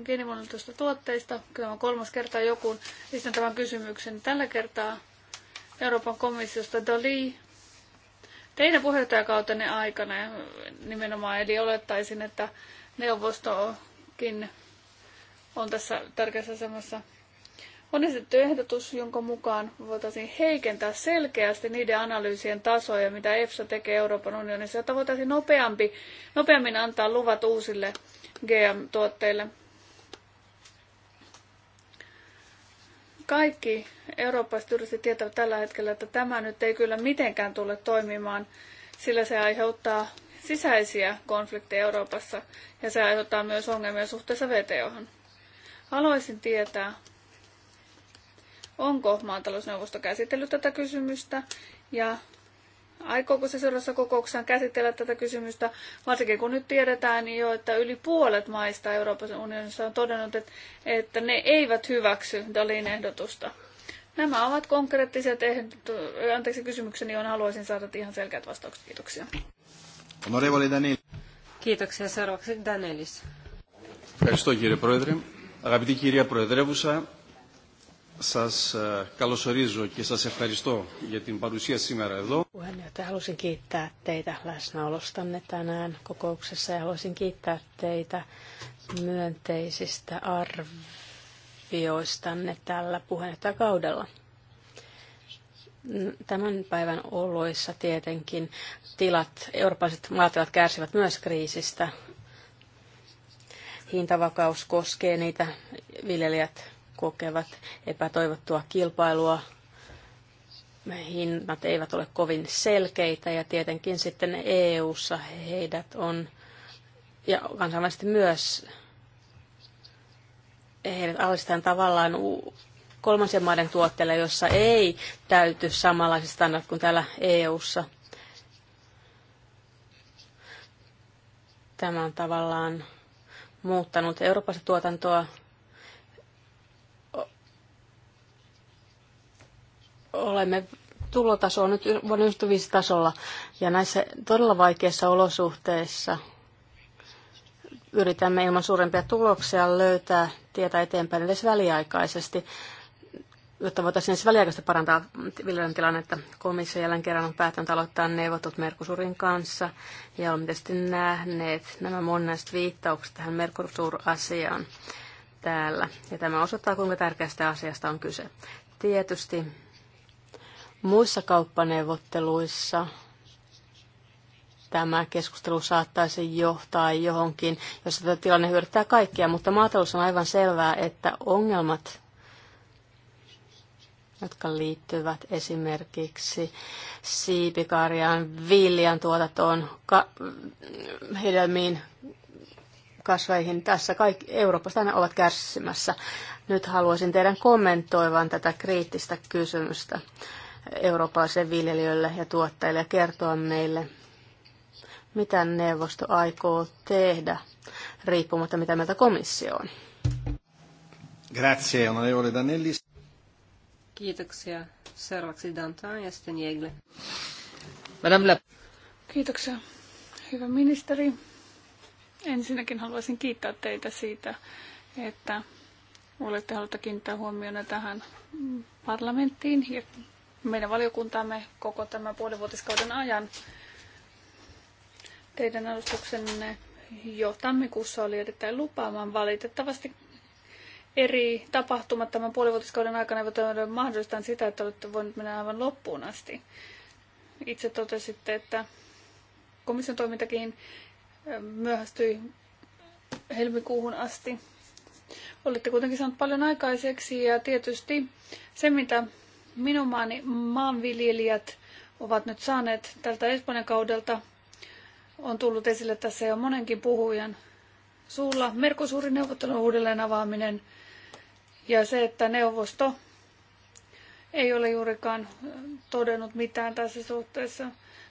geenimuunneltuista tuotteista. Kyllä on kolmas kerta joku esitän tämän kysymyksen. Tällä kertaa Euroopan komissiosta Dali teidän puheenjohtajakautenne aikana nimenomaan, eli olettaisin, että neuvostokin on tässä tärkeässä asemassa. On esitetty ehdotus, jonka mukaan voitaisiin heikentää selkeästi niiden analyysien tasoja, mitä EFSA tekee Euroopan unionissa, jotta voitaisiin nopeampi, nopeammin antaa luvat uusille GM-tuotteille. Kaikki eurooppalaiset yritykset tietävät tällä hetkellä, että tämä nyt ei kyllä mitenkään tule toimimaan, sillä se aiheuttaa sisäisiä konflikteja Euroopassa ja se aiheuttaa myös ongelmia suhteessa VTOhan. Haluaisin tietää, onko maatalousneuvosto käsitellyt tätä kysymystä ja aikooko se seuraavassa kokouksessa käsitellä tätä kysymystä, varsinkin kun nyt tiedetään niin jo, että yli puolet maista Euroopan unionissa on todennut, että, että ne eivät hyväksy Dalin ehdotusta. Nämä ovat konkreettiset ehdotu... Anteeksi kysymykseni, on haluaisin saada ihan selkeät vastaukset. Kiitoksia. Kiitoksia. Seuraavaksi Danielis. Ευχαριστώ κύριε Πρόεδρε. Αγαπητή κυρία Προεδρεύουσα, Σας καλωσορίζω και σας ευχαριστώ για την παρουσία σήμερα εδώ. Puheenjohtaja, halusin kiittää teitä läsnäolostanne tänään kokouksessa ja haluaisin kiittää teitä myönteisistä arvioistanne tällä puheenjohtajakaudella. Tämän päivän oloissa tietenkin tilat, eurooppalaiset maatilat kärsivät myös kriisistä. Hintavakaus koskee niitä viljelijät kokevat epätoivottua kilpailua. Hinnat eivät ole kovin selkeitä ja tietenkin sitten EU-ssa heidät on, ja kansainvälisesti myös, heidät alistetaan tavallaan kolmansien maiden tuotteille, jossa ei täyty samanlaiset standardit kuin täällä EU-ssa. Tämä on tavallaan muuttanut Euroopassa tuotantoa olemme tulotaso on nyt vuoden 95 tasolla ja näissä todella vaikeissa olosuhteissa yritämme ilman suurempia tuloksia löytää tietä eteenpäin edes väliaikaisesti, jotta voitaisiin edes väliaikaisesti parantaa viljelijän tilannetta. Komissio jälleen kerran on päättänyt aloittaa neuvotut Merkosurin kanssa ja olemme tietysti nähneet nämä monest viittaukset tähän Merkosur-asiaan täällä. Ja tämä osoittaa, kuinka tärkeästä asiasta on kyse. Tietysti Muissa kauppaneuvotteluissa tämä keskustelu saattaisi johtaa johonkin, jos tämä tilanne hyödyttää kaikkia, mutta maatalous on aivan selvää, että ongelmat, jotka liittyvät esimerkiksi siipikarjaan, viljan tuotantoon, ka- hedelmiin, kasveihin, tässä kaikki Euroopassa aina ovat kärsimässä. Nyt haluaisin teidän kommentoivan tätä kriittistä kysymystä eurooppalaisille viljelijöille ja tuottajille ja kertoa meille, mitä neuvosto aikoo tehdä, riippumatta mitä mieltä komissio on. Grazie, onorevole Danelli. Kiitoksia. Seuraavaksi Dantan ja sitten Jägle. Madame Kiitoksia. Hyvä ministeri. Ensinnäkin haluaisin kiittää teitä siitä, että olette halutta kiinnittää huomiota tähän mm, parlamenttiin ja meidän valiokuntaamme koko tämän puolivuotiskauden ajan. Teidän alustuksenne jo tammikuussa oli erittäin lupaamaan valitettavasti eri tapahtumat tämän puolivuotiskauden aikana eivät ole mahdollistaneet sitä, että olette voineet mennä aivan loppuun asti. Itse totesitte, että komission toimintakin myöhästyi helmikuuhun asti. Olette kuitenkin saaneet paljon aikaiseksi ja tietysti se, mitä Minun maani maanviljelijät ovat nyt saaneet tältä Espanjan kaudelta, on tullut esille tässä jo monenkin puhujan suulla, Merkosuurin neuvottelun uudelleen avaaminen ja se, että neuvosto ei ole juurikaan todennut mitään tässä suhteessa.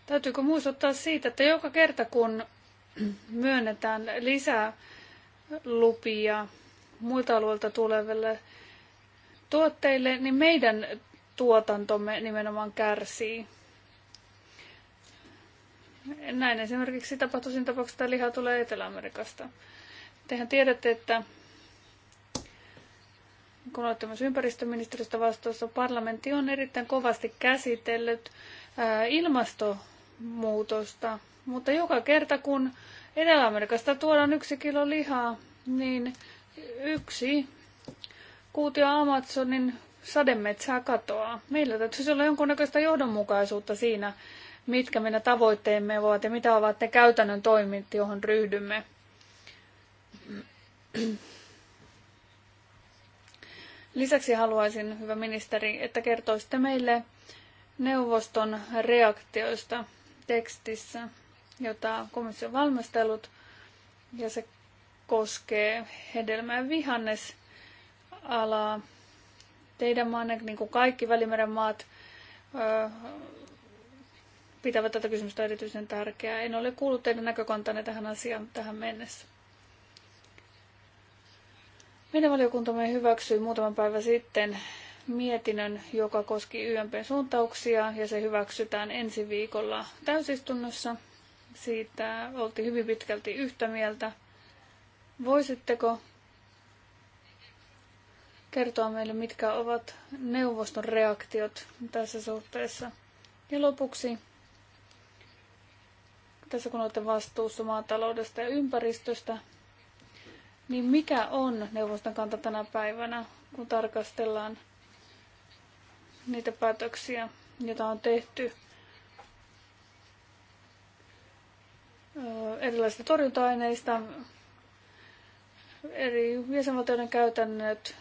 Täytyykö muistuttaa siitä, että joka kerta kun myönnetään lisää lupia muilta alueilta tuleville tuotteille, niin meidän tuotantomme nimenomaan kärsii. Näin esimerkiksi tapahtui siinä tapauksessa, että liha tulee Etelä-Amerikasta. Tehän tiedätte, että kun olette myös ympäristöministeriöstä vastuussa, parlamentti on erittäin kovasti käsitellyt ilmastonmuutosta. Mutta joka kerta, kun Etelä-Amerikasta tuodaan yksi kilo lihaa, niin yksi kuutio Amazonin sademetsää katoaa. Meillä täytyisi olla jonkunnäköistä johdonmukaisuutta siinä, mitkä meidän tavoitteemme ovat ja mitä ovat ne käytännön toimit, johon ryhdymme. Lisäksi haluaisin, hyvä ministeri, että kertoisitte meille neuvoston reaktioista tekstissä, jota komissio on valmistellut, ja se koskee hedelmä- vihannesalaa Teidän maanne, niin kuin kaikki Välimeren maat, pitävät tätä kysymystä erityisen tärkeää. En ole kuullut teidän näkökantanne tähän asiaan tähän mennessä. Meidän valiokuntamme hyväksyi muutaman päivä sitten mietinnön, joka koski ymp suuntauksia ja se hyväksytään ensi viikolla täysistunnossa. Siitä oltiin hyvin pitkälti yhtä mieltä. Voisitteko kertoa meille, mitkä ovat neuvoston reaktiot tässä suhteessa. Ja lopuksi, tässä kun olette vastuussa maataloudesta ja ympäristöstä, niin mikä on neuvoston kanta tänä päivänä, kun tarkastellaan niitä päätöksiä, joita on tehty erilaisista torjunta-aineista, eri jäsenvaltioiden käytännöt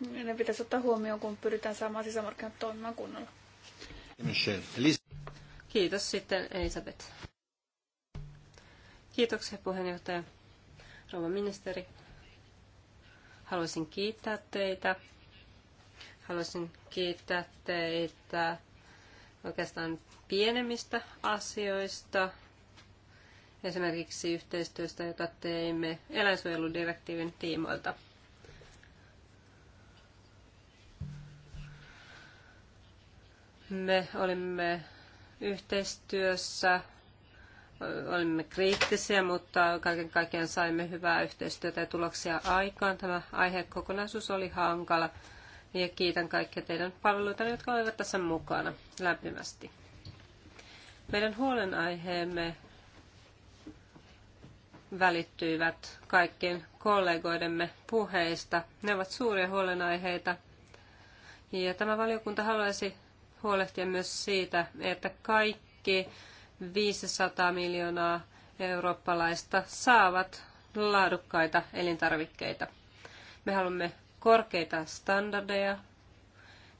ne pitäisi ottaa huomioon, kun pyritään saamaan sisämarkkinat toimimaan kunnolla. Kiitos sitten Elisabeth. Kiitoksia puheenjohtaja, rouva ministeri. Haluaisin kiittää teitä. Haluaisin kiittää teitä oikeastaan pienemmistä asioista, esimerkiksi yhteistyöstä, jota teimme eläinsuojeludirektiivin tiimoilta. Me olimme yhteistyössä, olimme kriittisiä, mutta kaiken kaikkiaan saimme hyvää yhteistyötä ja tuloksia aikaan. Tämä aihekokonaisuus oli hankala ja kiitän kaikkia teidän palveluita, jotka olivat tässä mukana lämpimästi. Meidän huolenaiheemme välittyivät kaikkien kollegoidemme puheista. Ne ovat suuria huolenaiheita. Ja tämä valiokunta haluaisi huolehtia myös siitä, että kaikki 500 miljoonaa eurooppalaista saavat laadukkaita elintarvikkeita. Me haluamme korkeita standardeja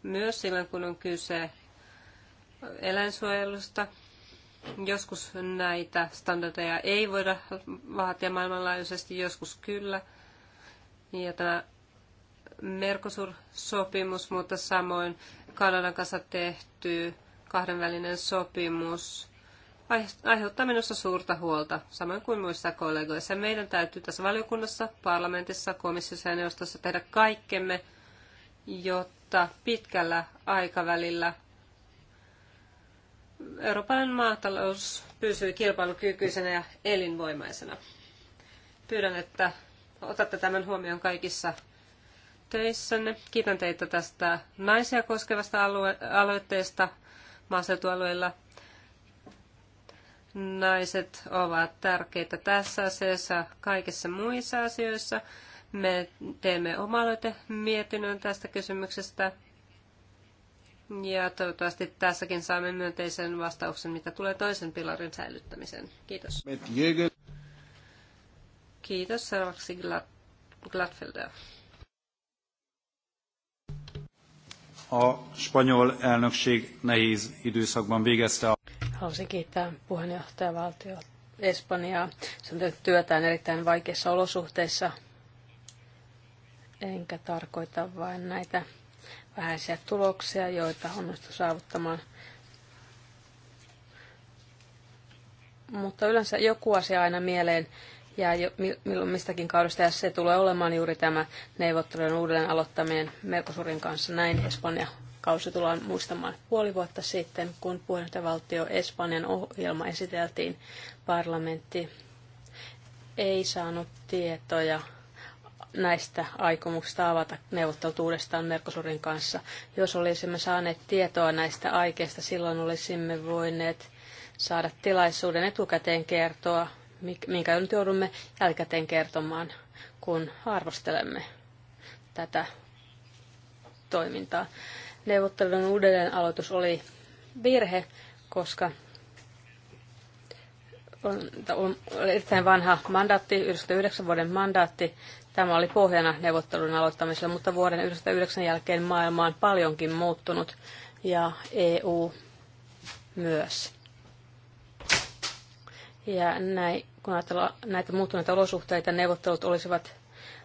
myös silloin, kun on kyse eläinsuojelusta. Joskus näitä standardeja ei voida vaatia maailmanlaajuisesti, joskus kyllä. Ja tämä Mercosur-sopimus, mutta samoin Kanadan kanssa tehty kahdenvälinen sopimus aiheuttaa minussa suurta huolta, samoin kuin muissa kollegoissa. Meidän täytyy tässä valiokunnassa, parlamentissa, komissiossa ja neuvostossa tehdä kaikkemme, jotta pitkällä aikavälillä Euroopan maatalous pysyy kilpailukykyisenä ja elinvoimaisena. Pyydän, että otatte tämän huomioon kaikissa töissänne. Kiitän teitä tästä naisia koskevasta alue- aloitteesta maaseutualueilla. Naiset ovat tärkeitä tässä asiassa, kaikissa muissa asioissa. Me teemme oma mietinnön tästä kysymyksestä. Ja toivottavasti tässäkin saamme myönteisen vastauksen, mitä tulee toisen pilarin säilyttämiseen. Kiitos. Kiitos. Seuraavaksi Gladfelder. a spanyol elnökség nehéz időszakban végezte a... Haluaisin kiittää puheenjohtajavaltiota Espanjaa. Se on tehnyt työtään erittäin vaikeissa olosuhteissa. Enkä tarkoita vain näitä vähäisiä tuloksia, joita onnistu saavuttamaan. Mutta yleensä joku asia aina mieleen, ja jo, milloin mistäkin kaudesta. Ja se tulee olemaan juuri tämä neuvottelujen uudelleen aloittaminen Mercosurin kanssa. Näin Espanja kausi tullaan muistamaan puoli vuotta sitten, kun puheenjohtajavaltio Espanjan ohjelma esiteltiin. Parlamentti ei saanut tietoja näistä aikomuksista avata neuvottelut uudestaan Mercosurin kanssa. Jos olisimme saaneet tietoa näistä aikeista, silloin olisimme voineet saada tilaisuuden etukäteen kertoa minkä nyt joudumme jälkikäteen kertomaan, kun arvostelemme tätä toimintaa. Neuvottelun uudelleen aloitus oli virhe, koska on, on erittäin vanha mandaatti, 99 vuoden mandaatti. Tämä oli pohjana neuvottelun aloittamiselle, mutta vuoden 1999 jälkeen maailma on paljonkin muuttunut ja EU myös. Ja näin kun ajatellaan näitä muuttuneita olosuhteita, neuvottelut olisivat,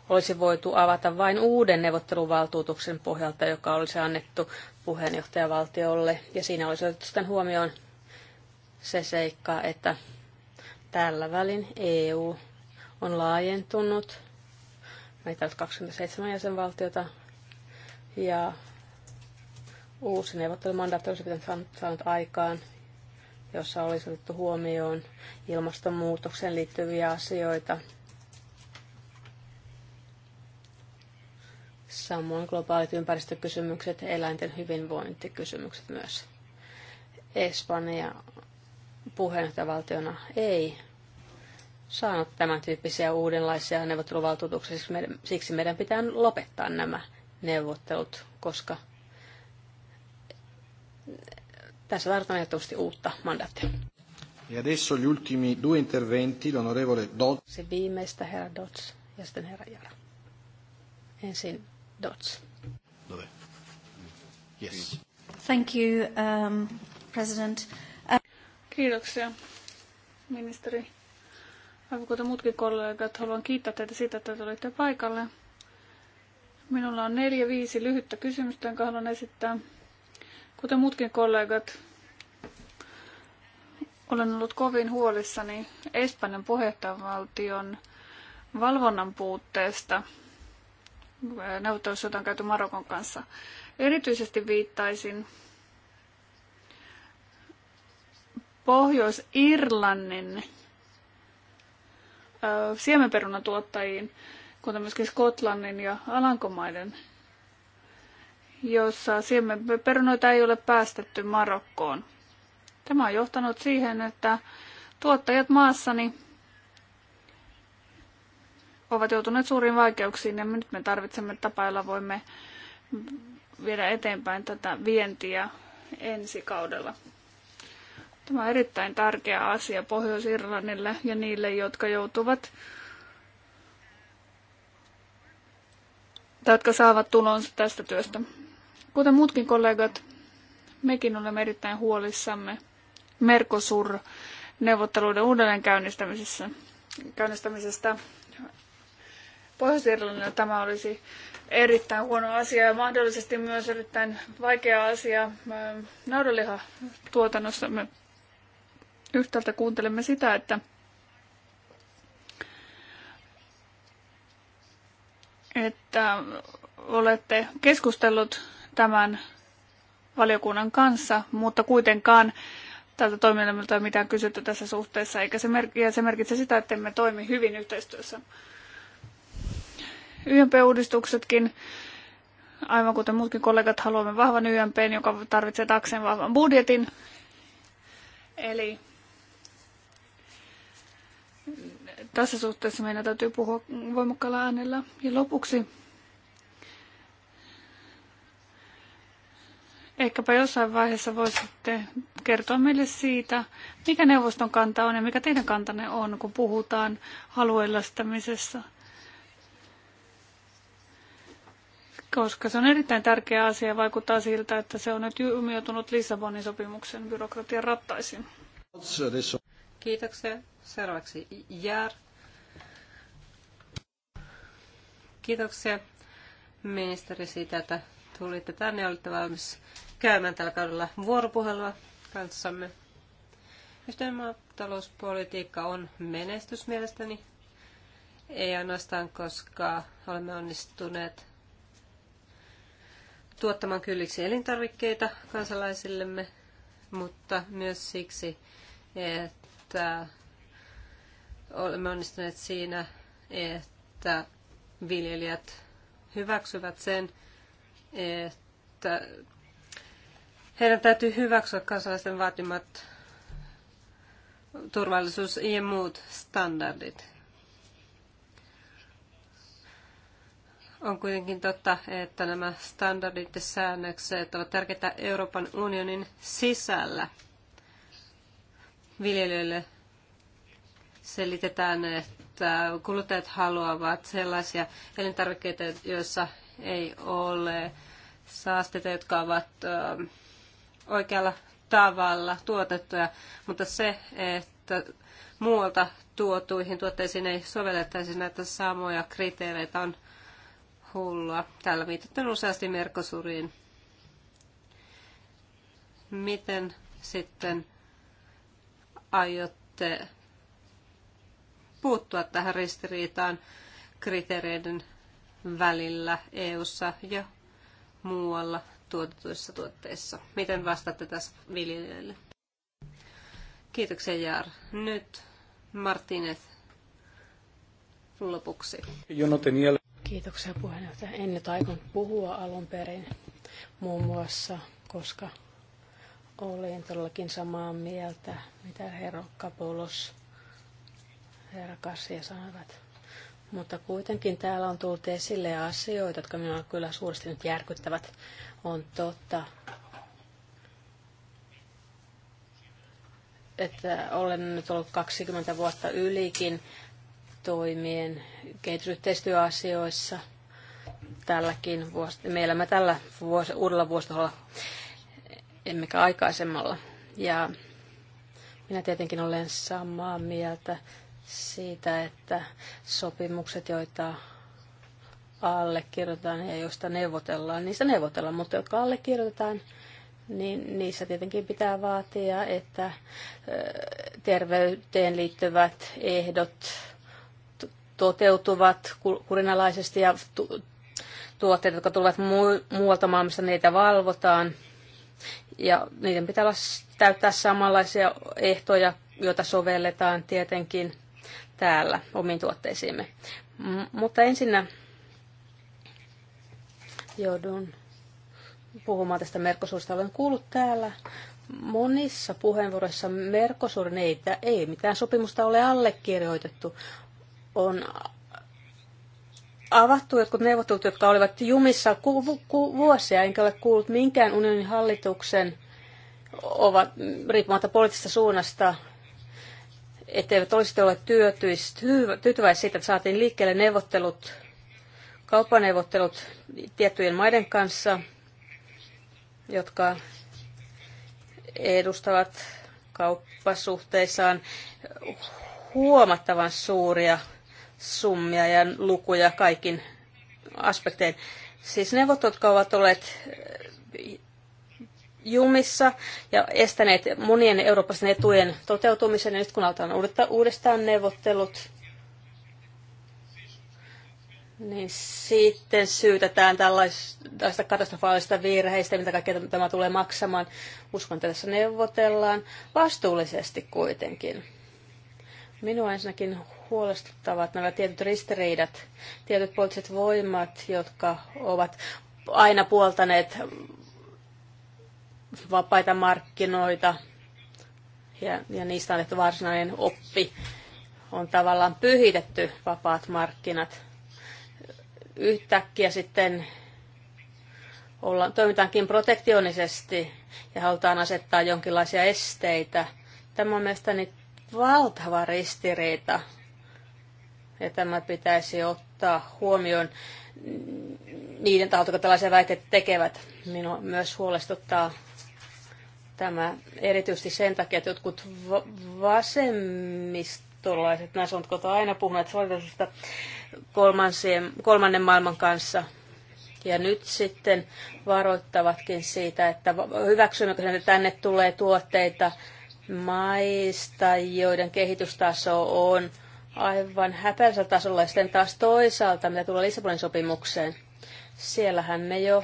olisi voitu avata vain uuden neuvotteluvaltuutuksen pohjalta, joka olisi annettu puheenjohtajavaltiolle. Ja siinä olisi otettu sitten huomioon se seikka, että tällä välin EU on laajentunut. Meitä on 27 jäsenvaltiota ja uusi neuvottelumandaatti olisi pitänyt saanut aikaan – jossa olisi otettu huomioon ilmastonmuutokseen liittyviä asioita, samoin globaalit ympäristökysymykset, eläinten hyvinvointikysymykset myös. Espanja puheenjohtajavaltiona ei saanut tämän tyyppisiä uudenlaisia neuvotteluvaltuutuksia, siksi meidän pitää lopettaa nämä neuvottelut, koska tässä tarvitaan ehdottomasti uutta mandaattia. Ja e adesso gli ultimi due interventi, l'onorevole Dodds. Se viimeistä herra Dodds ja sitten herra Jara. Ensin Dodds. Dove? Yes. Thank you, um, President. Uh... Kiitoksia, ministeri. Aivan kuten muutkin kollegat, haluan kiittää teitä siitä, että tulitte paikalle. Minulla on neljä, viisi lyhyttä kysymystä, jonka haluan esittää. Kuten muutkin kollegat, olen ollut kovin huolissani Espanjan puheenjohtajavaltion valvonnan puutteesta neuvottelussa, on käyty Marokon kanssa. Erityisesti viittaisin Pohjois-Irlannin siemenperunatuottajiin, kuten myöskin Skotlannin ja Alankomaiden jossa siemenperunoita ei ole päästetty Marokkoon. Tämä on johtanut siihen, että tuottajat maassani ovat joutuneet suuriin vaikeuksiin ja nyt me tarvitsemme tapaa, jolla voimme viedä eteenpäin tätä vientiä ensi kaudella. Tämä on erittäin tärkeä asia Pohjois-Irlannille ja niille, jotka joutuvat tai jotka saavat tulonsa tästä työstä. Kuten muutkin kollegat, mekin olemme erittäin huolissamme Mercosur-neuvotteluiden uudelleenkäynnistämisestä. käynnistämisestä. Pohjois-Irlannille tämä olisi erittäin huono asia ja mahdollisesti myös erittäin vaikea asia ähm, naudanlihatuotannossa. Me yhtäältä kuuntelemme sitä, että että olette keskustellut tämän valiokunnan kanssa, mutta kuitenkaan tältä toimielimeltä ei mitään kysytty tässä suhteessa, eikä se, mer- ja se merkitse sitä, että me toimi hyvin yhteistyössä. YMP-uudistuksetkin, aivan kuten muutkin kollegat, haluamme vahvan YMP, joka tarvitsee takseen vahvan budjetin. Eli tässä suhteessa meidän täytyy puhua voimakkaalla äänellä. Ja lopuksi Ehkäpä jossain vaiheessa voisitte kertoa meille siitä, mikä neuvoston kanta on ja mikä teidän kantanne on, kun puhutaan alueellistamisessa. Koska se on erittäin tärkeä asia ja vaikuttaa siltä, että se on nyt jumiutunut Lissabonin sopimuksen byrokratian rattaisiin. Kiitoksia. Seuraavaksi Jär. Kiitoksia ministeri siitä, että tulitte tänne ja olitte valmis käymään tällä kaudella vuoropuhelua kanssamme. Yhteinen maatalouspolitiikka on menestys mielestäni. Ei ainoastaan, koska olemme onnistuneet tuottamaan kylliksi elintarvikkeita kansalaisillemme, mutta myös siksi, että olemme onnistuneet siinä, että viljelijät hyväksyvät sen, että heidän täytyy hyväksyä kansalaisten vaatimat turvallisuus- ja muut standardit. On kuitenkin totta, että nämä standardit ja säännökset ovat tärkeitä Euroopan unionin sisällä. Viljelijöille selitetään, että kuluttajat haluavat sellaisia elintarvikkeita, joissa ei ole saasteita, jotka ovat ähm, oikealla tavalla tuotettuja, mutta se, että muualta tuotuihin tuotteisiin ei sovellettaisi näitä samoja kriteereitä on hullua. Täällä viitattiin useasti Merkosuriin. Miten sitten aiotte puuttua tähän ristiriitaan kriteereiden välillä EU:ssa ja muualla tuotetuissa tuotteissa. Miten vastaatte tässä viljelijöille? Kiitoksia Jaar. Nyt Martinez lopuksi. No Kiitoksia puheenjohtaja. En nyt aikon puhua alun perin muun muassa, koska olin todellakin samaa mieltä, mitä herra Kapolos, herra Kassia sanoivat. Mutta kuitenkin täällä on tullut esille asioita, jotka minua kyllä suuresti nyt järkyttävät. On totta, että olen nyt ollut 20 vuotta ylikin toimien kehitysyhteistyöasioissa tälläkin vuosi, meillä mä tällä vuos, uudella vuosituhalla, emmekä aikaisemmalla. Ja minä tietenkin olen samaa mieltä siitä, että sopimukset, joita allekirjoitetaan ja joista neuvotellaan, niistä neuvotellaan, mutta jotka allekirjoitetaan, niin niissä tietenkin pitää vaatia, että terveyteen liittyvät ehdot toteutuvat kurinalaisesti ja tuotteet, jotka tulevat muualta maailmasta, niitä valvotaan. Ja niiden pitää olla, täyttää samanlaisia ehtoja, joita sovelletaan tietenkin täällä omiin tuotteisiimme. mutta ensinnä joudun puhumaan tästä Merkosuurista. Olen kuullut täällä monissa puheenvuoroissa Merkosuurin ei, ei mitään sopimusta ole allekirjoitettu. On avattu jotkut neuvottelut, jotka olivat jumissa ku, ku, vuosia, enkä ole kuullut minkään unionin hallituksen ovat riippumatta poliittisesta suunnasta etteivät olisi ole tyytyväisiä siitä, että saatiin liikkeelle neuvottelut, kauppaneuvottelut tiettyjen maiden kanssa, jotka edustavat kauppasuhteissaan huomattavan suuria summia ja lukuja kaikin aspektein. Siis neuvottelut, jotka ovat olleet jumissa ja estäneet monien Euroopan etujen toteutumisen. Ja nyt kun aletaan uudestaan neuvottelut, niin sitten syytetään tällaista katastrofaalista virheistä, mitä kaikkea tämä tulee maksamaan. Uskon, että tässä neuvotellaan vastuullisesti kuitenkin. Minua ensinnäkin huolestuttavat nämä tietyt ristiriidat, tietyt poliittiset voimat, jotka ovat aina puoltaneet vapaita markkinoita ja, ja niistä on tehty varsinainen oppi. On tavallaan pyhitetty vapaat markkinat. Yhtäkkiä sitten olla, toimitaankin protektionisesti ja halutaan asettaa jonkinlaisia esteitä. Tämä on mielestäni valtava ristiriita ja tämä pitäisi ottaa huomioon niiden taholta, jotka tällaisia väitteitä tekevät. Minua myös huolestuttaa Tämä erityisesti sen takia, että jotkut va- vasemmistolaiset, näissä on aina puhuneet solidarisuudesta kolmannen maailman kanssa, ja nyt sitten varoittavatkin siitä, että hyväksymmekö sen, että tänne tulee tuotteita maista, joiden kehitystaso on aivan häpäisellä tasolla. Ja sitten taas toisaalta, mitä tulee Lissabonin sopimukseen, siellähän me jo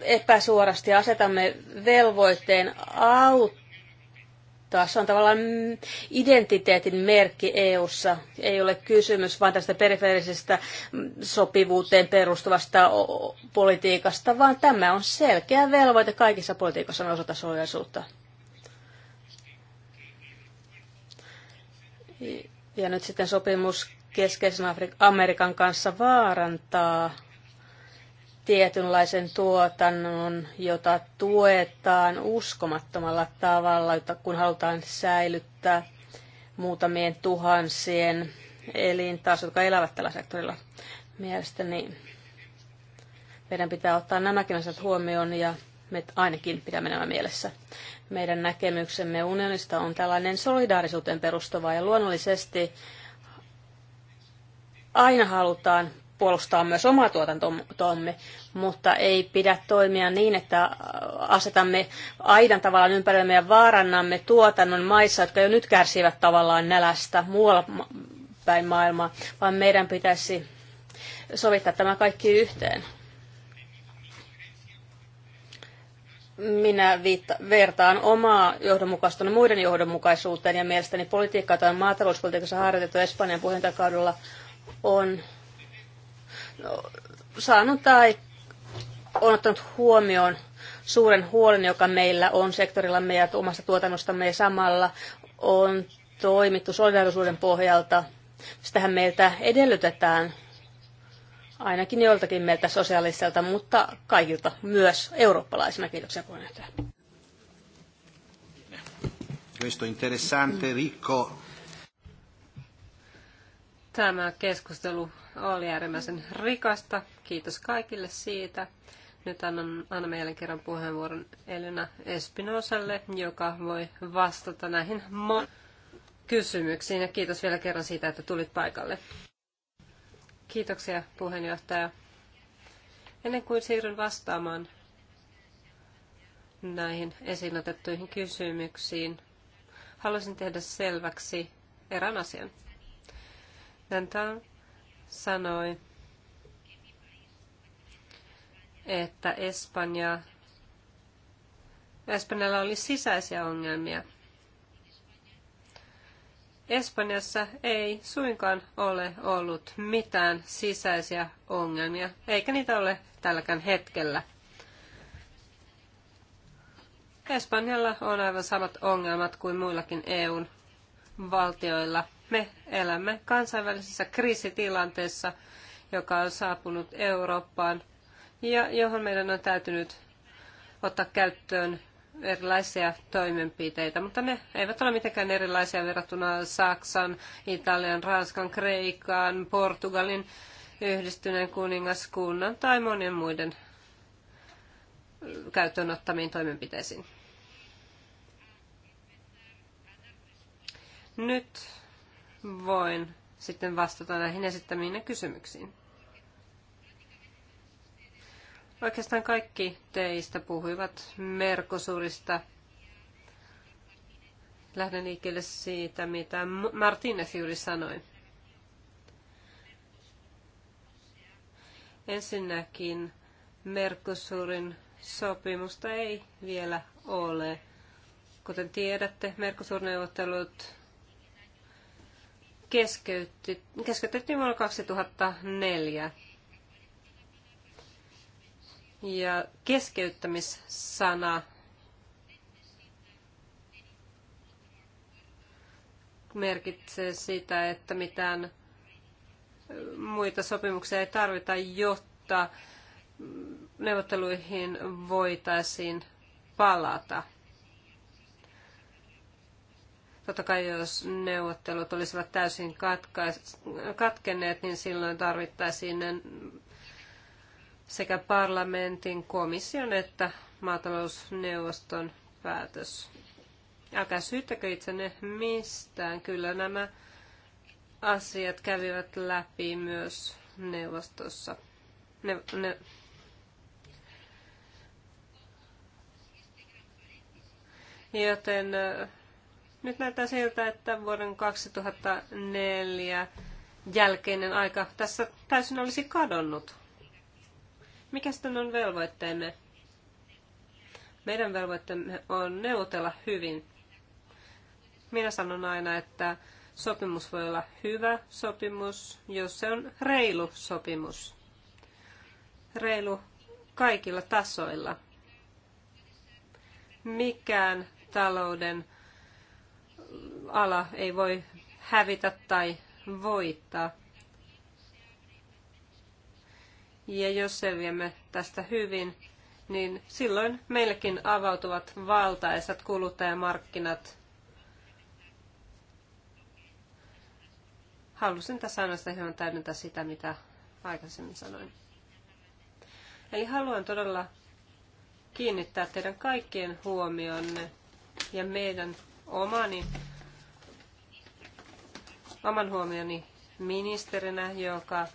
epäsuorasti asetamme velvoitteen auttaa. Se on tavallaan identiteetin merkki EU:ssa. Ei ole kysymys vain tästä perifeerisestä sopivuuteen perustuvasta politiikasta, vaan tämä on selkeä velvoite kaikissa politiikassa osata suojaisuutta. Ja nyt sitten sopimus keskeisen Amerikan kanssa vaarantaa tietynlaisen tuotannon, jota tuetaan uskomattomalla tavalla, jota kun halutaan säilyttää muutamien tuhansien elintaso, jotka elävät tällä sektorilla. Mielestäni meidän pitää ottaa nämäkin asiat huomioon ja me ainakin pidämme nämä mielessä. Meidän näkemyksemme unionista on tällainen solidaarisuuteen perustuva ja luonnollisesti aina halutaan puolustaa myös omaa tuotantomme, mutta ei pidä toimia niin, että asetamme aidan tavallaan ympärillemme ja vaarannamme tuotannon maissa, jotka jo nyt kärsivät tavallaan nälästä muualla päin maailmaa, vaan meidän pitäisi sovittaa tämä kaikki yhteen. minä viitta, vertaan omaa johdonmukaistani muiden johdonmukaisuuteen ja mielestäni politiikka, tai maatalouspolitiikassa harjoitettu Espanjan puheenjohtajakaudella, on saanut tai on ottanut huomioon suuren huolen, joka meillä on sektorillamme ja omasta tuotannostamme ja samalla on toimittu solidaarisuuden pohjalta. Sitähän meiltä edellytetään ainakin joiltakin meiltä sosiaaliselta, mutta kaikilta myös eurooppalaisena. Kiitoksia puheenjohtaja. Questo interessante, ricco. Tämä keskustelu oli äärimmäisen rikasta. Kiitos kaikille siitä. Nyt annan, annan meille kerran puheenvuoron Elina Espinosalle, joka voi vastata näihin kysymyksiin. Ja kiitos vielä kerran siitä, että tulit paikalle. Kiitoksia puheenjohtaja. Ennen kuin siirryn vastaamaan näihin esiin otettuihin kysymyksiin, haluaisin tehdä selväksi erään asian. Dantan sanoi, että Espanja, Espanjalla oli sisäisiä ongelmia. Espanjassa ei suinkaan ole ollut mitään sisäisiä ongelmia, eikä niitä ole tälläkään hetkellä. Espanjalla on aivan samat ongelmat kuin muillakin EUn valtioilla – me elämme kansainvälisessä kriisitilanteessa, joka on saapunut Eurooppaan ja johon meidän on täytynyt ottaa käyttöön erilaisia toimenpiteitä, mutta ne eivät ole mitenkään erilaisia verrattuna Saksan, Italian, Ranskan, Kreikan, Portugalin, yhdistyneen kuningaskunnan tai monien muiden käyttöön ottamiin toimenpiteisiin. Nyt voin sitten vastata näihin esittämiin kysymyksiin. Oikeastaan kaikki teistä puhuivat Merkosurista. Lähden liikkeelle siitä, mitä Martinez juuri sanoi. Ensinnäkin Merkosurin sopimusta ei vielä ole. Kuten tiedätte, Merkosur-neuvottelut Keskeytty, keskeytettiin vuonna 2004. Ja keskeyttämissana merkitsee sitä, että mitään muita sopimuksia ei tarvita, jotta neuvotteluihin voitaisiin palata. Totta kai jos neuvottelut olisivat täysin katkenneet, niin silloin tarvittaisiin sekä parlamentin, komission että maatalousneuvoston päätös. Älkää syyttäkö ne mistään. Kyllä nämä asiat kävivät läpi myös neuvostossa. Ne, ne, Joten äh, nyt näyttää siltä, että vuoden 2004 jälkeinen aika tässä täysin olisi kadonnut. Mikä sitten on velvoitteemme? Meidän velvoitteemme on neuvotella hyvin. Minä sanon aina, että sopimus voi olla hyvä sopimus, jos se on reilu sopimus. Reilu kaikilla tasoilla. Mikään talouden ala ei voi hävitä tai voittaa. Ja jos selviämme tästä hyvin, niin silloin meillekin avautuvat valtaisat kuluttajamarkkinat. Halusin tässä ainoastaan hieman täydentää sitä, mitä aikaisemmin sanoin. Eli haluan todella kiinnittää teidän kaikkien huomionne ja meidän omani, oman huomioni ministerinä, joka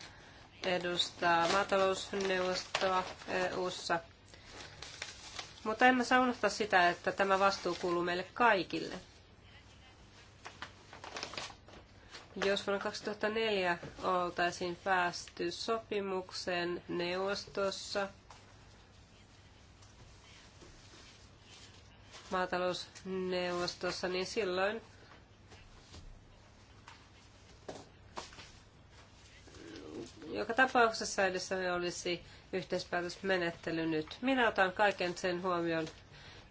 edustaa maatalousneuvostoa EU-ssa. Mutta mä saa unohtaa sitä, että tämä vastuu kuuluu meille kaikille. Jos vuonna 2004 oltaisiin päästy sopimukseen neuvostossa – maatalousneuvostossa, niin silloin joka tapauksessa edessä olisi yhteispäätösmenettely nyt. Minä otan kaiken sen huomioon,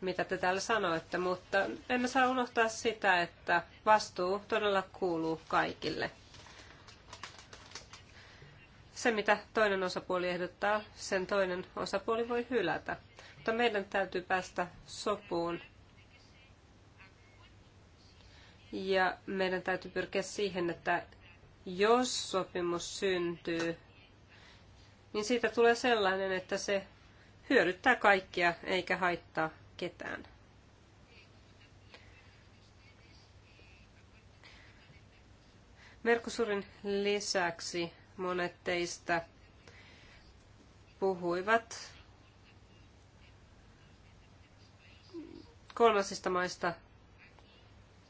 mitä te täällä sanoitte, mutta emme saa unohtaa sitä, että vastuu todella kuuluu kaikille. Se, mitä toinen osapuoli ehdottaa, sen toinen osapuoli voi hylätä mutta meidän täytyy päästä sopuun. Ja meidän täytyy pyrkiä siihen, että jos sopimus syntyy, niin siitä tulee sellainen, että se hyödyttää kaikkia eikä haittaa ketään. Merkosurin lisäksi monet teistä puhuivat kolmansista maista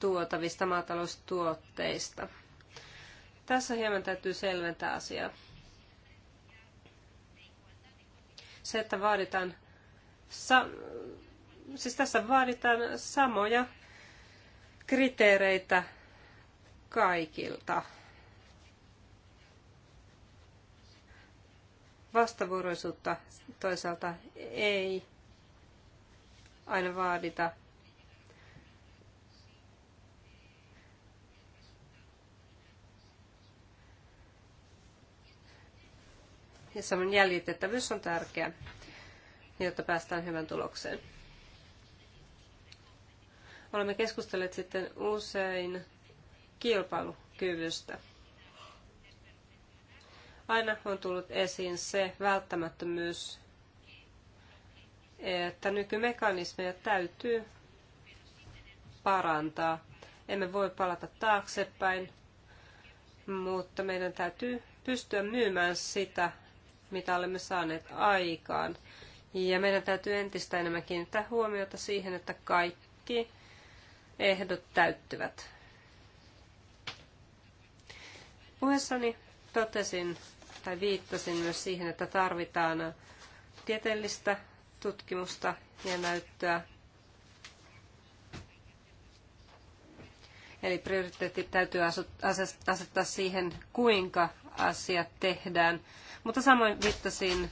tuotavista maataloustuotteista. Tässä hieman täytyy selventää asiaa. Se, että vaaditaan, sa- siis tässä vaaditaan samoja kriteereitä kaikilta. Vastavuoroisuutta toisaalta ei aina vaadita. Ja samoin jäljitettävyys on tärkeä, jotta päästään hyvän tulokseen. Olemme keskustelleet sitten usein kilpailukyvystä aina on tullut esiin se välttämättömyys, että nykymekanismeja täytyy parantaa. Emme voi palata taaksepäin, mutta meidän täytyy pystyä myymään sitä, mitä olemme saaneet aikaan. Ja meidän täytyy entistä enemmän kiinnittää huomiota siihen, että kaikki ehdot täyttyvät. Puheessani totesin tai viittasin myös siihen, että tarvitaan tieteellistä tutkimusta ja näyttöä. Eli prioriteetti täytyy asettaa siihen, kuinka asiat tehdään. Mutta samoin viittasin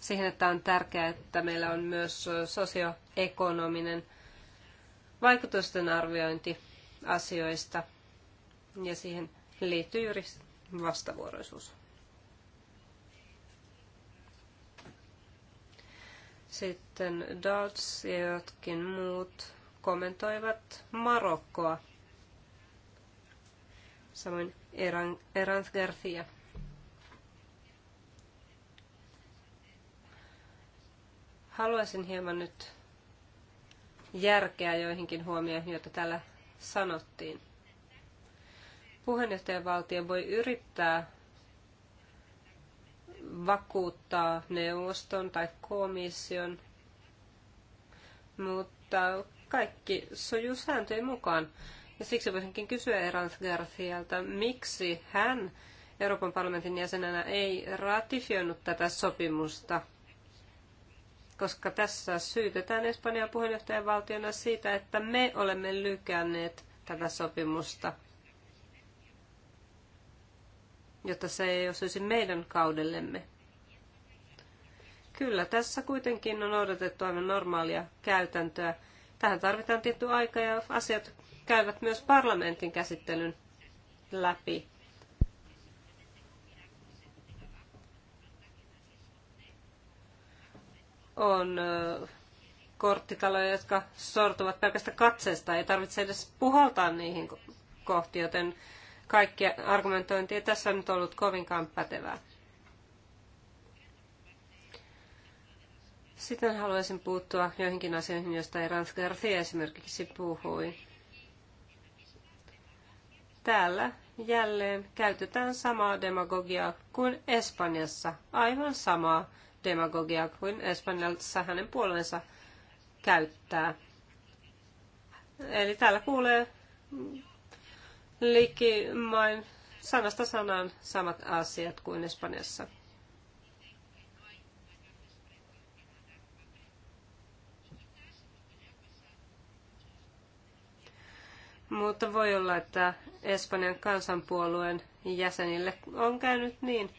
siihen, että on tärkeää, että meillä on myös sosioekonominen vaikutusten arviointi asioista. Ja siihen liittyy juuri vastavuoroisuus. Sitten Dodds ja jotkin muut kommentoivat Marokkoa. Samoin Erant Garcia. Haluaisin hieman nyt järkeä joihinkin huomioihin, joita täällä sanottiin. Puheenjohtajavaltio voi yrittää vakuuttaa neuvoston tai komission, mutta kaikki sujuu sääntöjen mukaan. Ja siksi voisinkin kysyä Erans Garcialta, miksi hän Euroopan parlamentin jäsenenä ei ratifioinut tätä sopimusta, koska tässä syytetään Espanjan valtiona siitä, että me olemme lykänneet tätä sopimusta – jotta se ei osuisi meidän kaudellemme. Kyllä, tässä kuitenkin on odotettu aivan normaalia käytäntöä. Tähän tarvitaan tietty aika ja asiat käyvät myös parlamentin käsittelyn läpi. On korttitaloja, jotka sortuvat pelkästä katseesta. Ei tarvitse edes puhaltaa niihin kohti, joten kaikki argumentointi ei tässä nyt ollut kovinkaan pätevää. Sitten haluaisin puuttua joihinkin asioihin, joista Erans Garcia esimerkiksi puhui. Täällä jälleen käytetään samaa demagogiaa kuin Espanjassa. Aivan samaa demagogiaa kuin Espanjassa hänen puolensa käyttää. Eli täällä kuulee likimain sanasta sanaan samat asiat kuin Espanjassa. Mutta voi olla, että Espanjan kansanpuolueen jäsenille on käynyt niin,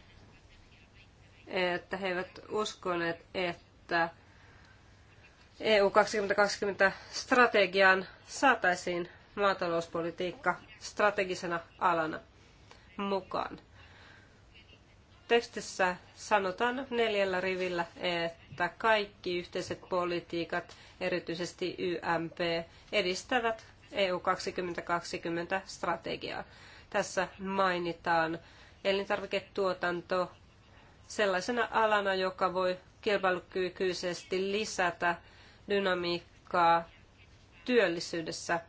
että he eivät uskoneet, että EU 2020 strategiaan saataisiin maatalouspolitiikka strategisena alana mukaan. Tekstissä sanotaan neljällä rivillä, että kaikki yhteiset politiikat, erityisesti YMP, edistävät EU 2020 strategiaa. Tässä mainitaan elintarviketuotanto sellaisena alana, joka voi kilpailukykyisesti lisätä dynamiikkaa työllisyydessä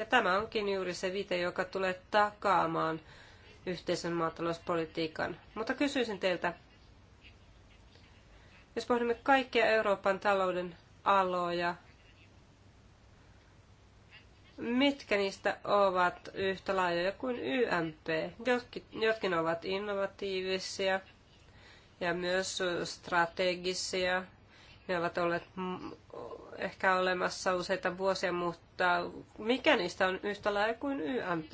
ja tämä onkin juuri se vite, joka tulee takaamaan yhteisen maatalouspolitiikan. Mutta kysyisin teiltä, jos pohdimme kaikkia Euroopan talouden aloja, mitkä niistä ovat yhtä laajoja kuin YMP? Jotkin, jotkin ovat innovatiivisia ja myös strategisia ne ovat olleet ehkä olemassa useita vuosia, mutta mikä niistä on yhtä lailla kuin YMP?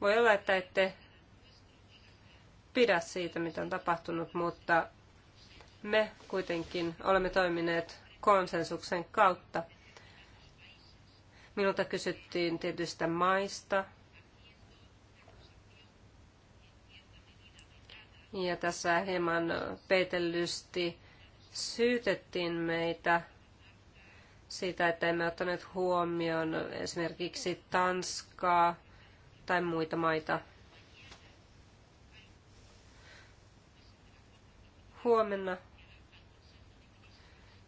Voi olla, että ette pidä siitä, mitä on tapahtunut, mutta me kuitenkin olemme toimineet konsensuksen kautta. Minulta kysyttiin tietystä maista, Ja tässä hieman peitellysti syytettiin meitä siitä, että emme ottaneet huomioon esimerkiksi Tanskaa tai muita maita. Huomenna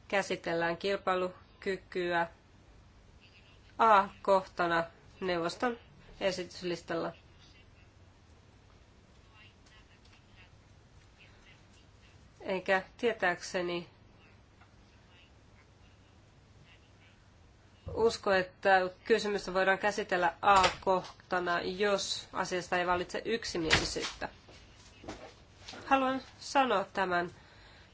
käsitellään kilpailukykyä A-kohtana neuvoston esityslistalla. Eikä tietääkseni usko, että kysymystä voidaan käsitellä A-kohtana, jos asiasta ei valitse yksimielisyyttä. Haluan sanoa tämän,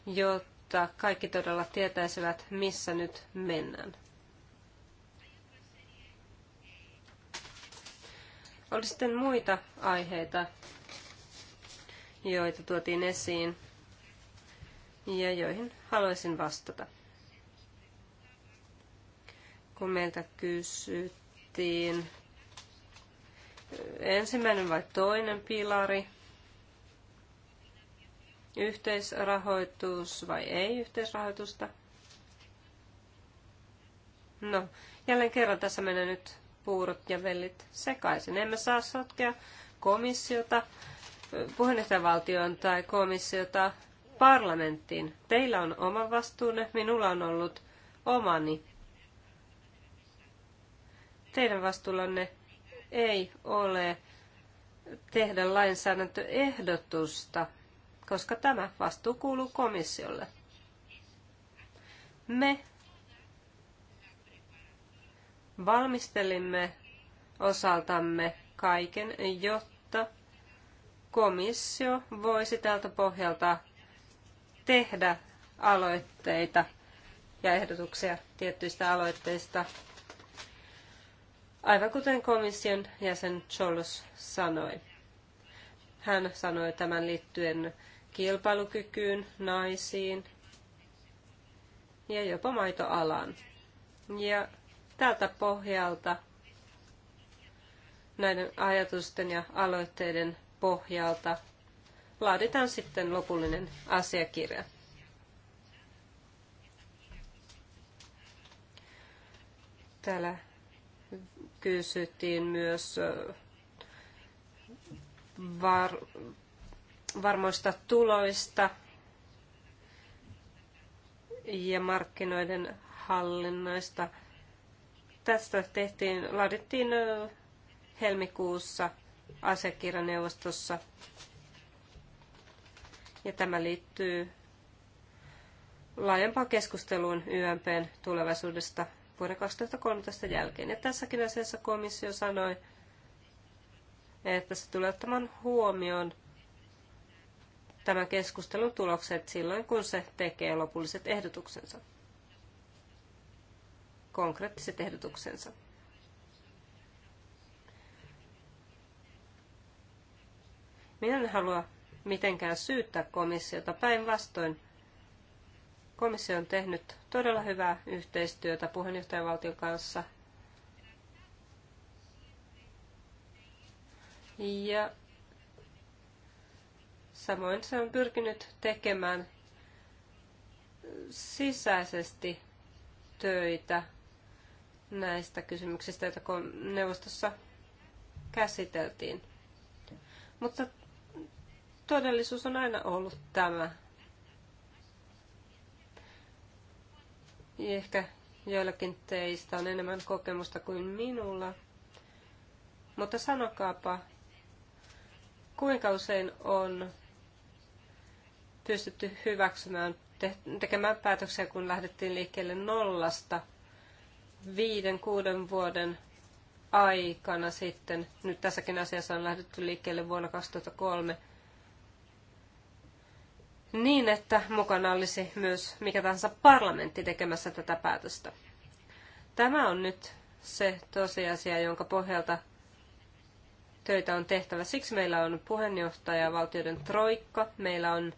jotta kaikki todella tietäisivät, missä nyt mennään. Oli sitten muita aiheita, joita tuotiin esiin ja joihin haluaisin vastata. Kun meiltä kysyttiin ensimmäinen vai toinen pilari, yhteisrahoitus vai ei yhteisrahoitusta. No, jälleen kerran tässä menee nyt puurot ja vellit sekaisin. Emme saa sotkea komissiota, puheenjohtajavaltioon tai komissiota parlamenttiin. Teillä on oma vastuunne, minulla on ollut omani. Teidän vastuullanne ei ole tehdä lainsäädäntöehdotusta, koska tämä vastuu kuuluu komissiolle. Me valmistelimme osaltamme kaiken, jotta komissio voisi tältä pohjalta tehdä aloitteita ja ehdotuksia tiettyistä aloitteista, aivan kuten komission jäsen Cholos sanoi. Hän sanoi tämän liittyen kilpailukykyyn, naisiin ja jopa maitoalaan. Ja tältä pohjalta, näiden ajatusten ja aloitteiden pohjalta laaditaan sitten lopullinen asiakirja. Täällä kysyttiin myös var, varmoista tuloista ja markkinoiden hallinnoista. Tästä tehtiin, laadittiin helmikuussa asiakirjaneuvostossa ja tämä liittyy laajempaan keskusteluun YMPn tulevaisuudesta vuoden 2013 jälkeen. Ja tässäkin asiassa komissio sanoi, että se tulee ottamaan huomioon tämän keskustelun tulokset silloin, kun se tekee lopulliset ehdotuksensa, konkreettiset ehdotuksensa. Minä en halua mitenkään syyttää komissiota. Päinvastoin komissio on tehnyt todella hyvää yhteistyötä puheenjohtajavaltion kanssa. Ja samoin se on pyrkinyt tekemään sisäisesti töitä näistä kysymyksistä, joita neuvostossa käsiteltiin. Mutta todellisuus on aina ollut tämä. Ehkä joillakin teistä on enemmän kokemusta kuin minulla. Mutta sanokaapa, kuinka usein on pystytty hyväksymään, tekemään päätöksiä, kun lähdettiin liikkeelle nollasta viiden, kuuden vuoden aikana sitten. Nyt tässäkin asiassa on lähdetty liikkeelle vuonna 2003 niin, että mukana olisi myös mikä tahansa parlamentti tekemässä tätä päätöstä. Tämä on nyt se tosiasia, jonka pohjalta töitä on tehtävä. Siksi meillä on puheenjohtaja valtioiden troikka, meillä on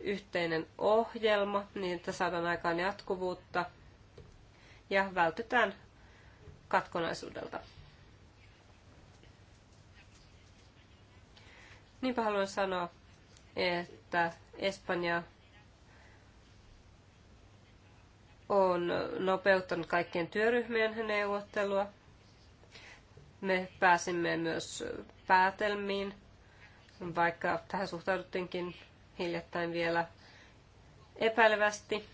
yhteinen ohjelma, niin että saadaan aikaan jatkuvuutta ja vältytään katkonaisuudelta. Niinpä haluan sanoa että Espanja on nopeuttanut kaikkien työryhmien neuvottelua. Me pääsimme myös päätelmiin, vaikka tähän suhtauduttiinkin hiljattain vielä epäilevästi.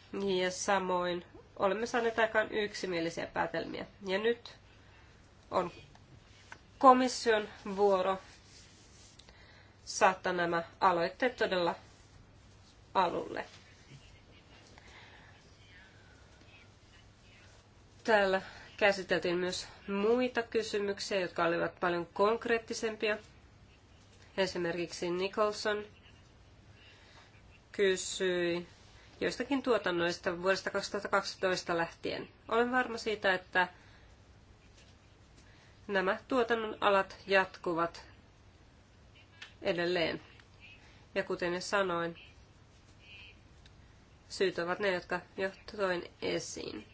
Ja samoin olemme saaneet aikaan yksimielisiä päätelmiä. Ja nyt on komission vuoro saattaa nämä aloitteet todella alulle. Täällä käsiteltiin myös muita kysymyksiä, jotka olivat paljon konkreettisempia. Esimerkiksi Nicholson kysyi joistakin tuotannoista vuodesta 2012 lähtien. Olen varma siitä, että nämä tuotannon alat jatkuvat edelleen. Ja kuten jo sanoin, syyt ovat ne, jotka jo toin esiin.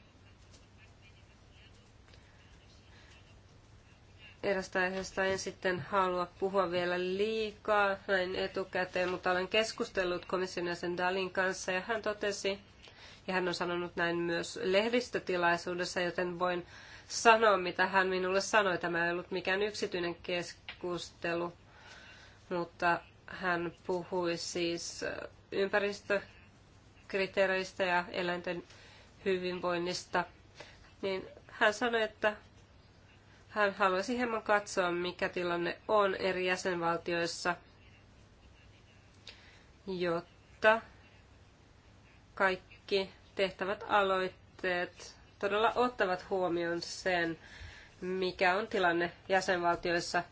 Erästä aiheesta en sitten halua puhua vielä liikaa näin etukäteen, mutta olen keskustellut komission jäsen Dalin kanssa ja hän totesi, ja hän on sanonut näin myös lehdistötilaisuudessa, joten voin sanoa, mitä hän minulle sanoi. Tämä ei ollut mikään yksityinen keskustelu mutta hän puhui siis ympäristökriteereistä ja eläinten hyvinvoinnista, niin hän sanoi, että hän haluaisi hieman katsoa, mikä tilanne on eri jäsenvaltioissa, jotta kaikki tehtävät aloitteet todella ottavat huomioon sen, mikä on tilanne jäsenvaltioissa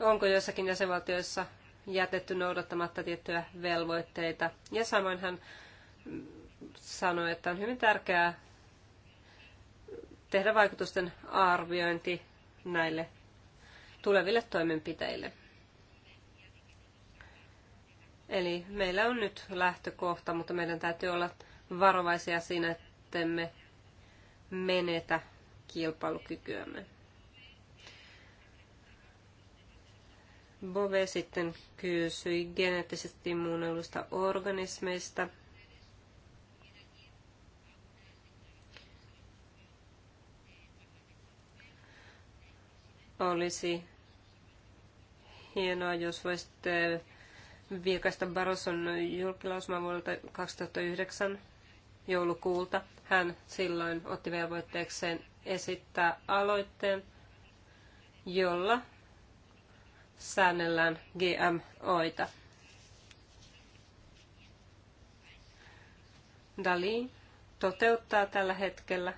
onko jossakin jäsenvaltioissa jätetty noudattamatta tiettyjä velvoitteita. Ja samoin hän sanoi, että on hyvin tärkeää tehdä vaikutusten arviointi näille tuleville toimenpiteille. Eli meillä on nyt lähtökohta, mutta meidän täytyy olla varovaisia siinä, että me menetä kilpailukykyämme. Bove sitten kysyi geneettisesti muunnellusta organismeista. Olisi hienoa, jos voisitte vilkaista Barroson julkilausuman vuodelta 2009 joulukuulta. Hän silloin otti velvoitteekseen esittää aloitteen, jolla säännellään GMOita. Dali toteuttaa tällä hetkellä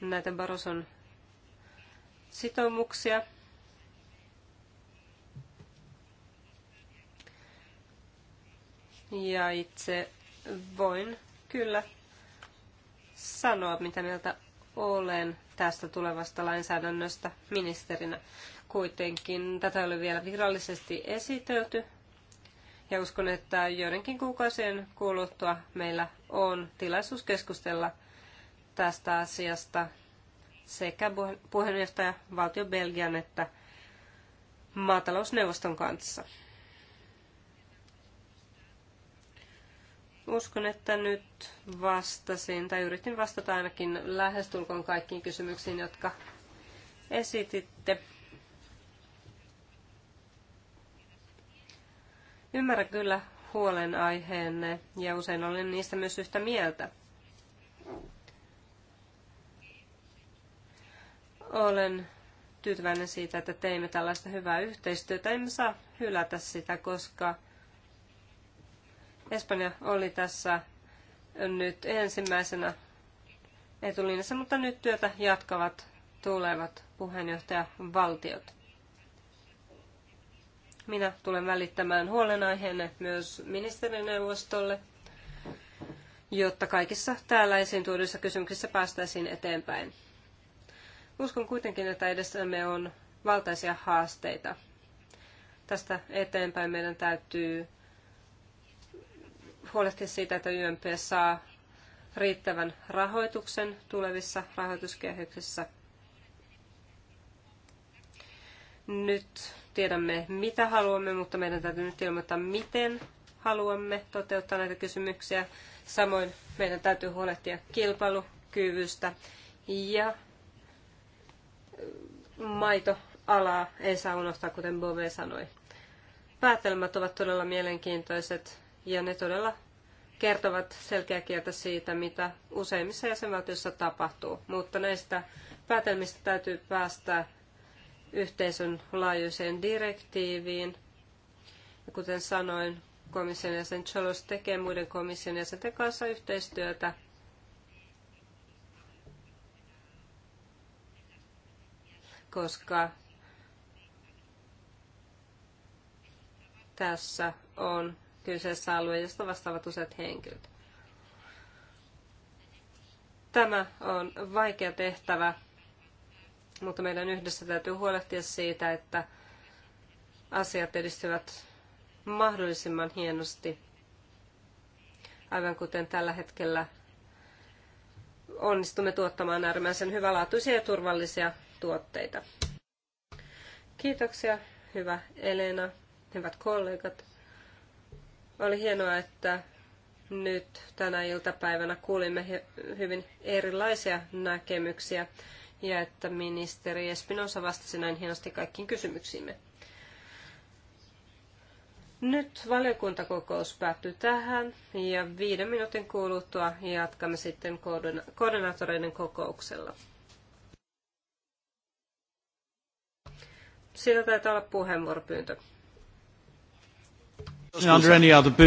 näitä Baroson sitoumuksia. Ja itse voin kyllä sanoa, mitä mieltä olen tästä tulevasta lainsäädännöstä ministerinä. Kuitenkin tätä oli vielä virallisesti esitelty, ja uskon, että joidenkin kuukausien kuluttua meillä on tilaisuus keskustella tästä asiasta sekä puheenjohtaja valtio Belgian että maatalousneuvoston kanssa. Uskon, että nyt vastasin, tai yritin vastata ainakin lähestulkoon kaikkiin kysymyksiin, jotka esititte. Ymmärrän kyllä huolenaiheenne ja usein olen niistä myös yhtä mieltä. Olen tyytyväinen siitä, että teimme tällaista hyvää yhteistyötä. En saa hylätä sitä, koska Espanja oli tässä nyt ensimmäisenä etulinjassa, mutta nyt työtä jatkavat tulevat puheenjohtajavaltiot. Minä tulen välittämään huolenaiheenne myös ministerineuvostolle, jotta kaikissa täällä esiin tuoduissa kysymyksissä päästäisiin eteenpäin. Uskon kuitenkin, että edessämme on valtaisia haasteita. Tästä eteenpäin meidän täytyy huolehtia siitä, että YMP saa riittävän rahoituksen tulevissa rahoituskehyksissä. Nyt tiedämme, mitä haluamme, mutta meidän täytyy nyt ilmoittaa, miten haluamme toteuttaa näitä kysymyksiä. Samoin meidän täytyy huolehtia kilpailukyvystä ja maitoalaa ei saa unohtaa, kuten Bove sanoi. Päätelmät ovat todella mielenkiintoiset ja ne todella kertovat selkeä kieltä siitä, mitä useimmissa jäsenvaltioissa tapahtuu. Mutta näistä päätelmistä täytyy päästä yhteisön laajuiseen direktiiviin. Ja kuten sanoin, komission jäsen Cholos tekee muiden komission jäsenten kanssa yhteistyötä koska tässä on kyseessä alue, josta vastaavat useat henkilöt. Tämä on vaikea tehtävä, mutta meidän yhdessä täytyy huolehtia siitä, että asiat edistyvät mahdollisimman hienosti, aivan kuten tällä hetkellä onnistumme tuottamaan äärimmäisen hyvälaatuisia ja turvallisia tuotteita. Kiitoksia, hyvä Elena, hyvät kollegat. Oli hienoa, että nyt tänä iltapäivänä kuulimme hyvin erilaisia näkemyksiä ja että ministeri Espinosa vastasi näin hienosti kaikkiin kysymyksiimme. Nyt valiokuntakokous päättyy tähän ja viiden minuutin kuluttua jatkamme sitten koordinaattoreiden kokouksella. Siitä taitaa olla puheenvuoropyyntö under any other business.